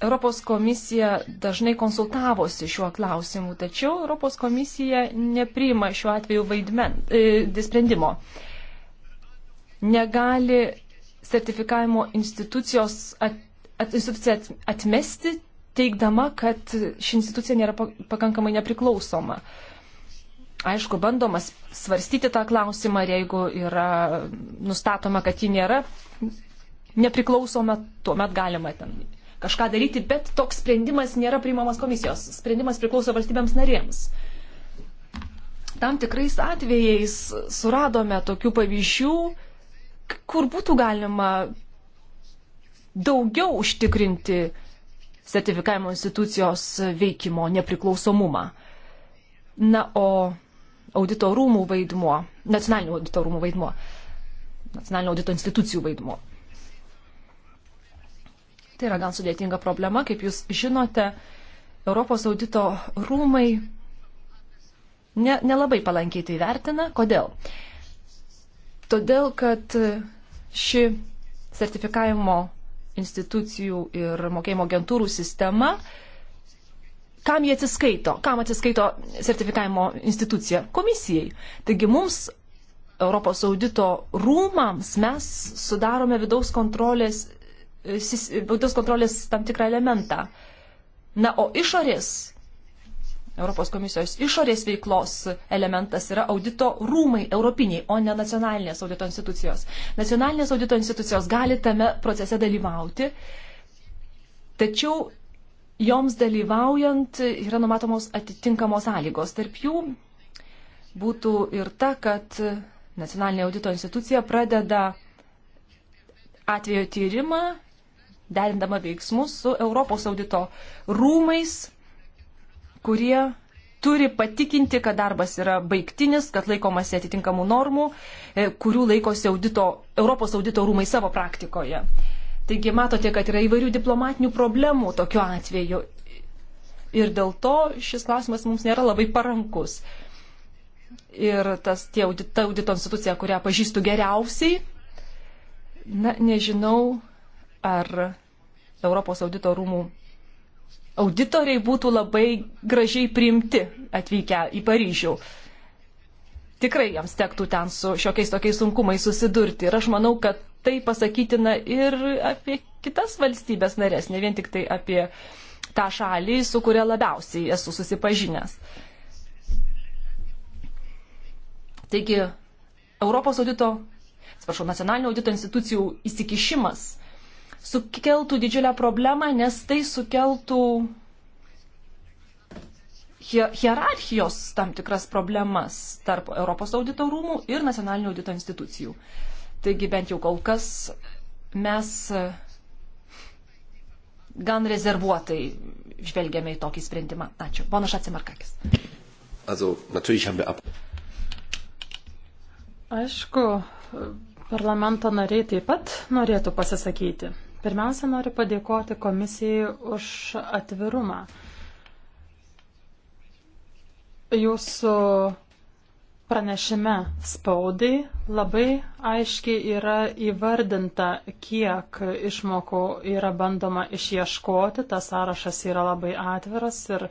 Europos komisija dažnai konsultavosi šiuo klausimu, tačiau Europos komisija nepriima šiuo atveju vaidmen, e, sprendimo. Negali sertifikavimo institucijos at, at, institucija at, atmesti, teikdama, kad ši institucija nėra pakankamai nepriklausoma. Aišku, bandomas svarstyti tą klausimą ir jeigu yra nustatoma, kad ji nėra nepriklausoma, tuomet galima ten kažką daryti, bet toks sprendimas nėra priimamas komisijos. Sprendimas priklauso valstybėms narėms. Tam tikrais atvejais suradome tokių pavyzdžių, kur būtų galima daugiau užtikrinti sertifikavimo institucijos veikimo nepriklausomumą. Na, o audito rūmų vaidmuo, nacionalinio audito rūmų vaidmuo, nacionalinio audito institucijų vaidmuo. Tai yra gan sudėtinga problema, kaip jūs žinote, Europos audito rūmai ne, nelabai palankiai tai vertina. Kodėl? Todėl, kad ši sertifikavimo institucijų ir mokėjimo agentūrų sistema, kam jie atsiskaito, kam atsiskaito sertifikavimo institucija? Komisijai. Taigi mums, Europos audito rūmams, mes sudarome vidaus kontrolės, e, vidaus kontrolės tam tikrą elementą. Na, o išorės Europos komisijos išorės veiklos elementas yra audito rūmai europiniai, o ne nacionalinės audito institucijos. Nacionalinės audito institucijos gali tame procese dalyvauti, tačiau joms dalyvaujant yra numatomos atitinkamos sąlygos. Tarp jų būtų ir ta, kad nacionalinė audito institucija pradeda atvejo tyrimą, derindama veiksmus su Europos audito rūmais kurie turi patikinti, kad darbas yra baigtinis, kad laikomasi atitinkamų normų, e, kurių laikosi audito, Europos audito rūmai savo praktikoje. Taigi matote, kad yra įvairių diplomatinių problemų tokiu atveju. Ir dėl to šis klausimas mums nėra labai parankus. Ir tas, tie, ta audito institucija, kurią pažįstu geriausiai, na, nežinau, ar Europos audito rūmų auditoriai būtų labai gražiai priimti atvykę į Paryžių. Tikrai jiems tektų ten su šiokiais tokiais sunkumais susidurti. Ir aš manau, kad tai pasakytina ir apie kitas valstybės narės, ne vien tik tai apie tą šalį, su kuria labiausiai esu susipažinęs. Taigi, Europos audito, atsiprašau, nacionalinio audito institucijų įsikišimas sukeltų didžiulę problemą, nes tai sukeltų hierarchijos tam tikras problemas tarp Europos audito rūmų ir nacionalinio audito institucijų. Taigi bent jau kol kas mes gan rezervuotai žvelgiame į tokį sprendimą. Ačiū. Bonas Šacimarkakis. Also, natürlich haben wir ab. Aišku, parlamento nariai taip pat norėtų pasisakyti. Pirmiausia, noriu padėkoti komisijai už atvirumą. Jūsų pranešime spaudai labai aiškiai yra įvardinta, kiek išmokų yra bandoma išieškoti. Tas sąrašas yra labai atviras ir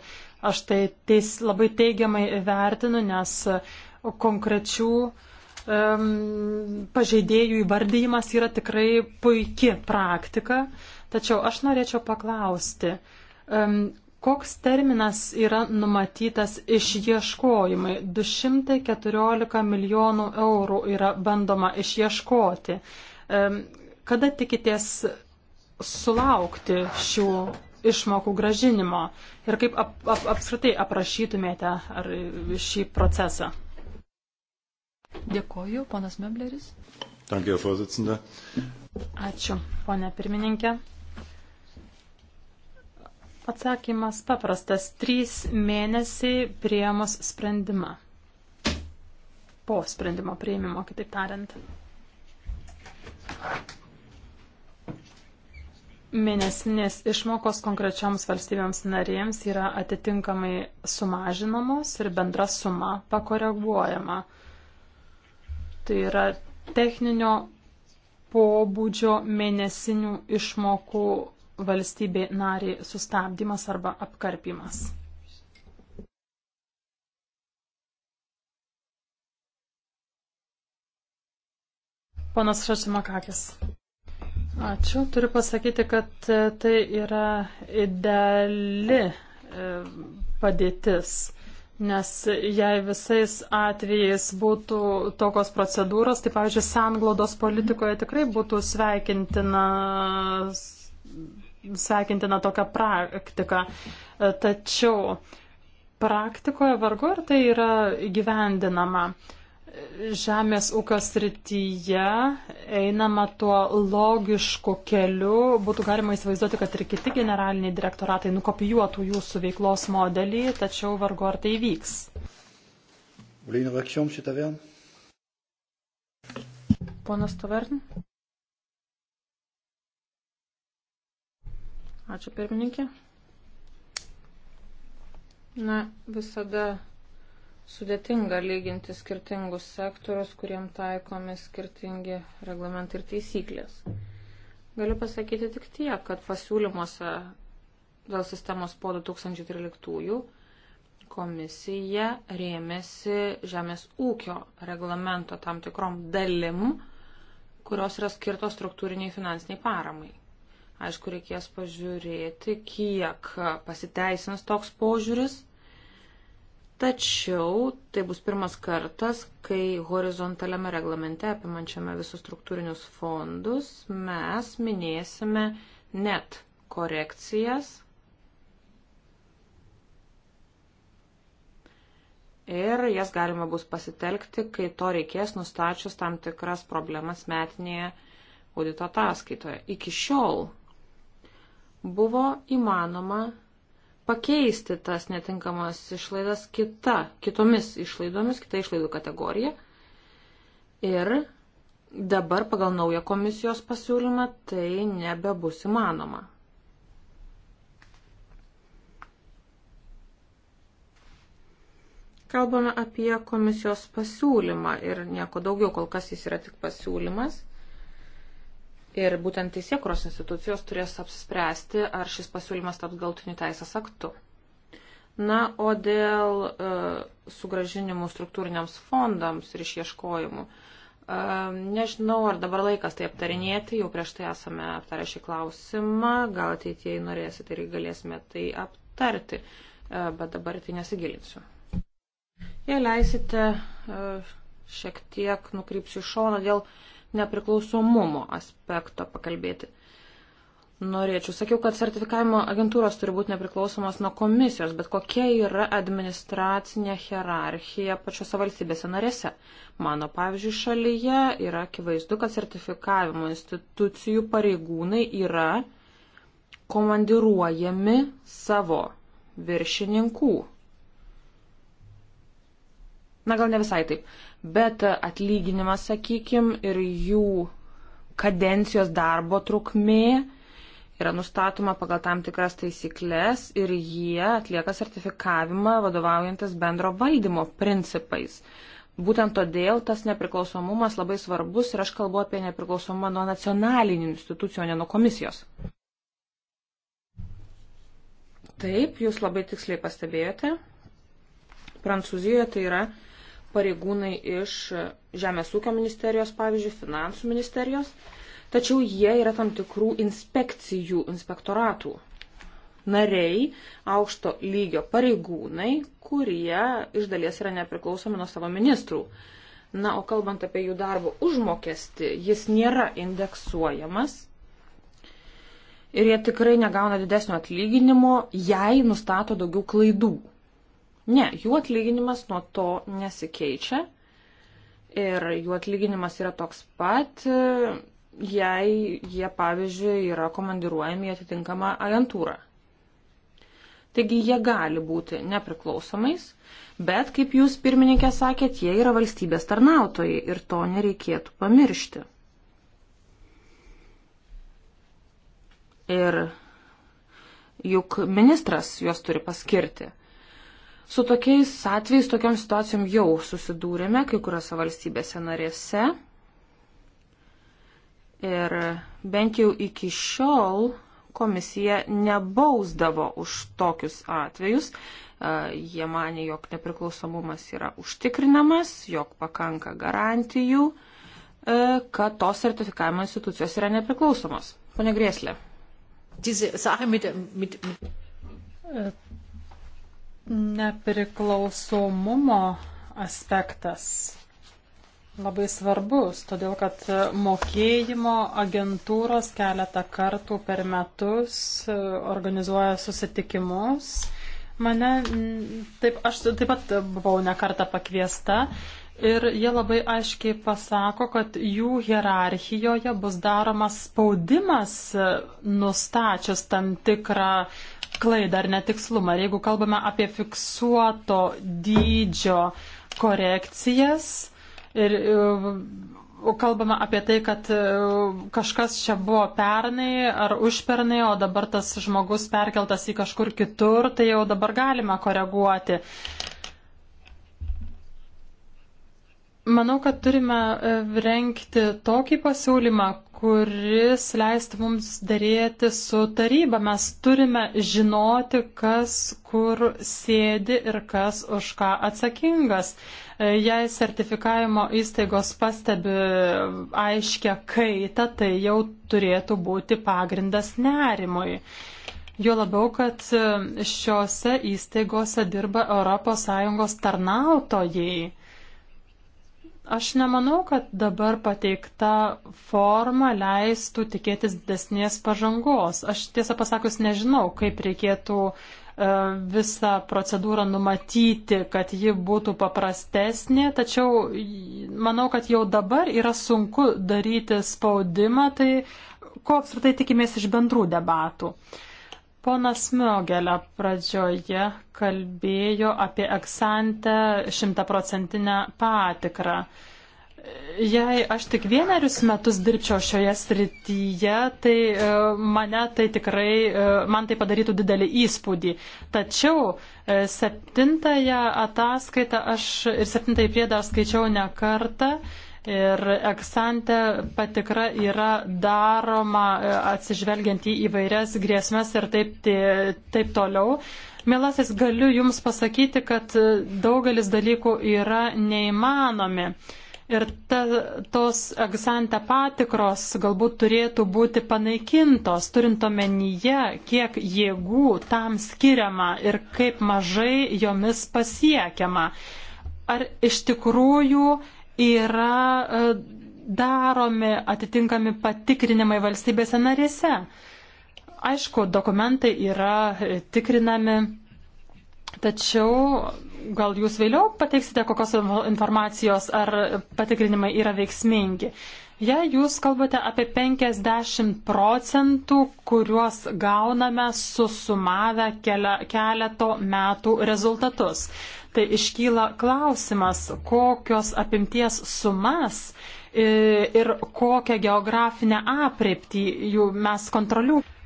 aš tai teis, labai teigiamai vertinu, nes konkrečių uh, um, pažeidėjų įvardyjimas yra tikrai puikia praktika, tačiau aš norėčiau paklausti, um, koks terminas yra numatytas išieškojimai? 214 milijonų eurų yra bandoma išieškoti. Um, kada tikitės sulaukti šių išmokų gražinimo ir kaip ap, ap, apskritai aprašytumėte šį procesą? Dėkoju, ponas Mebleris. Dankė, Fozicinda. Ačiū, ponė pirmininkė. Atsakymas paprastas. Trys mėnesiai priemos sprendimą. Po sprendimo prieimimo, kitaip tariant. Mėnesinės išmokos konkrečioms valstybėms narėms yra atitinkamai sumažinamos ir bendra suma pakoreguojama tai yra techninio pobūdžio mėnesinių išmokų valstybė nariai sustabdymas arba apkarpimas. Ponas Šačimakakis. Ačiū. Turiu pasakyti, kad tai yra ideali e, padėtis. Nes jei visais atvejais būtų tokios procedūros, tai pavyzdžiui, sanglaudos politikoje tikrai būtų sveikintina, sveikintina tokia praktika. Tačiau praktikoje vargu ar tai yra gyvendinama. Uh, žemės ūkio srityje einama tuo logišku keliu, būtų galima įsivaizduoti, kad ir kiti generaliniai direktoratai nukopijuotų jūsų veiklos modelį, tačiau vargu ar tai vyks. Ponas Tavern. Ačiū pirmininkė. Na, visada sudėtinga lyginti skirtingus sektorius, kuriem taikomi skirtingi reglamentai ir taisyklės. Galiu pasakyti tik tiek, kad pasiūlymuose dėl sistemos po 2013 komisija rėmėsi žemės ūkio reglamento tam tikrom dalim, kurios yra skirtos struktūriniai finansiniai paramai. Aišku, reikės pažiūrėti, kiek pasiteisins toks požiūris Tačiau tai bus pirmas kartas, kai horizontaliame reglamente apimančiame visus struktūrinius fondus mes minėsime net korekcijas ir jas galima bus pasitelkti, kai to reikės nustačius tam tikras problemas metinėje audito ataskaitoje. Iki šiol buvo įmanoma pakeisti tas netinkamas išlaidas kita, kitomis išlaidomis, kita išlaidų kategorija. Ir dabar pagal naują komisijos pasiūlymą tai nebebus įmanoma. Kalbame apie komisijos pasiūlymą ir nieko daugiau, kol kas jis yra tik pasiūlymas. Ir būtent teisėkuros institucijos turės apsispręsti, ar šis pasiūlymas taps galtiniu teisės aktu. Na, o dėl e, sugražinimų struktūriniams fondams ir išieškojimų, e, nežinau, ar dabar laikas tai aptarinėti, jau prieš tai esame aptarę šį klausimą, gal ateitieji norėsite ir galėsime tai aptarti, e, bet dabar tai nesigilinsiu. Jei leisite, e, šiek tiek nukrypsiu šoną dėl e, nepriklausomumo aspekto pakalbėti. Norėčiau, sakiau, kad sertifikavimo agentūros turi būti nepriklausomos nuo komisijos, bet kokia yra administracinė hierarchija pačiose valstybėse narėse? Mano, pavyzdžiui, šalyje yra akivaizdu, kad sertifikavimo institucijų pareigūnai yra komandiruojami savo viršininkų na gal ne visai taip, bet atlyginimas, sakykime, ir jų kadencijos darbo trukmė yra nustatoma pagal tam tikras taisyklės ir jie atlieka sertifikavimą vadovaujantis bendro valdymo principais. Būtent todėl tas nepriklausomumas labai svarbus ir aš kalbu apie nepriklausomumą nuo nacionalinių institucijų, o ne nuo komisijos. Taip, jūs labai tiksliai pastebėjote. Prancūzijoje tai yra pareigūnai iš Žemės ūkio ministerijos, pavyzdžiui, finansų ministerijos, tačiau jie yra tam tikrų inspekcijų, inspektoratų nariai, aukšto lygio pareigūnai, kurie iš dalies yra nepriklausomi nuo savo ministrų. Na, o kalbant apie jų darbo užmokestį, jis nėra indeksuojamas. Ir jie tikrai negauna didesnio atlyginimo, jei nustato daugiau klaidų. Ne, jų atlyginimas nuo to nesikeičia ir jų atlyginimas yra toks pat, e, jei jie, pavyzdžiui, yra komandiruojami į atitinkamą agentūrą. Taigi jie gali būti nepriklausomais, bet, kaip jūs pirmininkė sakėt, jie yra valstybės tarnautojai ir to nereikėtų pamiršti. Ir juk ministras juos turi paskirti. Su tokiais atvejais, tokiam situacijom jau susidūrėme kai kuriuose valstybėse narėse. Ir bent jau iki šiol komisija nebausdavo už tokius atvejus. Jie mane, jog nepriklausomumas yra užtikrinamas, jog pakanka garantijų, e, kad tos sertifikavimo institucijos yra nepriklausomos. Pone Grėslė nepriklausomumo aspektas labai svarbus, todėl kad mokėjimo agentūros keletą kartų per metus organizuoja susitikimus. Mane, taip, aš taip pat buvau nekartą pakviesta ir jie labai aiškiai pasako, kad jų hierarchijoje bus daromas spaudimas nustačius tam tikrą klaidą ar netikslumą. Ir jeigu kalbame apie fiksuoto dydžio korekcijas ir e, kalbame apie tai, kad e, kažkas čia buvo pernai ar užpernai, o dabar tas žmogus perkeltas į kažkur kitur, tai jau dabar galima koreguoti. Manau, kad turime e, renkti tokį pasiūlymą, kuris leistų mums dėrėti su taryba. Mes turime žinoti, kas kur sėdi ir kas už ką atsakingas. E, jei sertifikavimo įstaigos pastebi aiškę kaitą, tai jau turėtų būti pagrindas nerimui. Jo labiau, kad e, šiuose įstaigose dirba ES tarnautojai. Aš nemanau, kad dabar pateikta forma leistų tikėtis didesnės pažangos. Aš tiesą pasakus nežinau, kaip reikėtų e, visą procedūrą numatyti, kad ji būtų paprastesnė, tačiau manau, kad jau dabar yra sunku daryti spaudimą, tai ko apskritai tikimės iš bendrų debatų. Uh, Ponas Miogelė pradžioje kalbėjo apie eksantę šimtaprocentinę patikrą. Jei aš tik vienerius metus dirbčiau šioje srityje, tai e, mane tai tikrai, e, man tai padarytų didelį įspūdį. Tačiau e, septintąją ataskaitą aš ir septintąjį priedą skaičiau ne kartą Ir eksante patikra yra daroma e, atsižvelgiant į įvairias grėsmės ir taip, taip toliau. Mielasis, galiu Jums pasakyti, kad e, daugelis dalykų yra neįmanomi. Ir ta, tos egzante patikros galbūt turėtų būti panaikintos, turint omenyje, kiek jėgų tam skiriama ir kaip mažai jomis pasiekiama. Ar iš tikrųjų yra e, daromi atitinkami patikrinimai valstybėse narėse. Aišku, dokumentai yra e, tikrinami, tačiau gal jūs vėliau pateiksite kokios informacijos, ar patikrinimai yra veiksmingi. Jei jūs kalbate apie 50 procentų, kuriuos gauname susumavę keleto metų rezultatus tai iškyla klausimas, kokios apimties sumas e, ir kokią geografinę apreiptį jų mes kontroliuojame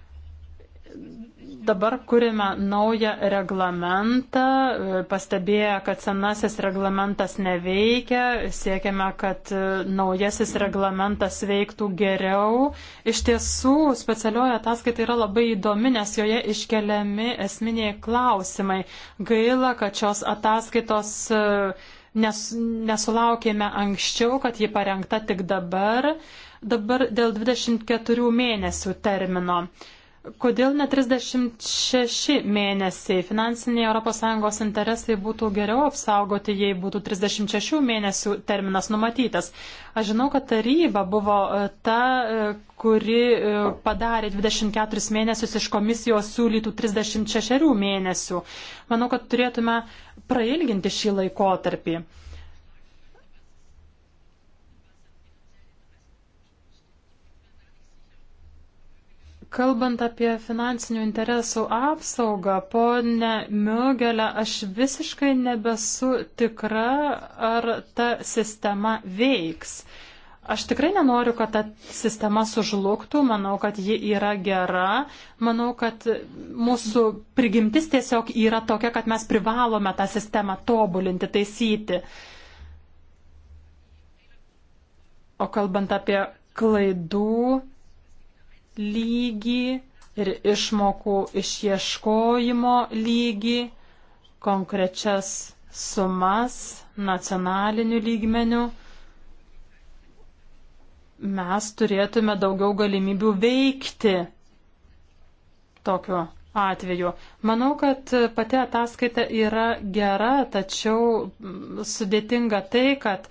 dabar kūrime naują reglamentą, e, pastebėję, kad senasis reglamentas neveikia, siekiame, kad e, naujasis reglamentas veiktų geriau. Iš tiesų, specialioja ataskaita yra labai įdomi, nes joje iškeliami esminiai klausimai. Gaila, kad šios ataskaitos e, nes, nesulaukėme anksčiau, kad ji parengta tik dabar. Dabar dėl 24 mėnesių termino. Kodėl ne 36 mėnesiai? Finansiniai ES interesai būtų geriau apsaugoti, jei būtų 36 mėnesių terminas numatytas. Aš žinau, kad taryba buvo e, ta, e, kuri e, padarė 24 mėnesius iš komisijos siūlytų 36 mėnesių. Manau, kad turėtume prailginti šį laikotarpį. Kalbant apie finansinių interesų apsaugą, ponė Miugelė, aš visiškai nebesu tikra, ar ta sistema veiks. Aš tikrai nenoriu, kad ta sistema sužlugtų, manau, kad ji yra gera, manau, kad mūsų prigimtis tiesiog yra tokia, kad mes privalome tą sistemą tobulinti, taisyti. O kalbant apie klaidų lygį ir išmokų išieškojimo lygį, konkrečias sumas nacionaliniu lygmeniu, mes turėtume daugiau galimybių veikti tokiu atveju. Manau, kad pati ataskaita yra gera, tačiau sudėtinga tai, kad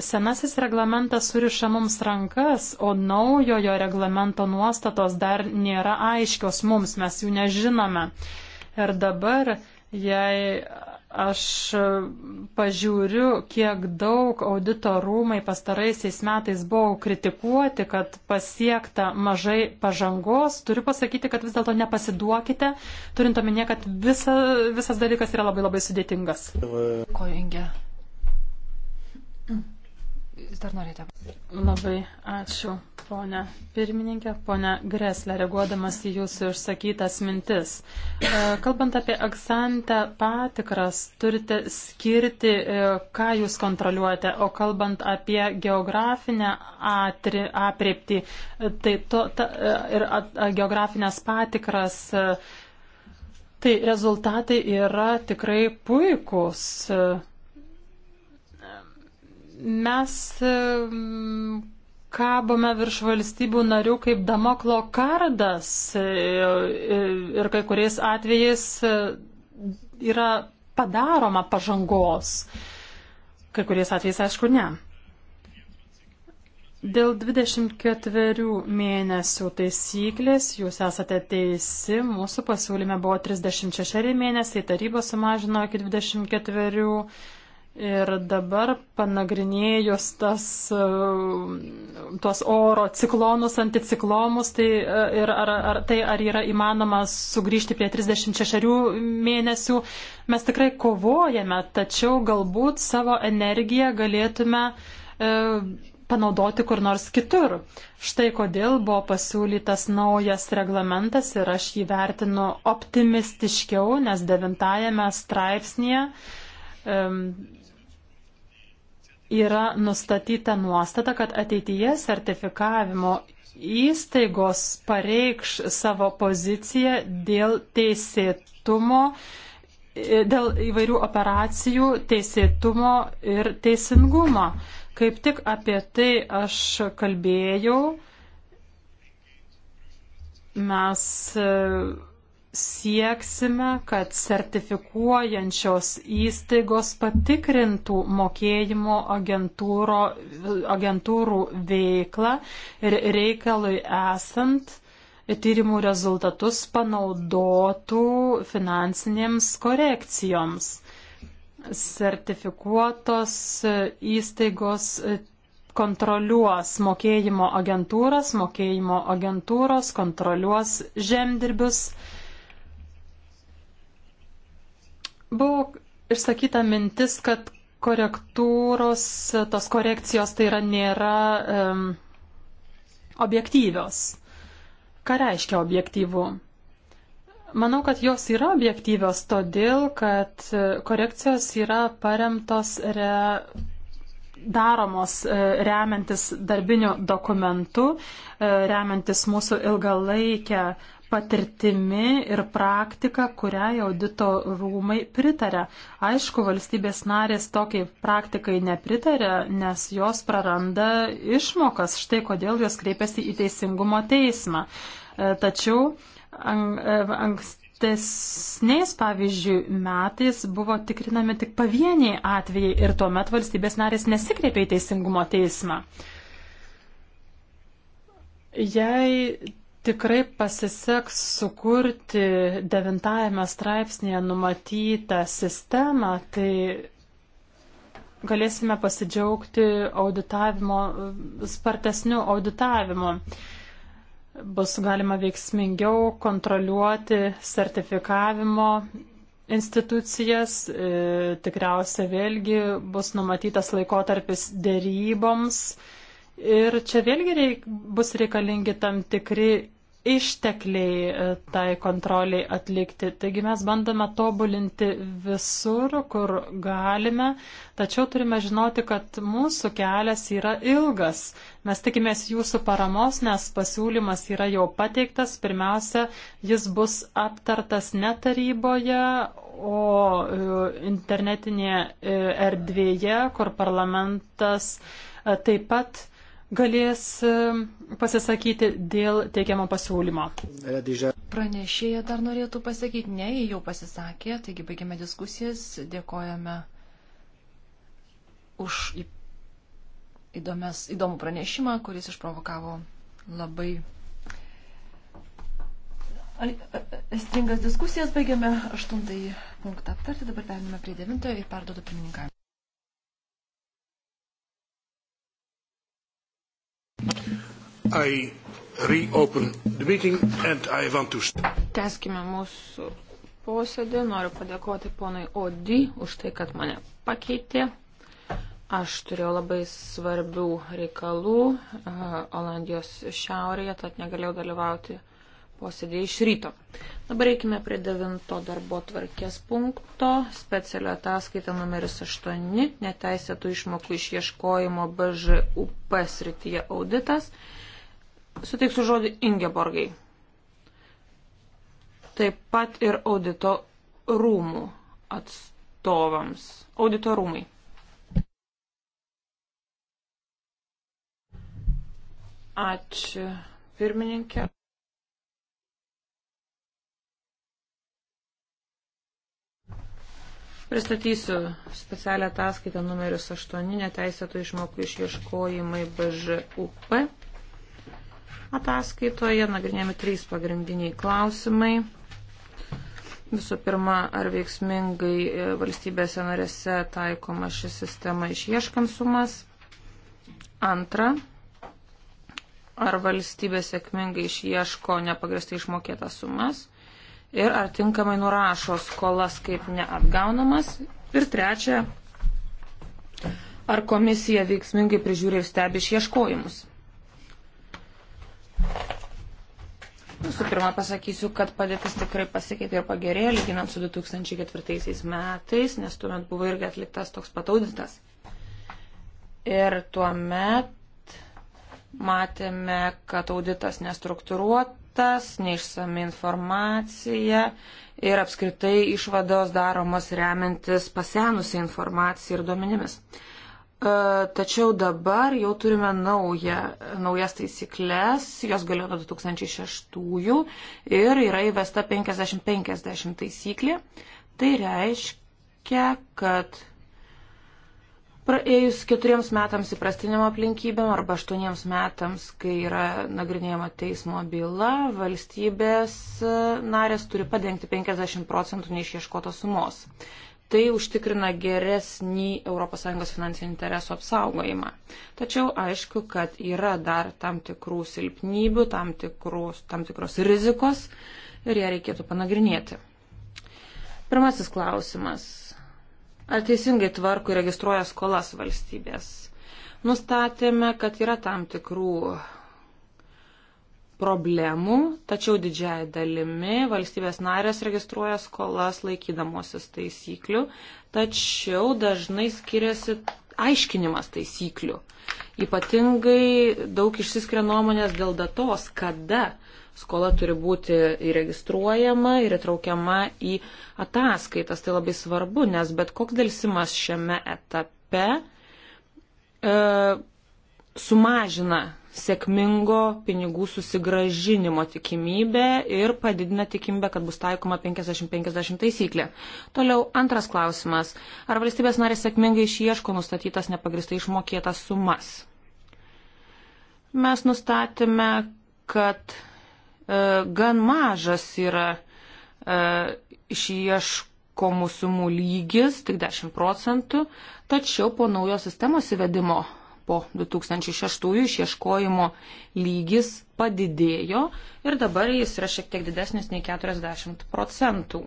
Senasis reglamentas suriša mums rankas, o naujojo reglamento nuostatos dar nėra aiškios mums, mes jų nežinome. Ir dabar, jei aš pažiūriu, kiek daug audito rūmai pastaraisiais metais buvo kritikuoti, kad pasiekta mažai pažangos, turiu pasakyti, kad vis dėlto nepasiduokite, turint omenyje, kad visa, visas dalykas yra labai labai sudėtingas. Ko jungia? dar norėjote? Labai ačiū, ponia pirmininkė, ponia Greslė, reaguodamas į jūsų išsakytas mintis. E, kalbant apie aksantę patikras, turite skirti, e, ką jūs kontroliuojate, o kalbant apie geografinę atri, apriepti, e, tai to, ta, ir at, geografinės patikras. Tai rezultatai yra tikrai puikūs. Mes kabome virš valstybių narių kaip Damoklo kardas e, e, ir kai kuriais atvejais e, yra padaroma pažangos, kai kuriais atvejais aišku ne. Dėl 24 mėnesių taisyklės jūs esate teisi, mūsų pasiūlyme buvo 36 mėnesiai, taryba sumažino iki 24 mėnesių Ir dabar panagrinėjus tas, e, tuos oro ciklonus, anticiklomus, tai, e, ir, ar, ar, tai ar yra įmanoma sugrįžti prie 36 mėnesių, mes tikrai kovojame, tačiau galbūt savo energiją galėtume e, panaudoti kur nors kitur. Štai kodėl buvo pasiūlytas naujas reglamentas ir aš jį vertinu optimistiškiau, nes devintajame straipsnėje. E, yra nustatyta nuostata, kad ateityje sertifikavimo įstaigos pareikš savo poziciją dėl teisėtumo, dėl įvairių operacijų teisėtumo ir teisingumo. Kaip tik apie tai aš kalbėjau. Mes sieksime, kad sertifikuojančios įstaigos patikrintų mokėjimo agentūro, agentūrų veiklą ir reikalui esant tyrimų rezultatus panaudotų finansinėms korekcijoms. Sertifikuotos įstaigos kontroliuos mokėjimo agentūras, mokėjimo agentūros kontroliuos žemdirbius Buvo išsakyta mintis, kad korektūros, tos korekcijos tai yra nėra um, objektyvios. Ką reiškia objektyvu? Manau, kad jos yra objektyvios todėl, kad e, korekcijos yra paremtos re, daromos e, remiantis darbiniu dokumentu, e, remiantis mūsų ilgalaikę patirtimi ir praktika, kuriai audito rūmai pritarė. Aišku, valstybės narės tokiai praktikai nepritarė, nes jos praranda išmokas, štai kodėl jos kreipiasi į teisingumo teismą. E, tačiau e, ankstesniais, pavyzdžiui, metais buvo tikrinami tik pavieniai atvejai ir tuomet valstybės narės nesikreipė į teisingumo teismą. Jei tikrai pasiseks sukurti devintajame straipsnėje numatytą sistemą, tai galėsime pasidžiaugti auditavimo, spartesniu auditavimu. Bus galima veiksmingiau kontroliuoti sertifikavimo institucijas, e, tikriausia vėlgi bus numatytas laikotarpis dėryboms Ir čia vėlgi reik, bus reikalingi tam tikri ištekliai e, tai kontroliai atlikti. Taigi mes bandome tobulinti visur, kur galime, tačiau turime žinoti, kad mūsų kelias yra ilgas. Mes tikimės jūsų paramos, nes pasiūlymas yra jau pateiktas. Pirmiausia, jis bus aptartas netaryboje, o e, internetinėje e, erdvėje, kur parlamentas taip pat galės e, pasisakyti dėl teikiamo pasiūlymo. Pranešėja dar norėtų pasakyti, ne, jie jau pasisakė, taigi baigėme diskusijas, dėkojame už įdomias, įdomų pranešimą, kuris išprovokavo labai Stringas diskusijas baigiame aštuntąjį punktą aptarti, dabar perėmėme prie devintojo ir perduodu pirmininką. I reopen the meeting and I want to... Teskime mūsų posėdį. Noriu padėkoti ponui Odi už tai, kad mane pakeitė. Aš turėjau labai svarbių reikalų uh, Olandijos šiaurėje, tad negalėjau dalyvauti posėdėje iš ryto. Dabar reikime prie devinto darbo tvarkės punkto, specialio ataskaita numeris 8, neteisėtų išmokų išieškojimo BŽUP srityje auditas. Uh, Suteiksiu žodį Ingeborgai. Taip pat ir audito rūmų atstovams. Audito rūmai. Ačiū, pirmininkė. Pristatysiu specialią ataskaitą numeris 8, neteisėtų išmokų išieškojimai BŽUP Ataskaitoje nagrinėjami trys pagrindiniai klausimai. Visų pirma, ar veiksmingai e, valstybėse narėse taikoma ši sistema išieškant sumas. Antra, ar valstybė sėkmingai išieško nepagristai išmokėtas sumas. Ir ar tinkamai nurašo skolas kaip neatgaunamas. Ir trečia, ar komisija veiksmingai prižiūri ir stebi išieškojimus. Visų pirma, pasakysiu, kad padėtis tikrai pasikeitė ir pagerėjo, lyginant su 2004 metais, nes tuomet buvo irgi atliktas toks pataudytas. Ir tuomet matėme, kad auditas nestruktūruotas, neišsami informacija ir apskritai išvados daromos remiantis pasenusią informaciją ir duomenimis. E, tačiau dabar jau turime naują, naujas taisyklės, jos galioja nuo 2006 ir yra įvesta 50-50 taisyklė. Tai reiškia, kad praėjus keturiems metams įprastiniam aplinkybėm arba aštuoniems metams, kai yra nagrinėjama teismo byla, valstybės narės turi padengti 50 procentų neišieškotos sumos. Tai užtikrina geresnį ES finansinių interesų apsaugojimą. Tačiau aišku, kad yra dar tam tikrų silpnybių, tam, tikrus, tam tikros rizikos ir ją reikėtų panagrinėti. Pirmasis klausimas. Ar teisingai tvarko registruoja skolas valstybės? Nustatėme, kad yra tam tikrų problemų, tačiau didžiai dalimi valstybės narės registruoja skolas laikydamosis taisyklių, tačiau dažnai skiriasi aiškinimas taisyklių. Ypatingai daug išsiskiria nuomonės dėl datos, kada skola turi būti įregistruojama ir įtraukiama į ataskaitas. Tai labai svarbu, nes bet koks dėlsimas šiame etape e, sumažina sėkmingo pinigų susigražinimo tikimybė ir padidina tikimybę, kad bus taikoma 50-50 taisyklė. Toliau antras klausimas. Ar valstybės narės sėkmingai išieško nustatytas nepagristai išmokėtas sumas? Mes nustatėme, kad e, gan mažas yra e, išieško ieškomų sumų lygis, tik 10 procentų, tačiau po naujos sistemos įvedimo po 2006 išieškojimo lygis padidėjo ir dabar jis yra šiek tiek didesnis nei 40 procentų.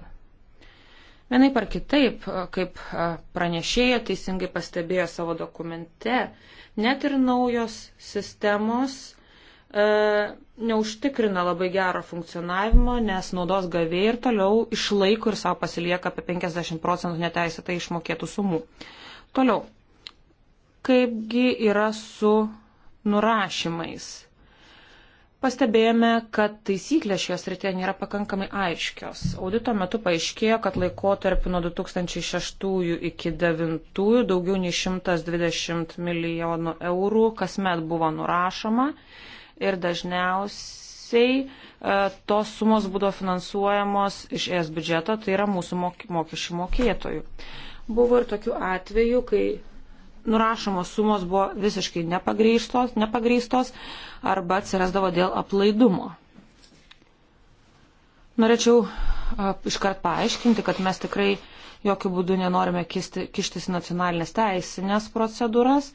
Vienai par kitaip, kaip e, pranešėja teisingai pastebėjo savo dokumente, net ir naujos sistemos e, neužtikrina labai gero funkcionavimo, nes naudos gavėjai ir toliau išlaiko ir savo pasilieka apie 50 procentų neteisėtai išmokėtų sumų. Toliau, Kaipgi yra su nurašymais? Pastebėjome, kad taisyklės šios rytėje nėra pakankamai aiškios. Audito metu paaiškėjo, kad laikotarpiu nuo 2006 iki 2009 daugiau nei 120 milijonų eurų kasmet buvo nurašoma ir dažniausiai e, tos sumos būdavo finansuojamos iš ES biudžeto, tai yra mūsų mokesčių mokėtojų. Buvo ir tokių atvejų, kai nurašomos sumos buvo visiškai nepagrįstos, nepagrįstos arba atsirasdavo dėl aplaidumo. Norėčiau iškart paaiškinti, kad mes tikrai jokių būdų nenorime kisti, kištis į nacionalinės teisinės procedūras,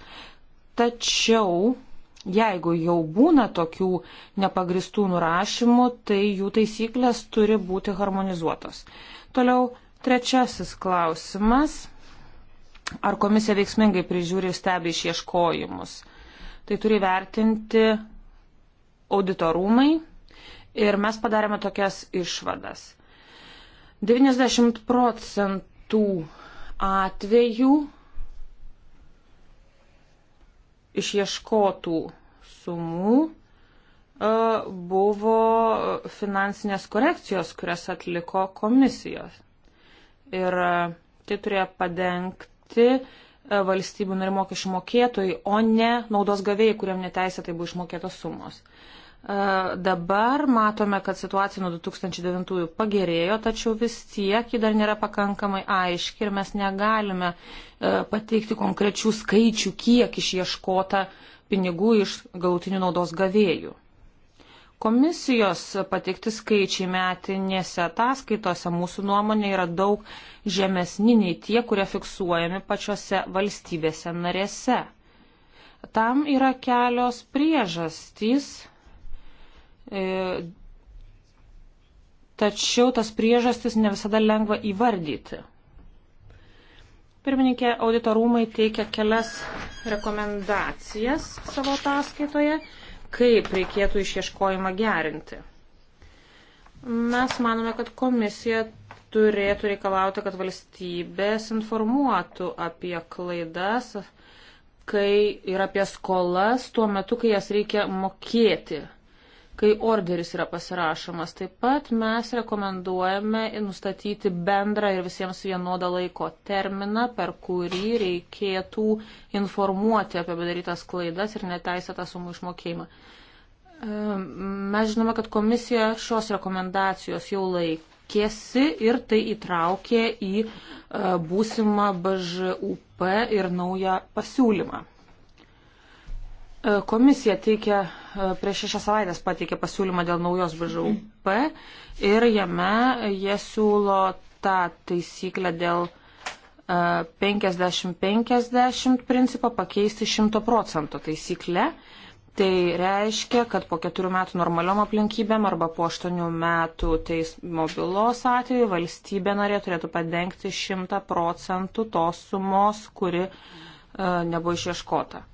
tačiau jeigu jau būna tokių nepagristų nurašymų, tai jų taisyklės turi būti harmonizuotos. Toliau trečiasis klausimas ar komisija veiksmingai prižiūri ir stebi išieškojimus. Tai turi vertinti auditorumai ir mes padarėme tokias išvadas. 90 procentų atvejų išieškotų sumų e, buvo finansinės korekcijos, kurias atliko komisijos. Ir e, tai turėjo padengti išmokėti e, valstybių narių mokesčių mokėtojai, o ne naudos gavėjai, kuriam neteisėtai buvo išmokėtos sumos. E, dabar matome, kad situacija nuo 2009 pagerėjo, tačiau vis tiek ji dar nėra pakankamai aiški ir mes negalime e, pateikti konkrečių skaičių, kiek išieškota pinigų iš galutinių naudos gavėjų. Komisijos pateikti skaičiai metinėse ataskaitose mūsų nuomonė yra daug žemesni nei tie, kurie fiksuojami pačiose valstybėse narėse. Tam yra kelios priežastys, e, tačiau tas priežastis ne visada lengva įvardyti. Pirmininkė auditorumai teikia kelias rekomendacijas savo ataskaitoje kaip reikėtų išieškojimą gerinti. Mes manome, kad komisija turėtų reikalauti, kad valstybės informuotų apie klaidas, kai ir apie skolas tuo metu, kai jas reikia mokėti kai orderis yra pasirašomas. Taip pat mes rekomenduojame nustatyti bendrą ir visiems vienodą laiko terminą, per kurį reikėtų informuoti apie padarytas klaidas ir neteisėtą sumų išmokėjimą. Mes žinome, kad komisija šios rekomendacijos jau laikėsi ir tai įtraukė į e, būsimą BŽUP ir naują pasiūlymą. E, komisija teikia, e, prieš šešias savaitės pateikė pasiūlymą dėl naujos BŽUP ir jame jie siūlo tą taisyklę dėl 50-50 e, principą pakeisti 100 procentų taisyklę. Tai reiškia, kad po keturių metų normaliom aplinkybėm arba po aštuonių metų teismo bylos atveju valstybė narė turėtų padengti 100 procentų tos sumos, kuri nebuvo išieškota.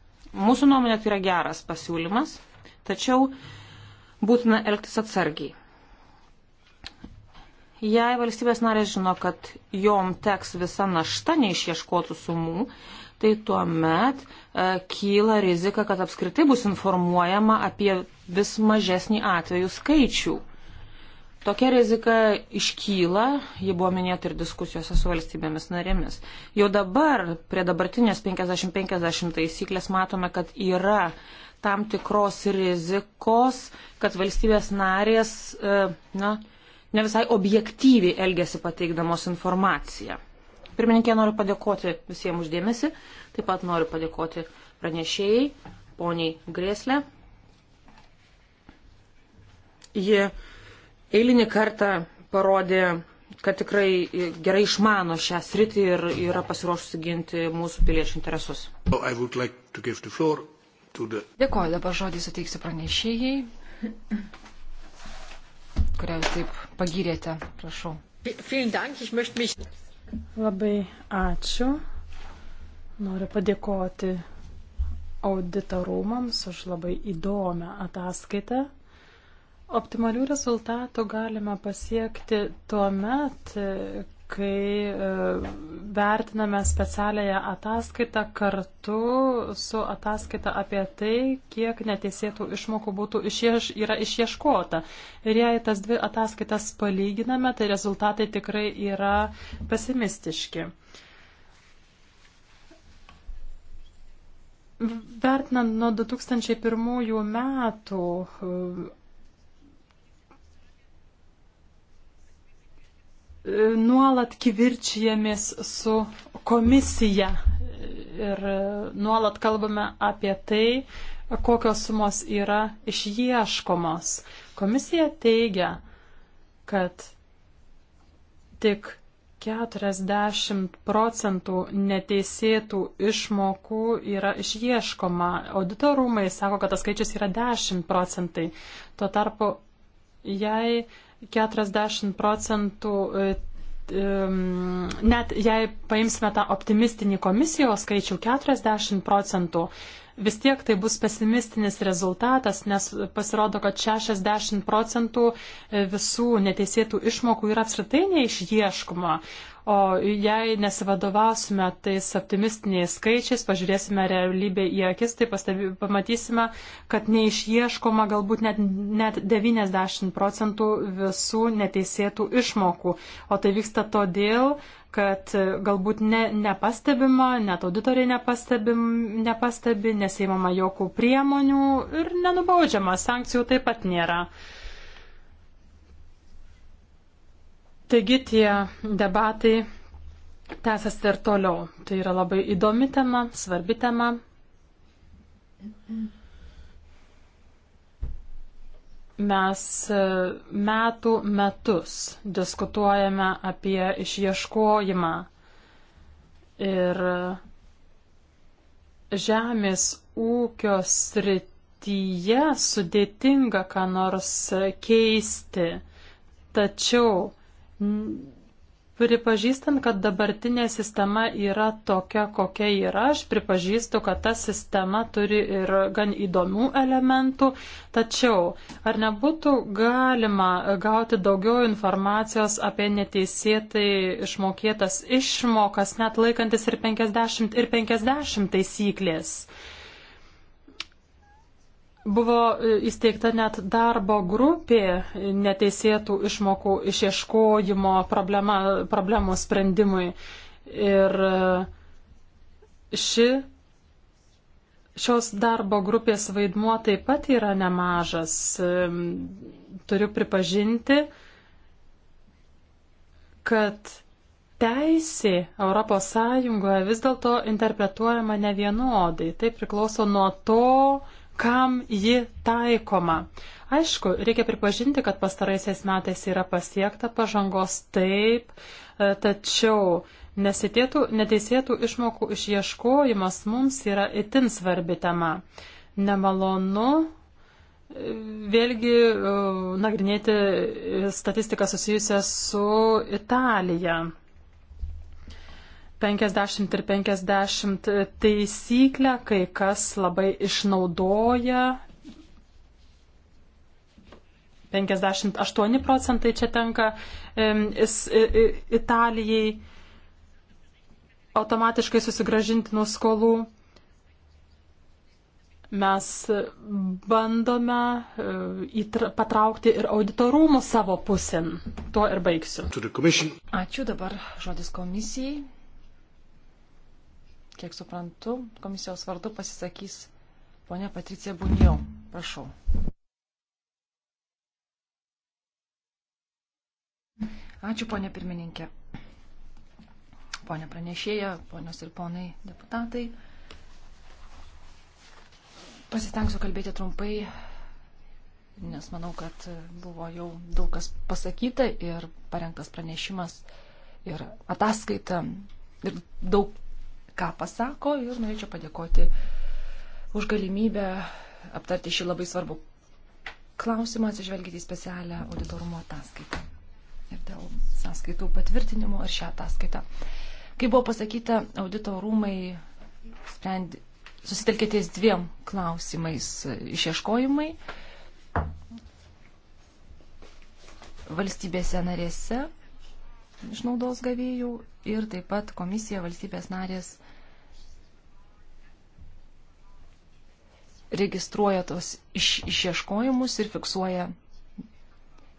Mūsų nuomonė tai yra geras pasiūlymas, tačiau būtina elgtis atsargiai. Jei valstybės narės žino, kad jom teks visa našta neišieškotų sumų, tai tuomet e, kyla rizika, kad apskritai bus informuojama apie vis mažesnį atvejų skaičių. Tokia rizika iškyla, ji buvo minėta ir diskusijose su valstybėmis narėmis. Jau dabar prie dabartinės 50-50 taisyklės matome, kad yra tam tikros rizikos, kad valstybės narės e, na, ne visai objektyviai elgesi pateikdamos informaciją. Pirmininkė, noriu padėkoti visiems uždėmesi, taip pat noriu padėkoti pranešėjai, poniai Grėslė. Ji yeah eilinį kartą parodė, kad tikrai gerai išmano šią sritį ir yra pasiruošusi ginti mūsų piliečių interesus. Like the... Dėkoju, dabar žodį suteiksiu pranešėjai, kurią jūs taip pagirėte, prašau. Labai ačiū. Noriu padėkoti auditorumams už labai įdomią ataskaitą. Optimalių rezultatų galime pasiekti tuo met, kai e, vertiname specialiąją ataskaitą kartu su ataskaita apie tai, kiek neteisėtų išmokų būtų išieš, yra išieškota. Ir jei tas dvi ataskaitas palyginame, tai rezultatai tikrai yra pesimistiški. Vertinant nuo 2001 metų nuolat kivirčijamės su komisija ir nuolat kalbame apie tai, kokios sumos yra išieškomos. Komisija teigia, kad tik 40 procentų neteisėtų išmokų yra išieškoma. Auditorumai sako, kad tas skaičius yra 10 procentai. Tuo tarpu, jei 40 procentų, e, net jei paimsime tą optimistinį komisijos skaičių 40 procentų, vis tiek tai bus pesimistinis rezultatas, nes pasirodo, kad 60 procentų e, visų neteisėtų išmokų yra apskritai neišieškoma. O jei nesivadovausime tais optimistiniais skaičiais, pažiūrėsime realybę į akis, tai pastebi, pamatysime, kad neišieškoma galbūt net, net 90 procentų visų neteisėtų išmokų. O tai vyksta todėl, kad galbūt ne, nepastebima, net auditoriai nepastebim, nepastebi, nesėimama jokių priemonių ir nenubaudžiama, sankcijų taip pat nėra. Taigi tie debatai tęsiasi ir toliau. Tai yra labai įdomi tema, svarbi tema. Mes e, metų metus diskutuojame apie išieškojimą ir žemės ūkio srityje sudėtinga ką nors keisti. Tačiau Pripažįstant, kad dabartinė sistema yra tokia, kokia yra, aš pripažįstu, kad ta sistema turi ir gan įdomių elementų, tačiau ar nebūtų galima gauti daugiau informacijos apie neteisėtai išmokėtas išmokas, net laikantis ir 50 ir 50 taisyklės? Buvo e, įsteigta net darbo grupė neteisėtų išmokų išieškojimo problema, problemų sprendimui. Ir e, ši, šios darbo grupės vaidmuo taip pat yra nemažas. E, turiu pripažinti, kad teisė Europos Sąjungoje vis dėlto interpretuojama nevienodai. Tai priklauso nuo to, kam ji taikoma. Aišku, reikia pripažinti, kad pastaraisiais metais yra pasiekta pažangos taip, e, tačiau nesitėtų, neteisėtų išmokų išieškojimas mums yra itin svarbi tema. Nemalonu e, vėlgi e, nagrinėti statistiką susijusią su Italija. 50 ir 50 taisyklę, kai kas labai išnaudoja. 58 procentai čia tenka um, is, i, Italijai automatiškai susigražintinų skolų. Mes bandome e, įtra, patraukti ir auditorumų savo pusėn. Tuo ir baigsiu. Ačiū dabar žodis komisijai. Kiek suprantu, komisijos vardu pasisakys ponia Patricija Bunijau. Prašau. Ačiū, ponė pirmininkė. Ponė pranešėja, ponios ir ponai deputatai. Pasitengsiu kalbėti trumpai, nes manau, kad buvo jau daug kas pasakyta ir parengtas pranešimas ir ataskaita ir daug ką pasako ir norėčiau padėkoti už galimybę aptarti šį labai svarbų klausimą, atsižvelgyti į specialią auditorumo ataskaitą ir dėl sąskaitų patvirtinimo ar šią ataskaitą. Kaip buvo pasakyta, auditorumai sprendi, susitelkė ties dviem klausimais - išieškojimai valstybėse narėse išnaudos gavėjų ir taip pat komisija valstybės narės registruoja tos iš, išieškojimus ir fiksuoja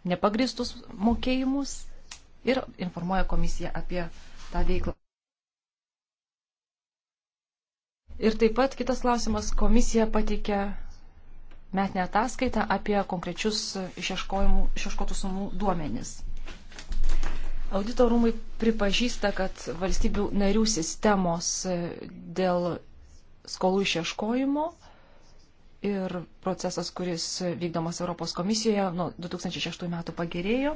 nepagristus mokėjimus ir informuoja komisiją apie tą veiklą. Ir taip pat kitas klausimas, komisija pateikė metinę ataskaitą apie konkrečius išieškotų sumų duomenis. Audito rūmai pripažįsta, kad valstybių narių sistemos dėl skolų išieškojimo ir procesas, kuris vykdomas Europos komisijoje nuo 2006 metų pagerėjo,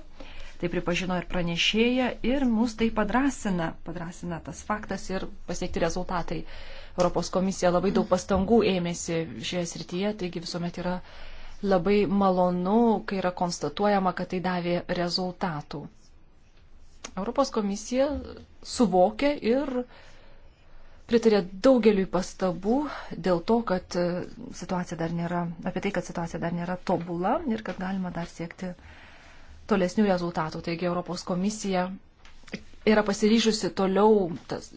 tai pripažino ir pranešėja ir mus tai padrasina, padrasina tas faktas ir pasiekti rezultatai. Europos komisija labai daug pastangų ėmėsi šioje srityje, taigi visuomet yra labai malonu, kai yra konstatuojama, kad tai davė rezultatų. Europos komisija suvokia ir uh, pritarė daugeliui pastabų dėl to, kad e, situacija dar nėra, apie tai, kad situacija dar nėra tobula ir kad galima dar siekti tolesnių rezultatų. Taigi Europos komisija yra pasiryžusi toliau tas,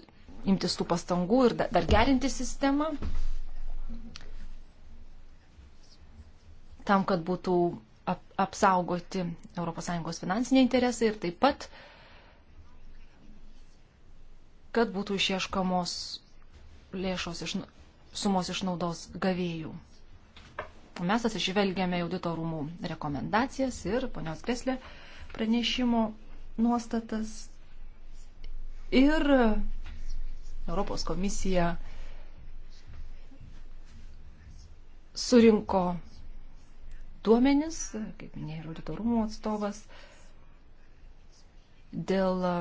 imtis tų pastangų ir dar gerinti sistemą tam, kad būtų apsaugoti ES finansiniai interesai ir taip pat uh, kad būtų išieškamos lėšos iš, sumos išnaudos gavėjų. Mes atsižvelgėme auditorumų rekomendacijas ir ponios Kreslė pranešimo nuostatas. Ir Europos komisija surinko duomenis, kaip minėjo auditorumų atstovas, dėl e,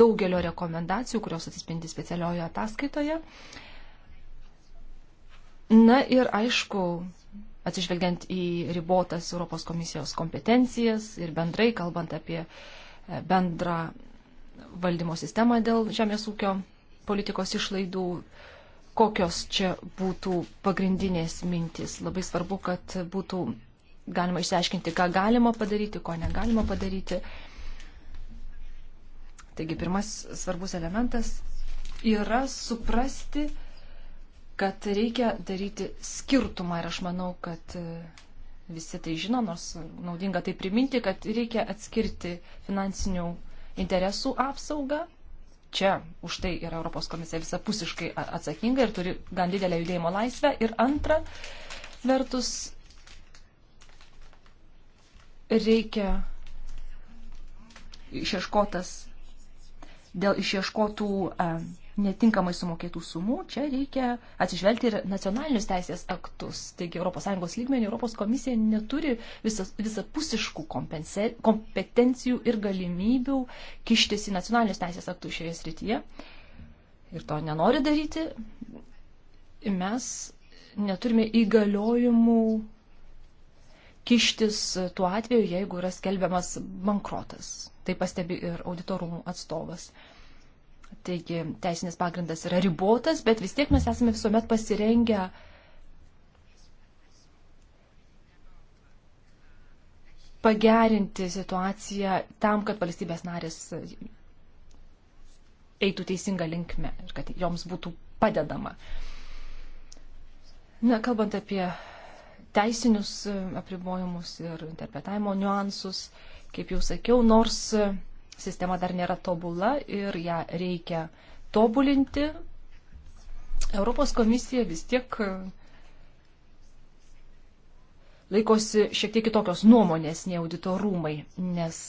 daugelio rekomendacijų, kurios atsispindi specialiojo ataskaitoje. Na ir aišku, atsižvelgiant į ribotas Europos komisijos kompetencijas ir bendrai kalbant apie e, bendrą valdymo sistemą dėl žemės ūkio politikos išlaidų, kokios čia būtų pagrindinės mintis. Labai svarbu, kad būtų galima išsiaiškinti, ką galima padaryti, ko negalima padaryti. Taigi pirmas svarbus elementas yra suprasti, kad reikia daryti skirtumą ir aš manau, kad e, visi tai žino, nors naudinga tai priminti, kad reikia atskirti finansinių interesų apsaugą. Čia už tai yra Europos komisija visapusiškai atsakinga ir turi gan didelę judėjimo laisvę. Ir antra, vertus, reikia išieškotas dėl išieškotų e, netinkamai sumokėtų sumų, čia reikia atsižvelgti ir nacionalinius teisės aktus. Taigi ES lygmenį ES komisija neturi visas, visapusiškų kompetencijų ir galimybių kištis į nacionalinius teisės aktus šioje srityje. Ir to nenori daryti. Mes neturime įgaliojimų kištis tuo atveju, jeigu yra skelbiamas bankrotas. Tai pastebi ir auditorumų atstovas. Taigi teisinis pagrindas yra ribotas, bet vis tiek mes esame visuomet pasirengę pagerinti situaciją tam, kad valstybės narės eitų teisinga linkme ir kad joms būtų padedama. Na, kalbant apie teisinius apribojimus ir interpretavimo niuansus, Kaip jau sakiau, nors sistema dar nėra tobula ir ją reikia tobulinti, Europos komisija vis tiek e, laikosi šiek tiek kitokios nuomonės nei auditorumai, nes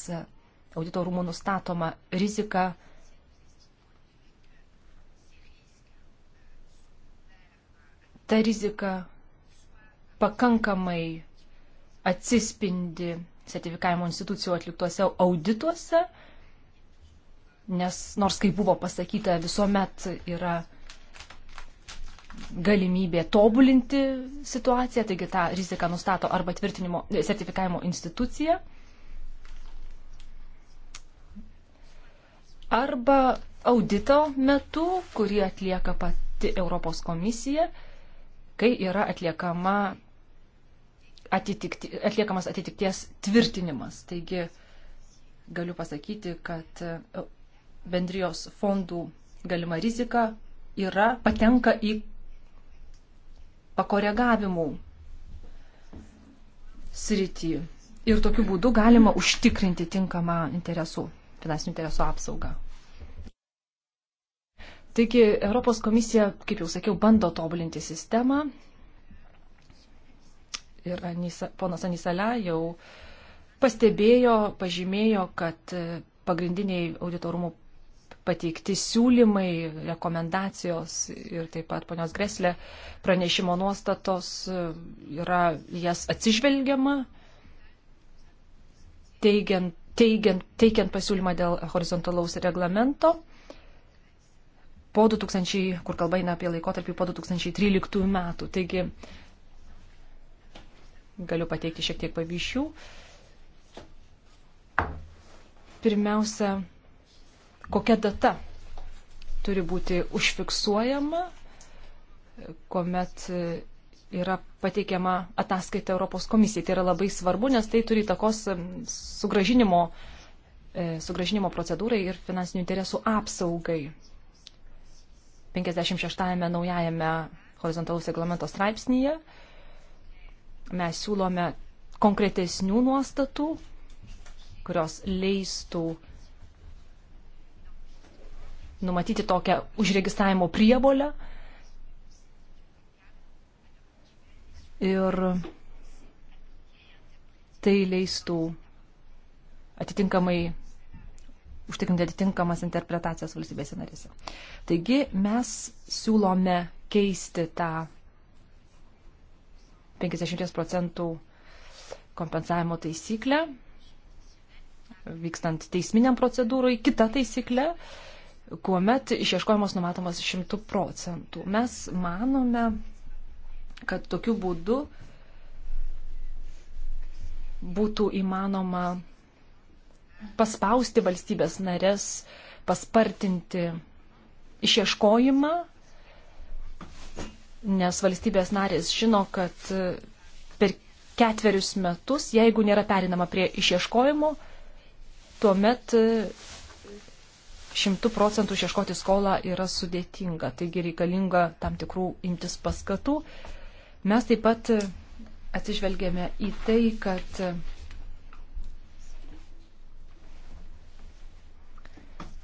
auditorumų nustatoma rizika ta rizika pakankamai atsispindi sertifikavimo institucijų atliktuose audituose, nes nors kaip buvo pasakyta, visuomet yra galimybė tobulinti situaciją, taigi tą riziką nustato arba sertifikavimo institucija, arba audito metu, kurį atlieka pati Europos komisija, kai yra atliekama atitikti, atliekamas atitikties tvirtinimas. Taigi galiu pasakyti, kad e, bendrijos fondų galima rizika yra patenka į pakoregavimų sritį. Ir tokiu būdu galima užtikrinti tinkamą interesų, finansinių interesų apsaugą. Taigi Europos komisija, kaip jau sakiau, bando tobulinti sistemą, ir Anisa, ponas Anisalė jau pastebėjo, pažymėjo, kad pagrindiniai auditorumų pateikti siūlymai, rekomendacijos ir taip pat ponios Greslė pranešimo nuostatos e, yra jas atsižvelgiama, teigiant, teigiant, teikiant pasiūlymą dėl horizontalaus reglamento. Po 2000, kur kalba eina apie laikotarpį po 2013 metų. Taigi Galiu pateikti šiek tiek pavyzdžių. Pirmiausia, kokia data turi būti užfiksuojama, kuomet yra pateikiama ataskaita Europos komisijai. Tai yra labai svarbu, nes tai turi takos sugražinimo, e, sugražinimo procedūrai ir finansinių interesų apsaugai. 56 naujajame horizontalus reglamento straipsnyje Mes siūlome konkretesnių nuostatų, kurios leistų numatyti tokią užregistravimo prievolę. Ir tai leistų atitinkamai užtikrinti atitinkamas interpretacijas valstybėse narėse. Taigi mes siūlome keisti tą 50 procentų kompensavimo taisyklę, vykstant teisminiam procedūrai, kitą taisyklę, kuomet išieškojimas numatomas 100 procentų. Mes manome, kad tokiu būdu būtų įmanoma paspausti valstybės narės, paspartinti išieškojimą nes valstybės narės žino, kad e, per ketverius metus, jeigu nėra perinama prie išieškojimo, tuomet e, šimtų procentų išieškoti skolą yra sudėtinga, taigi reikalinga tam tikrų imtis paskatų. Mes taip pat e, atsižvelgėme į tai, kad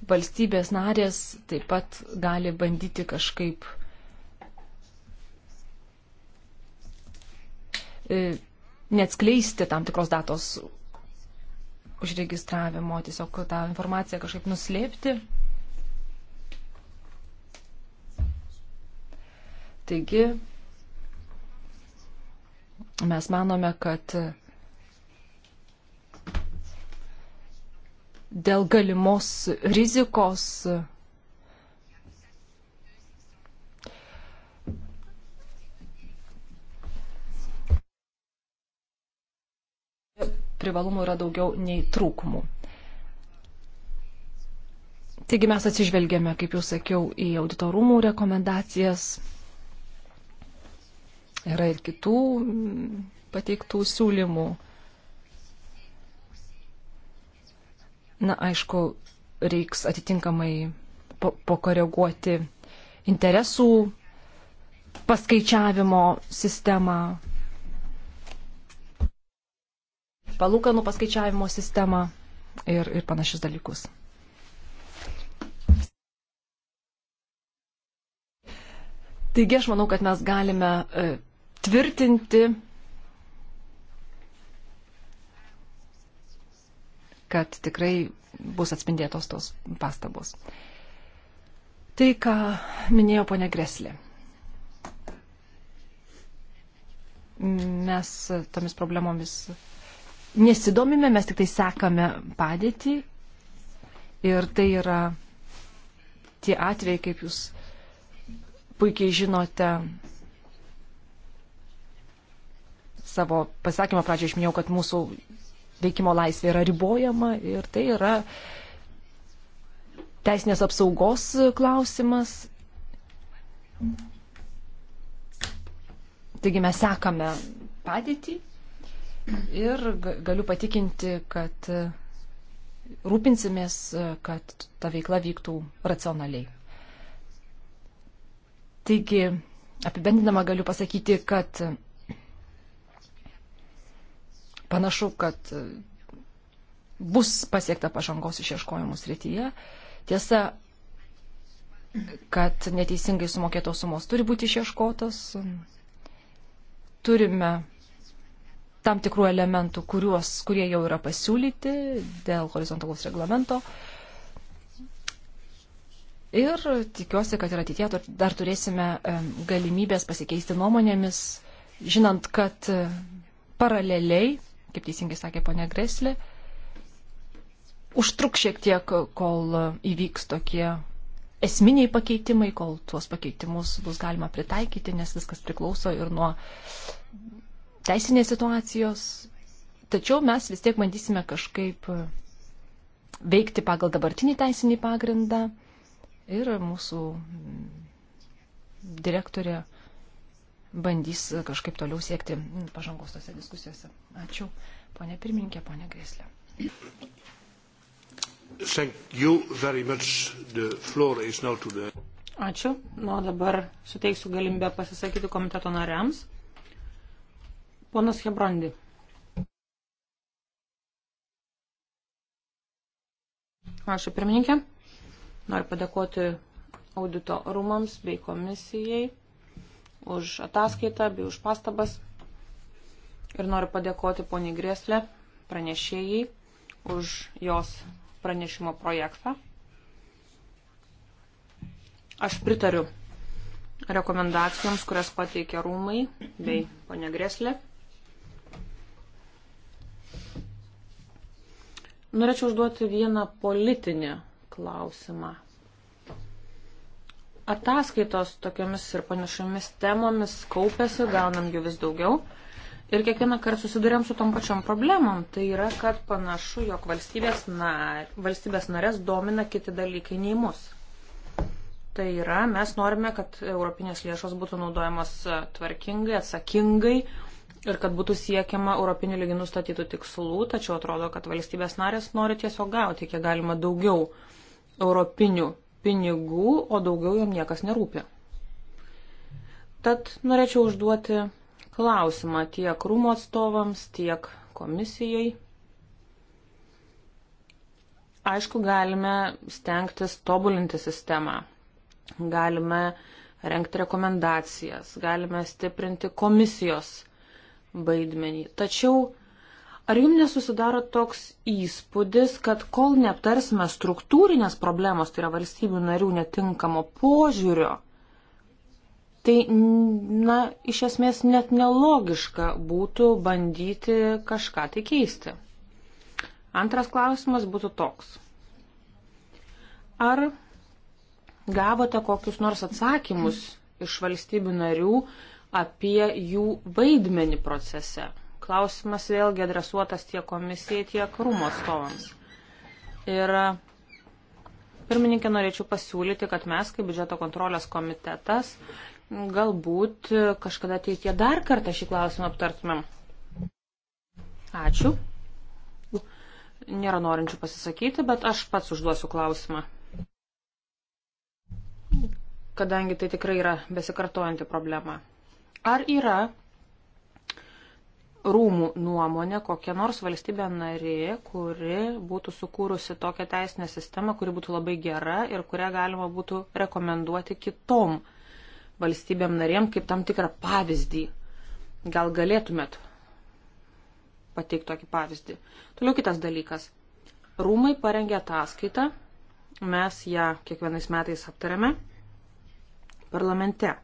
valstybės narės taip pat gali bandyti kažkaip E, neatskleisti tam tikros datos užregistravimo, tiesiog tą informaciją kažkaip nuslėpti. Taigi, mes manome, kad dėl galimos rizikos privalumų yra daugiau nei trūkumų. Taigi mes atsižvelgėme, kaip jau sakiau, į auditorumų rekomendacijas. Yra ir kitų mm, pateiktų siūlymų. Na, aišku, reiks atitinkamai pakoreguoti interesų paskaičiavimo sistemą, palūkanų paskaičiavimo sistemą ir, ir panašius dalykus. Taigi aš manau, kad mes galime e, tvirtinti, kad tikrai bus atspindėtos tos pastabos. Tai, ką minėjo ponė Greslė. Mes tomis problemomis nesidomime, mes tik tai sekame padėtį ir tai yra tie atvejai, kaip jūs puikiai žinote. Savo pasakymą pradžioje aš minėjau, kad mūsų veikimo laisvė yra ribojama ir tai yra teisinės apsaugos klausimas. Taigi mes sekame padėtį Ir galiu patikinti, kad e, rūpinsimės, e, kad ta veikla vyktų racionaliai. Taigi, apibendinama galiu pasakyti, kad e, panašu, kad bus pasiekta pažangos išieškojimų srityje. Tiesa, kad neteisingai sumokėtos sumos turi būti išieškotos. Turime tam tikrų elementų, kuriuos, kurie jau yra pasiūlyti dėl horizontalus reglamento. Ir tikiuosi, kad ir ateitie dar turėsime galimybės pasikeisti nuomonėmis, žinant, kad e, paraleliai, kaip teisingai sakė ponia Greslė, užtruk šiek tiek, kol įvyks tokie esminiai pakeitimai, kol tuos pakeitimus bus galima pritaikyti, nes viskas priklauso ir nuo teisinės situacijos, tačiau mes vis tiek bandysime kažkaip e, veikti pagal dabartinį teisinį pagrindą ir mūsų mm, direktorė bandys kažkaip toliau siekti mm, pažangos tose diskusijose. Ačiū, ponė pirmininkė, ponė Greslė. The... Ačiū. Nu, dabar suteiksiu galimybę pasisakyti komiteto nariams. Ponas Hebrandi. Ačiū pirmininkė. Noriu padėkoti audito rūmams bei komisijai už ataskaitą bei už pastabas. Ir noriu padėkoti poniai Grėslė pranešėjai už jos pranešimo projektą. Aš pritariu rekomendacijoms, kurias pateikė rūmai bei ponia Grėslė. Norėčiau užduoti vieną politinį klausimą. Ataskaitos tokiamis ir panašiomis temomis kaupėsi, gaunam jų vis daugiau. Ir kiekvieną kartą susidurėm su tom pačiom problemom. Tai yra, kad panašu, jog valstybės, nar, valstybės narės domina kiti dalykai nei mus. Tai yra, mes norime, kad europinės lėšos būtų naudojamos tvarkingai, atsakingai, ir kad būtų siekiama europinių lygių nustatytų tikslų, tačiau atrodo, kad valstybės narės nori tiesiog gauti kiek galima daugiau europinių pinigų, o daugiau jam niekas nerūpi. Tad norėčiau užduoti klausimą tiek rūmų atstovams, tiek komisijai. Aišku, galime stengtis tobulinti sistemą, galime renkti rekomendacijas, galime stiprinti komisijos vaidmenį. Tačiau ar jums nesusidaro toks įspūdis, kad kol neaptarsime struktūrinės problemos, tai yra valstybių narių netinkamo požiūrio, tai, na, iš esmės net nelogiška būtų bandyti kažką tai keisti. Antras klausimas būtų toks. Ar gavote kokius nors atsakymus iš valstybių narių, apie jų vaidmenį procese. Klausimas vėlgi adresuotas tiek komisijai, tiek rūmo atstovams. Ir e, pirmininkė norėčiau pasiūlyti, kad mes, kaip biudžeto kontrolės komitetas, galbūt e, kažkada ateitie dar kartą šį klausimą aptartumėm. Ačiū. Nėra norinčių pasisakyti, bet aš pats užduosiu klausimą kadangi tai tikrai yra besikartojanti problema. Ar yra rūmų nuomonė kokia nors valstybė narė, kuri būtų sukūrusi tokią teisinę sistemą, kuri būtų labai gera ir kurią galima būtų rekomenduoti kitom valstybėm narėm kaip tam tikrą pavyzdį. Gal galėtumėt pateikti tokį pavyzdį. Toliau kitas dalykas. Rūmai parengė ataskaitą, mes ją kiekvienais metais aptarėme parlamente.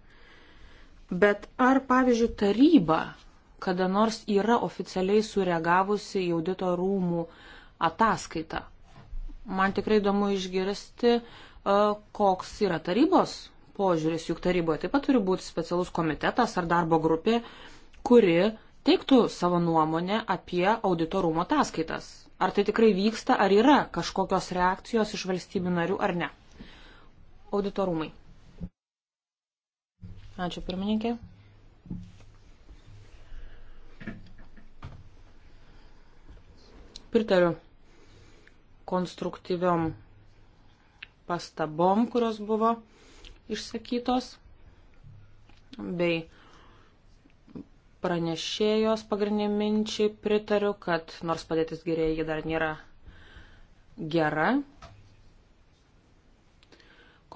Bet ar, pavyzdžiui, taryba kada nors yra oficialiai sureagavusi į audito rūmų ataskaitą? Man tikrai įdomu išgirsti, e, koks yra tarybos požiūris, juk taryboje taip pat turi būti specialus komitetas ar darbo grupė, kuri teiktų savo nuomonę apie auditorumo ataskaitas. Ar tai tikrai vyksta, ar yra kažkokios reakcijos iš valstybių narių ar ne. Auditorumai. Ačiū pirmininkė. Pritariu konstruktyviom pastabom, kurios buvo išsakytos, bei pranešėjos pagrindinė minčiai pritariu, kad nors padėtis gerėja, ji dar nėra gera.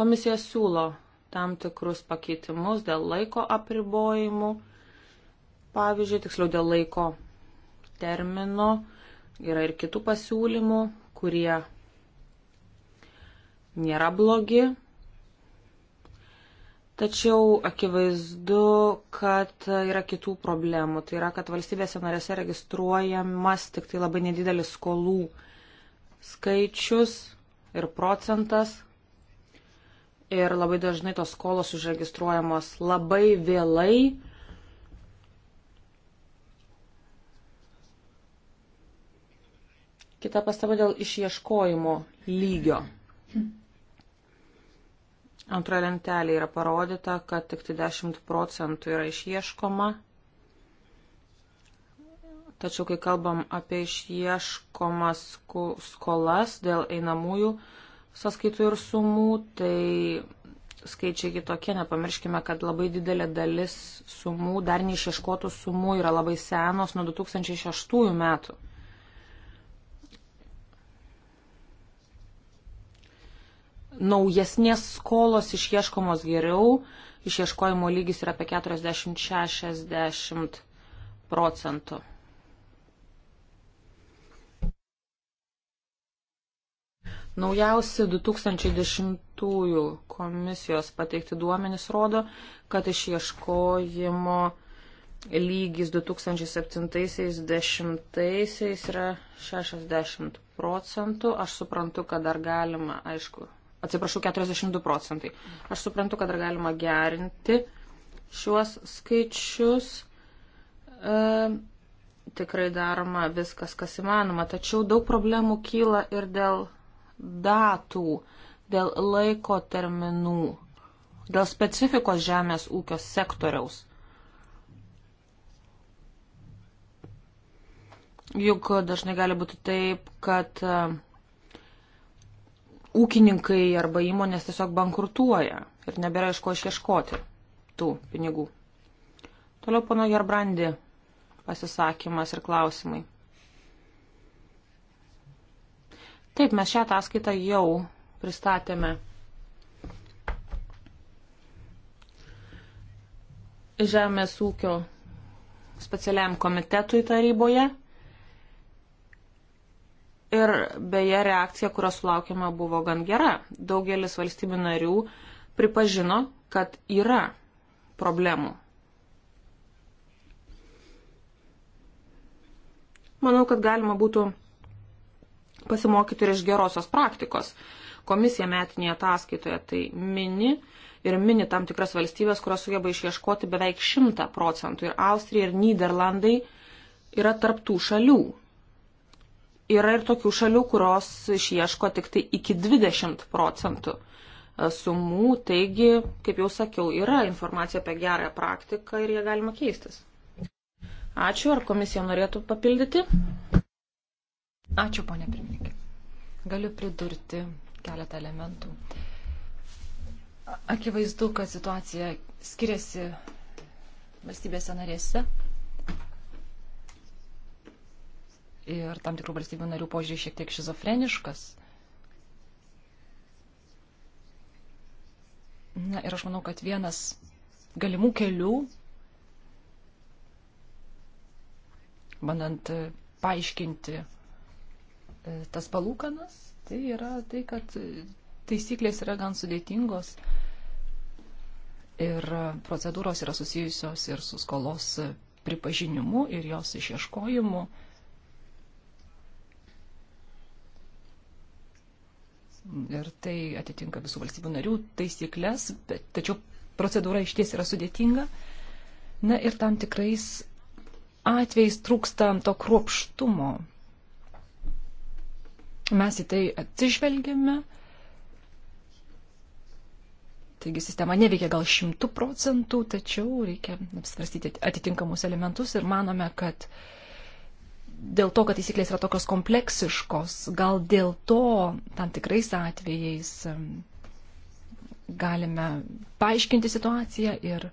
Komisija siūlo tam tikrus pakeitimus dėl laiko apribojimų, pavyzdžiui, tiksliau dėl laiko termino. Yra ir kitų pasiūlymų, kurie nėra blogi, Tačiau akivaizdu, kad yra kitų problemų. Tai yra, kad valstybėse narėse registruojamas tik tai labai nedidelis skolų skaičius ir procentas ir labai dažnai tos skolos užregistruojamos labai vėlai. Kita pastaba dėl išieškojimo lygio. Antroje lentelėje yra parodyta, kad tik tai 10 procentų yra išieškoma. Tačiau, kai kalbam apie išieškomas skolas dėl einamųjų, sąskaitų ir sumų, tai skaičiai kitokie, nepamirškime, kad labai didelė dalis sumų, dar neišieškotų sumų yra labai senos nuo 2006 metų. Naujesnės skolos išieškomos geriau, išieškojimo lygis yra apie 40-60 procentų. Naujausi 2010 komisijos pateikti duomenys rodo, kad išieškojimo lygis 2007-2010 yra 60 procentų. Aš suprantu, kad dar galima, aišku, atsiprašau, 42 procentai. Aš suprantu, kad dar galima gerinti šiuos skaičius. E, tikrai daroma viskas, kas įmanoma. Tačiau daug problemų kyla ir dėl datų, dėl laiko terminų, dėl specifikos žemės ūkio sektoriaus. Juk dažnai gali būti taip, kad e, ūkininkai arba įmonės tiesiog bankrutuoja ir nebėra iš ko išieškoti tų pinigų. Toliau pono Gerbrandi pasisakymas ir klausimai. Taip, mes šią ataskaitą jau pristatėme. Žemės ūkio specialiam komitetui taryboje. Ir beje, reakcija, kurios sulaukėme, buvo gan gera. Daugelis valstybių narių pripažino, kad yra problemų. Manau, kad galima būtų pasimokyti ir iš gerosios praktikos. Komisija metinėje ataskaitoje tai mini ir mini tam tikras valstybės, kurios sugeba išieškoti beveik 100 procentų. Ir Austrija, ir Niderlandai yra tarptų šalių. Yra ir tokių šalių, kurios išieško tik tai iki 20 procentų e, sumų. Taigi, kaip jau sakiau, yra informacija apie gerąją praktiką ir ją galima keistis. Ačiū. Ar komisija norėtų papildyti? Ačiū, ponė pirmininkė. Galiu pridurti keletą elementų. Akivaizdu, kad situacija skiriasi valstybėse narėse ir tam tikrų valstybių narių požiūrį šiek tiek šizofreniškas. Na ir aš manau, kad vienas galimų kelių, bandant paaiškinti tas palūkanas, tai yra tai, kad taisyklės yra gan sudėtingos ir procedūros yra susijusios ir su skolos pripažinimu ir jos išieškojimu. Ir tai atitinka visų valstybių narių taisyklės, bet, tačiau procedūra iš ties yra sudėtinga. Na ir tam tikrais atvejais trūksta to kruopštumo Mes į tai atsižvelgėme. Taigi sistema neveikia gal šimtų procentų, tačiau reikia apsvarstyti atitinkamus elementus ir manome, kad dėl to, kad taisyklės yra tokios kompleksiškos, gal dėl to tam tikrais atvejais galime paaiškinti situaciją ir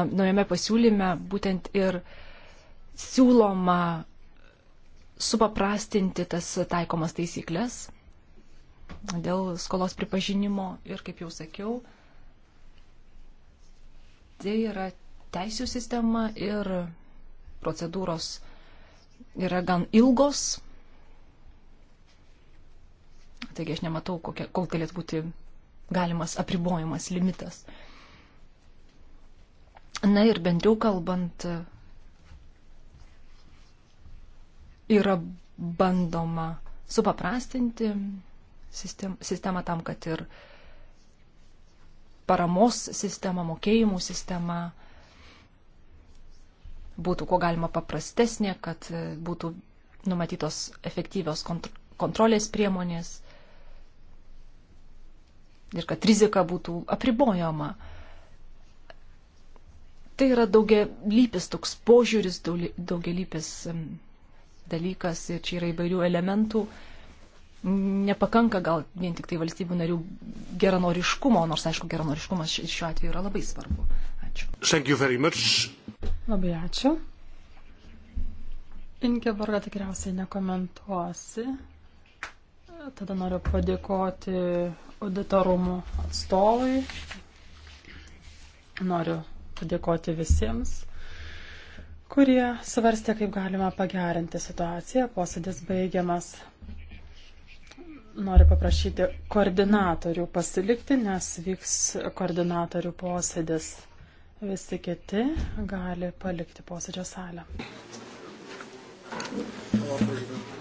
naujame pasiūlyme būtent ir siūloma supaprastinti tas taikomas taisyklės dėl skolos pripažinimo ir, kaip jau sakiau, tai yra teisų sistema ir procedūros yra gan ilgos. Taigi aš nematau, kokia, kol galėtų būti galimas apribojimas, limitas. Na ir bendriau kalbant, yra bandoma supaprastinti sistemą tam, kad ir paramos sistema, mokėjimų sistema būtų kuo galima paprastesnė, kad būtų numatytos efektyvios kontrolės priemonės ir kad rizika būtų apribojama. Tai yra daugia lypis toks požiūris, daugia lypis dalykas ir čia yra įvairių elementų. Nepakanka gal vien tik tai valstybių narių geranoriškumo, nors aišku, geranoriškumas šiuo atveju yra labai svarbu. Ačiū. Labai ačiū. Ingeborga tikriausiai nekomentuosi. Tada noriu padėkoti auditorumų atstovui. Noriu padėkoti visiems kurie svarstė, kaip galima pagerinti situaciją. Posėdis baigiamas. Noriu paprašyti koordinatorių pasilikti, nes vyks koordinatorių posėdis. Visi kiti gali palikti posėdžio salę. Thank you.